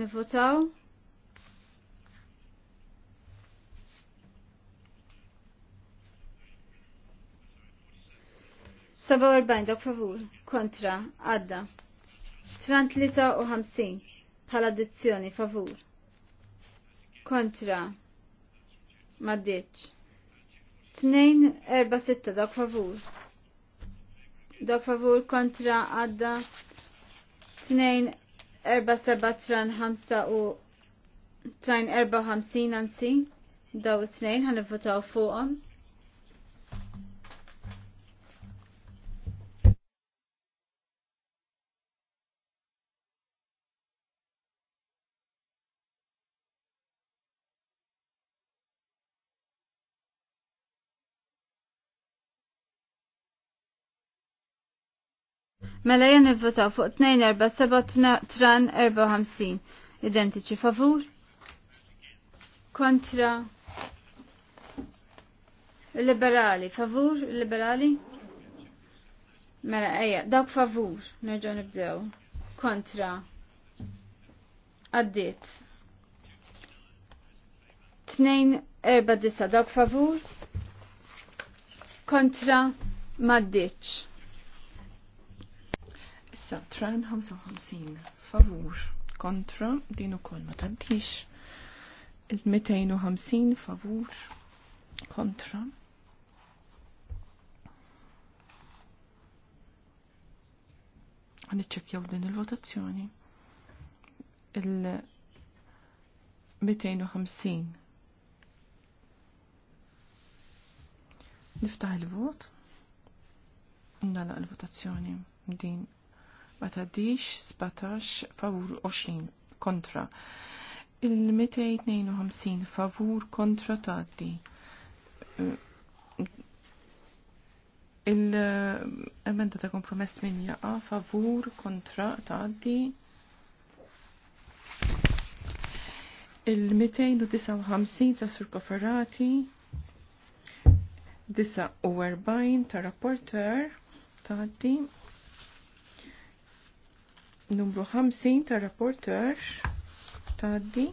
C: nivotaw. Saba dok favur, kontra, għadda. Tran 53 bħala addizzjoni favur. Kontra. Maddiċ. 2 4 dak favur. Dak favur kontra għadda 2 tran 5 u trajn 54 anzi daw it-tnejn ħan votaw fuqhom. Mela jen nivvotaw fuq 247 tran 54. Identiċi favur? Kontra? Liberali. Favur? Liberali? Mela eja, dawk favur. Nerġaw nibdew. Kontra? Għaddit. 249 dawk favur? Kontra? Maddiċ.
D: Issa tran 55 favur kontra din ukoll ma tantix. Il-250 favur kontra. Għanitċekjaw din il-votazzjoni. Il-250 Niftaħ il-vot. Nalaq il-votazzjoni din ma tgħaddix, 17 favur 20 kontra. Il-252 favur kontra taddi. Il-emenda ta' kompromess a favur kontra taddi. Il-259 ta' surkoferati. 49 ta' rapporter Ta numru 50 ta' rapporter di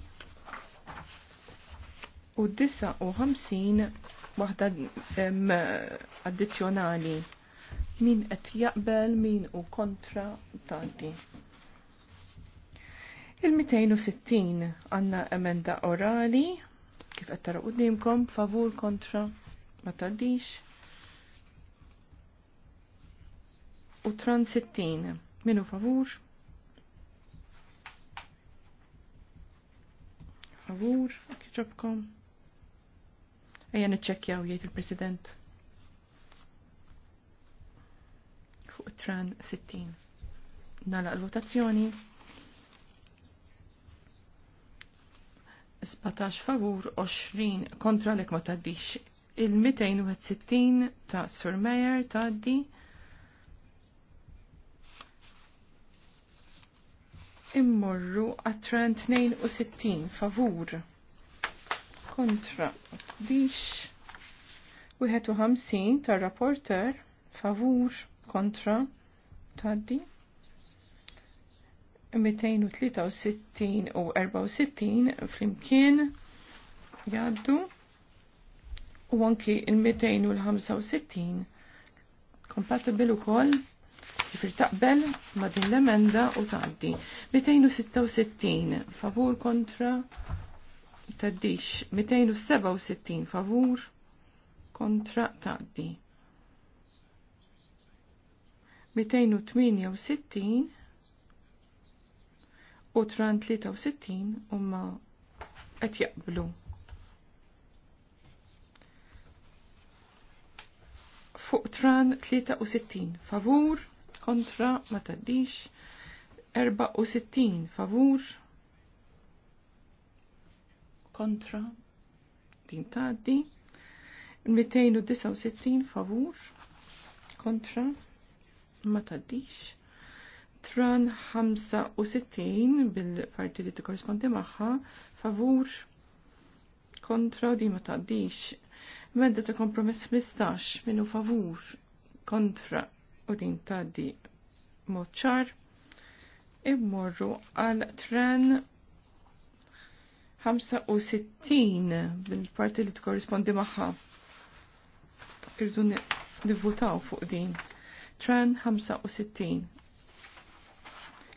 D: u 59 waħda addizzjonali min qed jaqbel min u kontra di. Il-260 għanna emenda orali kif qed tara qudiemkom favur kontra ma tgħaddix. U tran 60 minu favur favur, kħiġobkom. Ejja niċċekjaw jgħid il-President. Fuq tran 60. Nala l-votazzjoni. 17 favur, 20 kontra l ma taddix. Il-260 ta' Sur Meyer taddi. immorru għatran 62 favur kontra biex 51 tar rapporter favur kontra taddi 263 u 64 flimkien jaddu u anki il-265 kompatibil u koll Ġifri taqbel ma din l-emenda u taqdi. 266 favur kontra taddix. 267 favur kontra taqdi. 268 u 363 63 ma qed jaqblu. Fuq tran 63 favur kontra ma taddix 64 favur kontra din taddi 269 favur kontra ma taddix tran 65 bil-parti li t-korrespondi maħħa favur kontra di ma taddix medda ta' kompromess 15 minu favur kontra u din taddi moċċar immorru għal tren 65 bil-parti li tkorrispondi maħħa. Irdu nivvutaw fuq din. tren 65.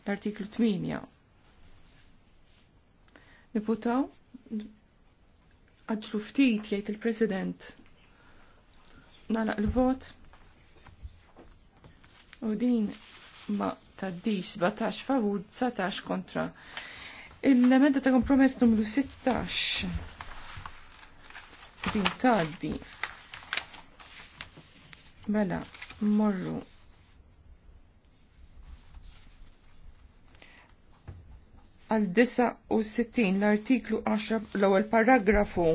D: L-artiklu 8. Nivvutaw għadġlu ftit jgħid il-President. Nalaq il-vot. U din ma taddix 17 favur 19 kontra. Il-lementa ta' kompromess numru 16. Din taddi. Mela, morru. Għal 69 l-artiklu 10 l-ewwel paragrafu.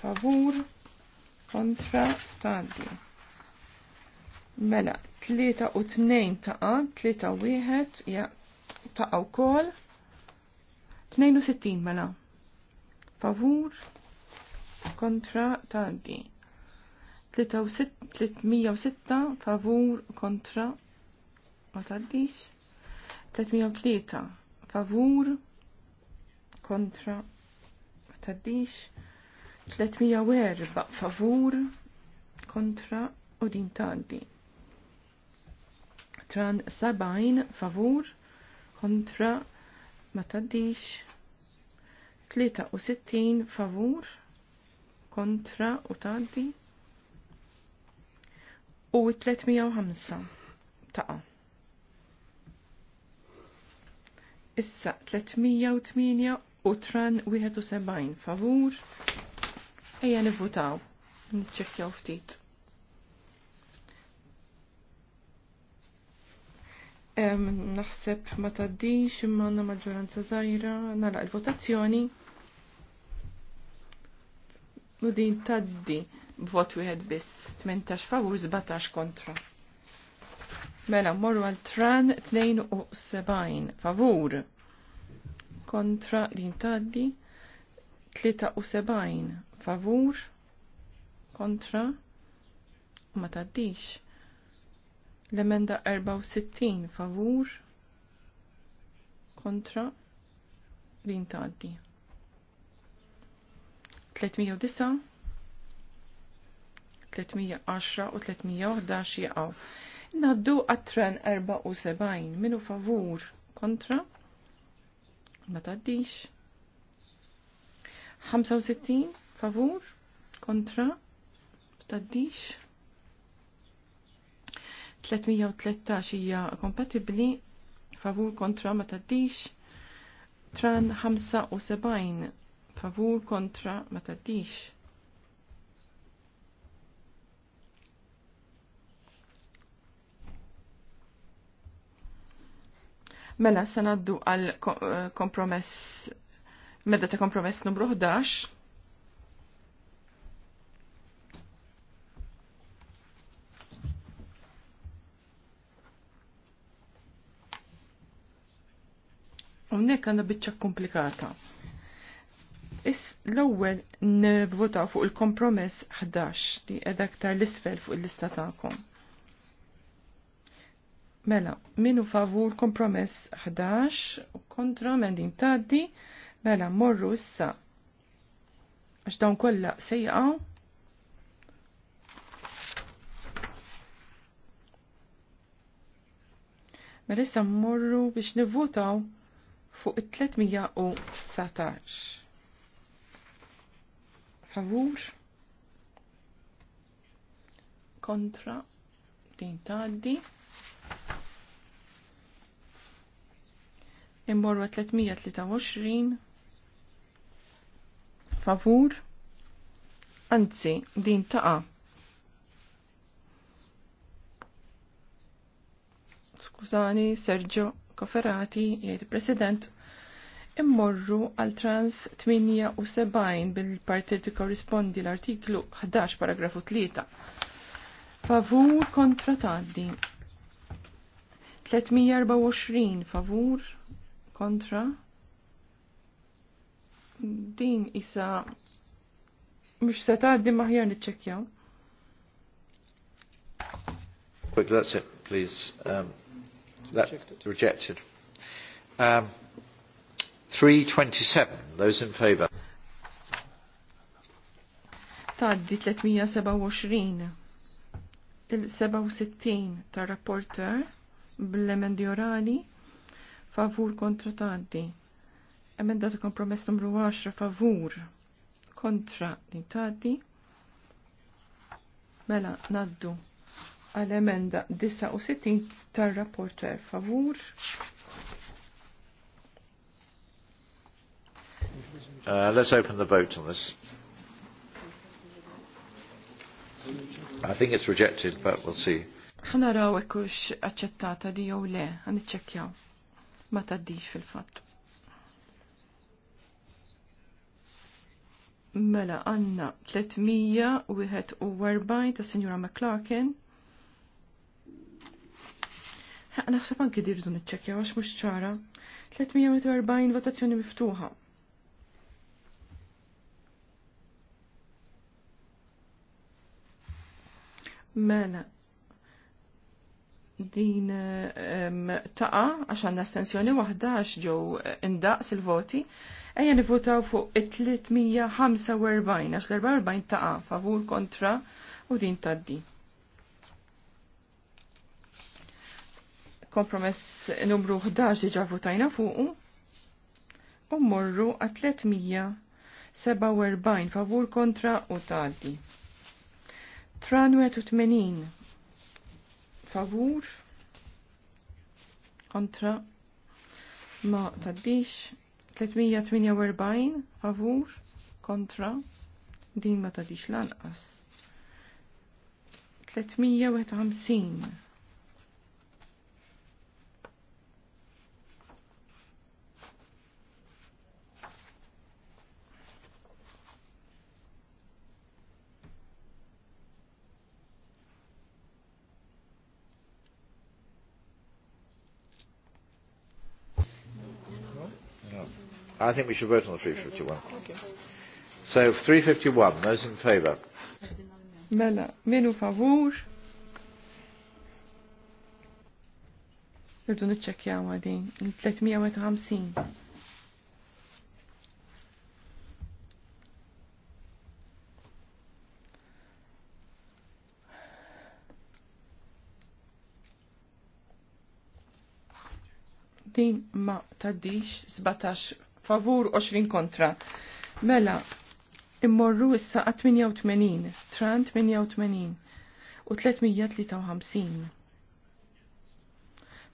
D: Favur kontra taddi. Mela, tlieta u tnejn taqa, 3 u wieħed ja taqa wkoll. 60 mela. Favur kontra 6, 306 favur kontra ma taddix. 303 favur kontra ma taddix. 304 favur kontra u din taddi. Tran sabajn favur kontra ma taddix 63 favur kontra u taddi u 305 taqa. Issa 308 u tran 71 favur ejja nivvutaw, nċekjaw ftit. naħseb ma taddix imma għandna maġġoranza żgħira nara il-votazzjoni. U din taddi vot wieħed biss 18 favur 17 kontra. Mela mmorru għal tran 72 favur kontra din taddi 73 favur kontra ma taddix L-emenda 64 favur kontra l tgħaddi. 309 310 u 311 jaqaw. Naddu għat 74 minu favur kontra ma taddix. 65 favur kontra taddix. 313 hija kompatibbli favur kontra ma taddix tran 75 favur kontra ma taddix Mela, sanaddu għal eh, kompromess, medda ta' kompromess numru 11, Unnek għanna bieċa komplikata. Is l-ewwel vota fuq il-kompromess 11 li qiegħda aktar l-isfel fuq il-lista tagħkom. Mela, minu favur kompromess 11 u kontra mendin taddi, mela morru issa għax dawn kollha sejqa. Mela issa mmorru biex nivvotaw? fuq it-319. Favur kontra din taddi. Imborwa 323 favur anzi din taqa. Skużani, Sergio Koferati, jgħid President, immorru għal trans 78 bil-partit korrispondi l-artiklu 11 paragrafu 3. Favur kontra taddi. 324 favur kontra. Din isa mux se taddi maħjar nitċekjaw.
A: Quick, that's it, please. Um, That, rejected. Rejected. Um, 327, those in favour.
D: Taddi 327 il-67 ta' rapporter bl-emendi orali favur kontra taddi. Emenda ta' kompromess numru 10 favur kontra li taddi. Mela, naddu għal-emenda 69 tar-rapporter favur.
A: Uh, let's open the vote on this. I think it's rejected, but we'll see.
D: Ħanaraw ekkux aċċettata di jew le, għan iċċekjaw. Ma taddix fil-fatt. Mela għanna 341 ta' Signora McClarkin. Naħseb anki dirdu niċċekja għax mhux ċara. 340 votazzjoni miftuħa. Mela, din taqa għax għandna estensjoni waħda għax ġew indaqs il-voti. Ejja nivvotaw fuq it-345 għax l-44 taqa favur kontra u din tad-din. Kompromess numru 11 ġafu tajna fuqu. U morru għat 347 favur kontra u taddi. u 80 favur kontra ma taddix 348 favur kontra din ma taddix lanqas 351
A: I think we should vote on the 351. Okay. So 351, those in favour.
D: Mela, minu favur. Irdu nitċekjaw għadin, il-350. Din ma taddix 17 favur 20 kontra. Mela, immorru issa għat 88, tran 88 u 353.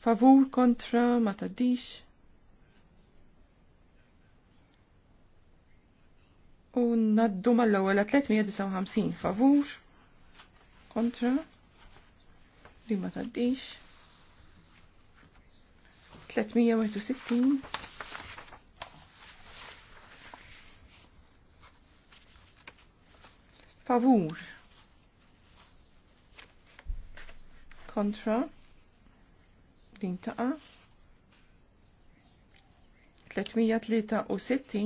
D: Favur kontra ma taddix. U naddu mal-ewwel 359 favur kontra li ma taddix. 361 favur kontra din taqa 363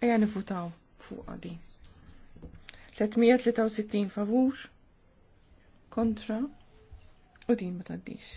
D: Eja nifutaw fuq għadi. 363 favur kontra u din ma taddix.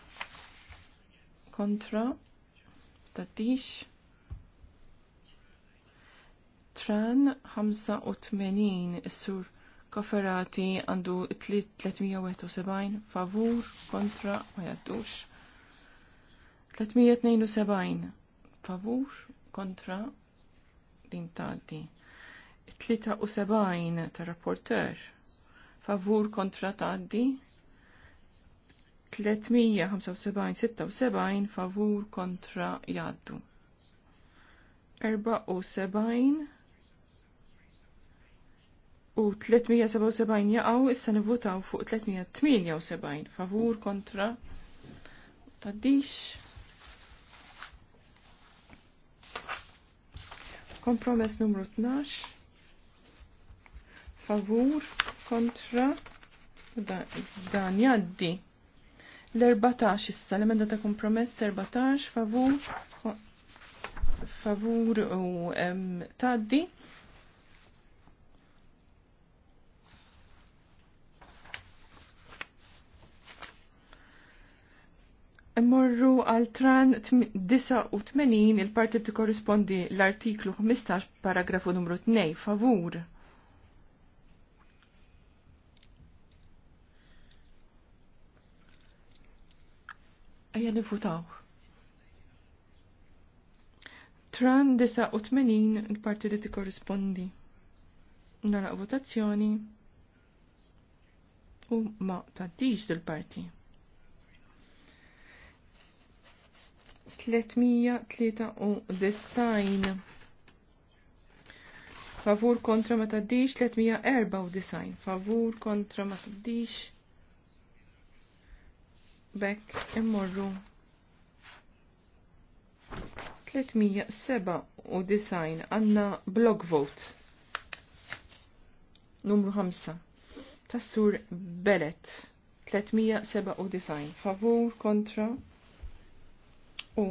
D: kontra tattix tran 85 is-sur koferati għandu 371 favur kontra ma jaddux 372 favur kontra din taddi 73 ta' rapporter favur kontra taddi 375-76 favur kontra jaddu. 74 u 377 jaqaw issa nivutaw fuq 378 favur kontra taddix. Kompromess numru 12 favur kontra dan jaddi. L-14 issa, l-emenda ta' kompromess 14, favur, favur u um, taddi. Morru għal tran 89 il-parti ti korrispondi l-artiklu 15 paragrafu numru 2, favur. nifutaw. Tran 89 il-parti li tikkorrispondi. Nara votazzjoni u ma taddix dil-parti. 393 favur kontra ma taddix 394 favur kontra ma taddix bekk immorru 397 għanna blog vote. Numru 5. Tassur Belet. 397. Favur kontra. U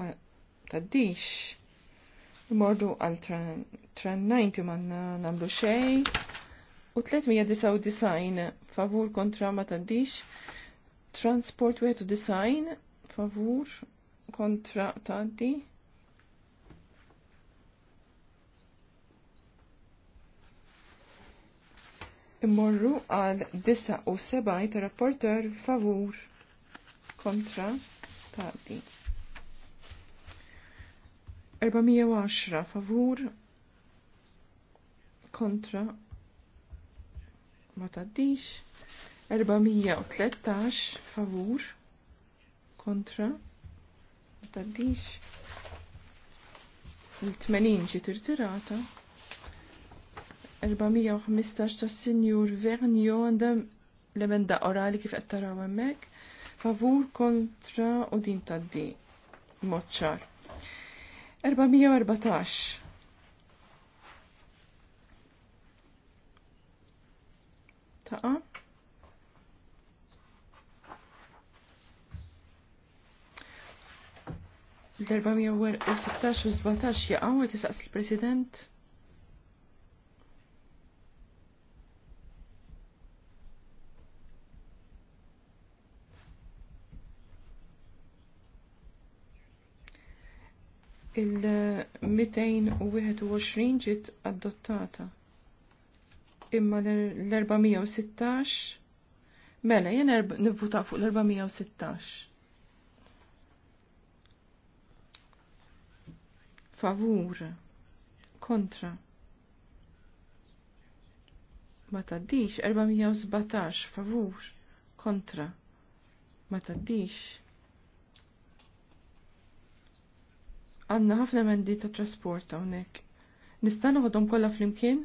D: ma taddix. Mordu għal 390 manna namlu xej. U 399 favur kontra ma taddix. Transport wetu design favur kontra imorru Immorru għal 79 ta' rapporter favur kontra 410 favur kontra ma taddix. 413 favur kontra Taddix. il tmenin ġi tirtirata. 415 ta' Sinjur Vernio għandem l-emenda orali kif qed taraw hemmhekk. Favur kontra u din taddi. Moċċar. 414. Ta' l-416 u 17 jaqaw għet jisaqs il-President. il-221 ġiet adottata. Imma l-416 mela jena nivvuta fuq l-416. favur kontra ma taddix 417 favur kontra ma taddix għanna ħafna mendi ta' trasport hawnhekk. Nistan uħodhom kollha flimkien?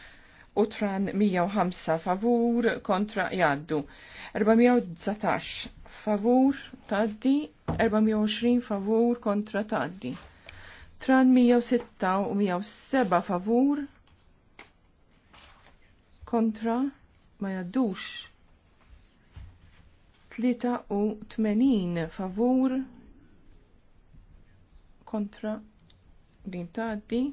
D: u tran 105 favur kontra jaddu. 419 favur taddi, 420 favur kontra taddi. Tran 106 u 107 favur kontra ma jaddux. 83 favur kontra din taddi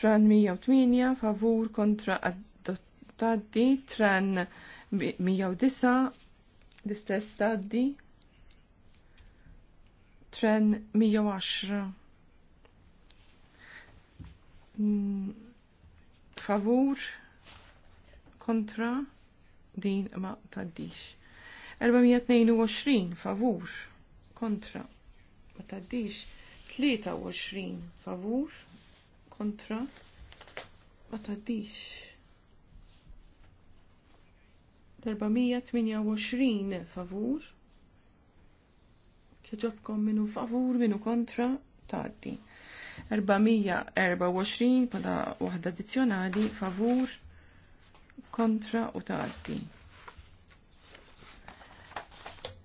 D: tran 108 favur kontra adottati, tran 109 distess taddi, tran 110 mm, favur kontra din ma taddix. 422 favur kontra ma taddix. 23 favur kontra ma taddix. 428 favur kieġobkom minu favur minu kontra taddi. 424 bħala waħda addizjonali favur kontra u taddi.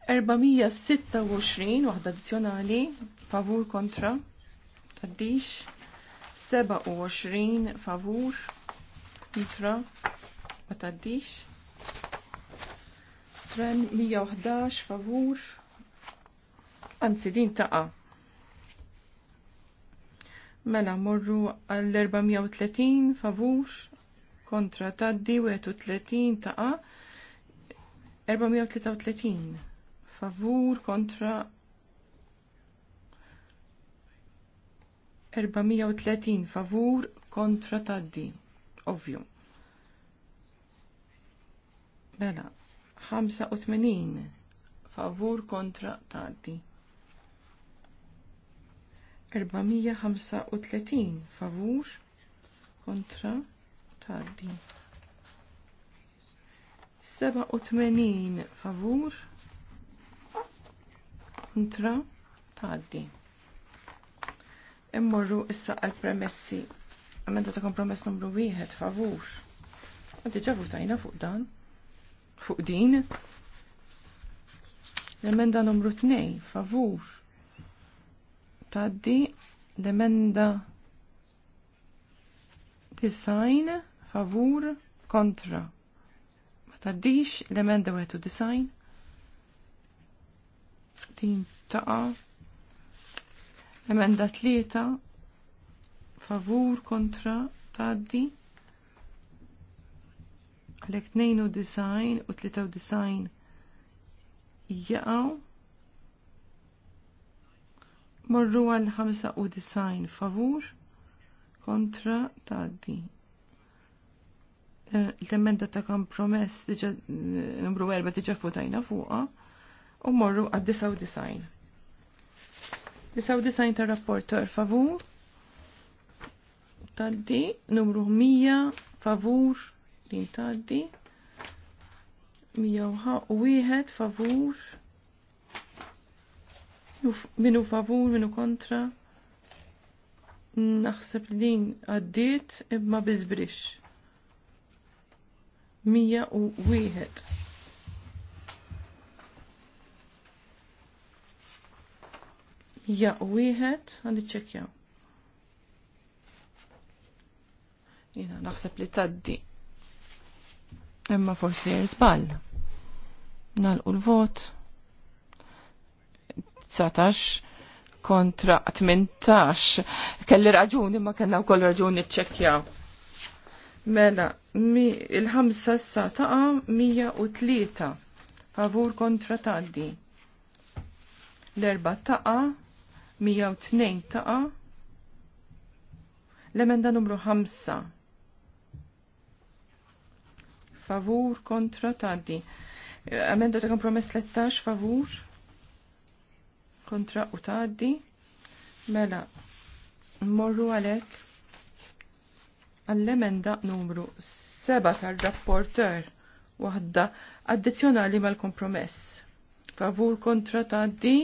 D: 426 waħda addizjonali favur kontra taddix. 27 favur kontra ma taddix tren 111 favur anzi din taqa mela morru għall 430 favur kontra taddi 30 taqa 433 favur kontra 430 favur kontra taddi. Ovvju. Bela, 85 favur kontra taddi. 435 favur kontra taddi. 87 favur kontra taddi. Immorru issa għal-premessi. Amenda ta' kompromess numru wieħed, favur. Għaddi ġa votajna fuq dan. Fuq din. L-emenda numru tnej, favur. Taddi l-emenda design, favur, kontra. Ma taddix l-emenda design. Din ta' Emenda tlieta favur kontra taddi għalek design u 93 jgħaw. morru għal 95 favur kontra taddi eh, l-emenda ta' kompromess diġa eh, numru 4 diġa futajna fuqa u morru għad 99 99 ta' rapporter favur taddi, numru 100 favur din taddi, 101 favur minu favur, minu kontra naħseb li din għaddiet imma bizbrix 101 Ja, wieħed għan iċċekjaw. Jina naħseb li taddi. Imma forsi jirzbal. Nalqu l-vot. 19 kontra 18. Kelli raġuni ma kellna wkoll raġuni ċċekjaw. Mela, il-ħamsa sa taqa 103 favur kontra taddi. L-erba taqa 102 taqa. L-emenda numru 5. Favur kontra taddi. Emenda ta' kompromess 13 favur kontra u taddi. Mela, morru għalek għall-emenda numru 7 tal-rapporter waħda addizzjonali mal-kompromess. Favur kontra taddi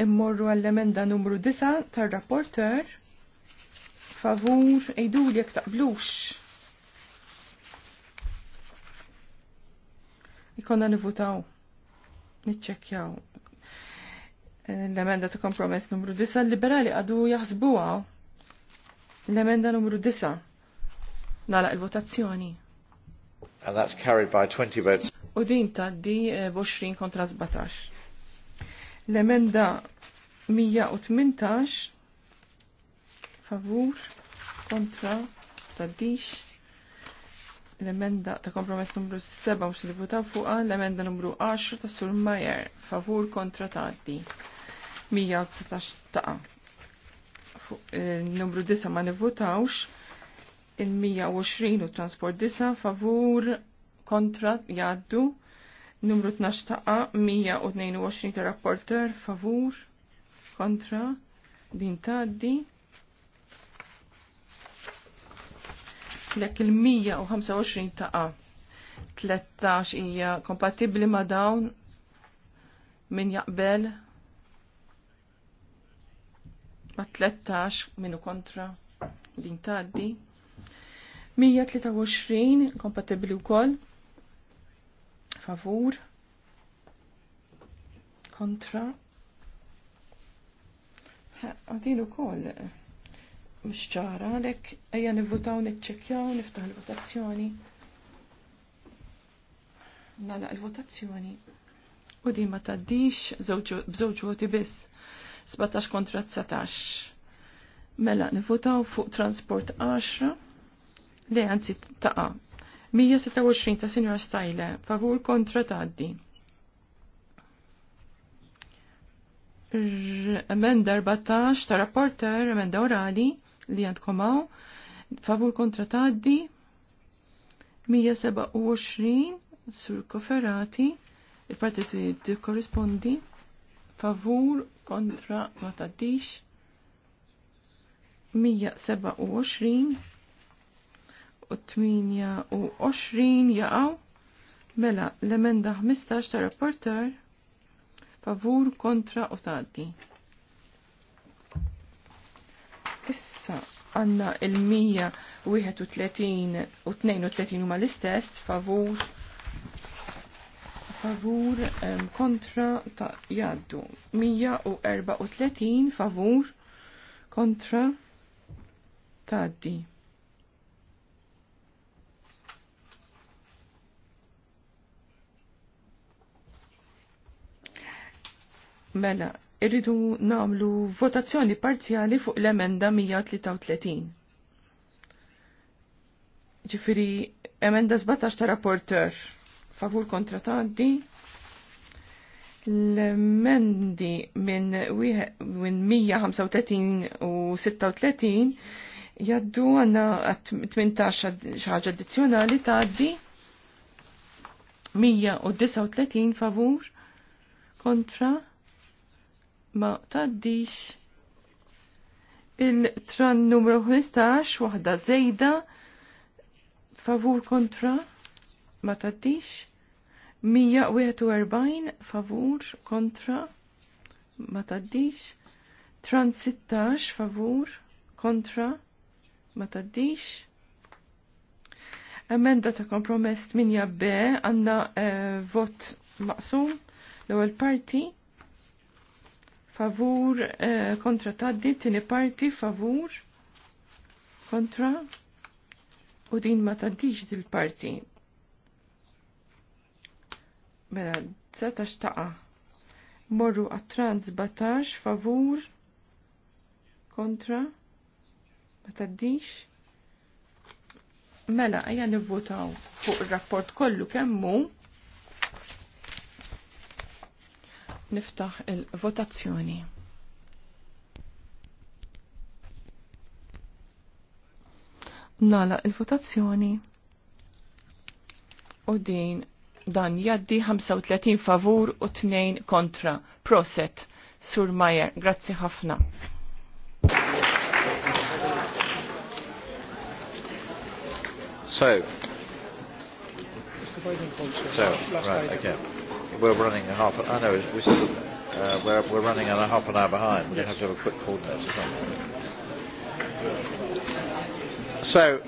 D: immorru għall-emenda numru 9 tal rapporter favur ejdu li jek taqblux. Ikonna nivutaw, nitċekjaw. L-emenda ta' kompromess numru 9, liberali għadu jaħsbuha. L-emenda numru 9. Nalaq il-votazzjoni.
A: And that's carried by 20 votes.
D: U din taddi 20 eh, kontra 17. L-emenda 118 favur kontra taddix l-emenda ta' kompromess numru 7 mux li votaw fuqa l-emenda numru 10 ta' Sur Majer favur kontra taddi 119 ta' numru 9 ma' nivvotawx il-120 u transport 10 favur kontra jaddu Numru 12 taqa 122 ta' rapporter favur kontra din taddi. Lek il-125 taqa 13 hija kompatibbli ma' dawn min jaqbel ma' 13 minu kontra din taddi. 123 kompatibbli wkoll favur kontra għadin u koll eh, mux ċara lek eja nivvutaw nitċekjaw niftaħ il-votazzjoni nalaq il-votazzjoni u di ma taddix bżewġ voti biss 17 kontra 19 mela nivvotaw fuq transport 10 li għanzi taqa 126 ta' Sinjor Stajle, favur kontra taddi. Emenda 14 ta' rapporter, emenda orali li għandkomaw, favur kontra taddi. 127 sur koferati, il-partiti korrispondi, favur kontra ma taddix. 127 28 jaqaw mela l-emenda 15 ta' rapporter favur kontra u taddi. Issa għanna il-131 u 32 huma l-istess favur favur kontra ta' jaddu. 134 favur kontra di. Mela, irridu namlu votazzjoni parzjali fuq l-emenda 133. Ġifiri, emenda 17 ta' rapporter. Favur kontra taddi. L-emendi minn 135 u 36 jaddu għanna 18 xaħġa addizjonali taddi. 139 favur kontra ma taddix il-tran numru 15 waħda zejda favur kontra ma taddix 141 favur kontra ma taddix tran 16 favur kontra ma taddix Emenda ta' kompromess minja b għanna eh, vot maqsum l-ewwel parti favur eh, kontra taddi, tini parti favur kontra u din ma taddix dil-parti. Mela, setax taqa. Morru għat-trans batax favur kontra ma taddix. Mela, għajja nivvotaw fuq il-rapport kollu kemmu Niftaħ il-votazzjoni. Nala il-votazzjoni. U din dan jaddi 35 favur u 2 kontra. Proset, Sur Majer, grazzi ħafna.
A: So, so, right, okay we're running a half. I know we said uh, we're we're running a half an hour behind. We're yes. going to have to have a quick coordinate or something. So,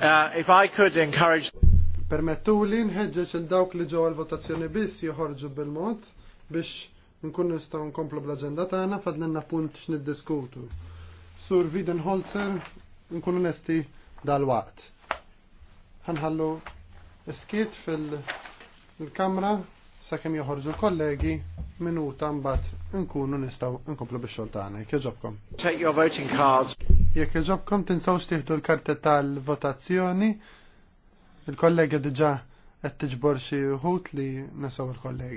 A: uh, if I could encourage. Permettu
B: li nħedġeċ il-dawk li ġo għal-votazzjoni bis joħorġu bil-mod biex nkun nistaw nkomplu bl-aġenda tagħna fadlenna punt x'niddiskutu. Sur Widenholzer nkunu nesti dal-waqt. Ħanħallu skit fil- l-Kamra sakemm joħorġu l-kollegi minuta mbagħad nkunu nistgħu nkomplu bix-xogħol tagħna. Jkieġobkom.
A: Take your voting cards.
B: Jekk iġobkom tinsawx tieħdu l-karti tal-votazzjoni. Il-kollega diġà qed tiġbor xi wħud li nesaw il-kollegi.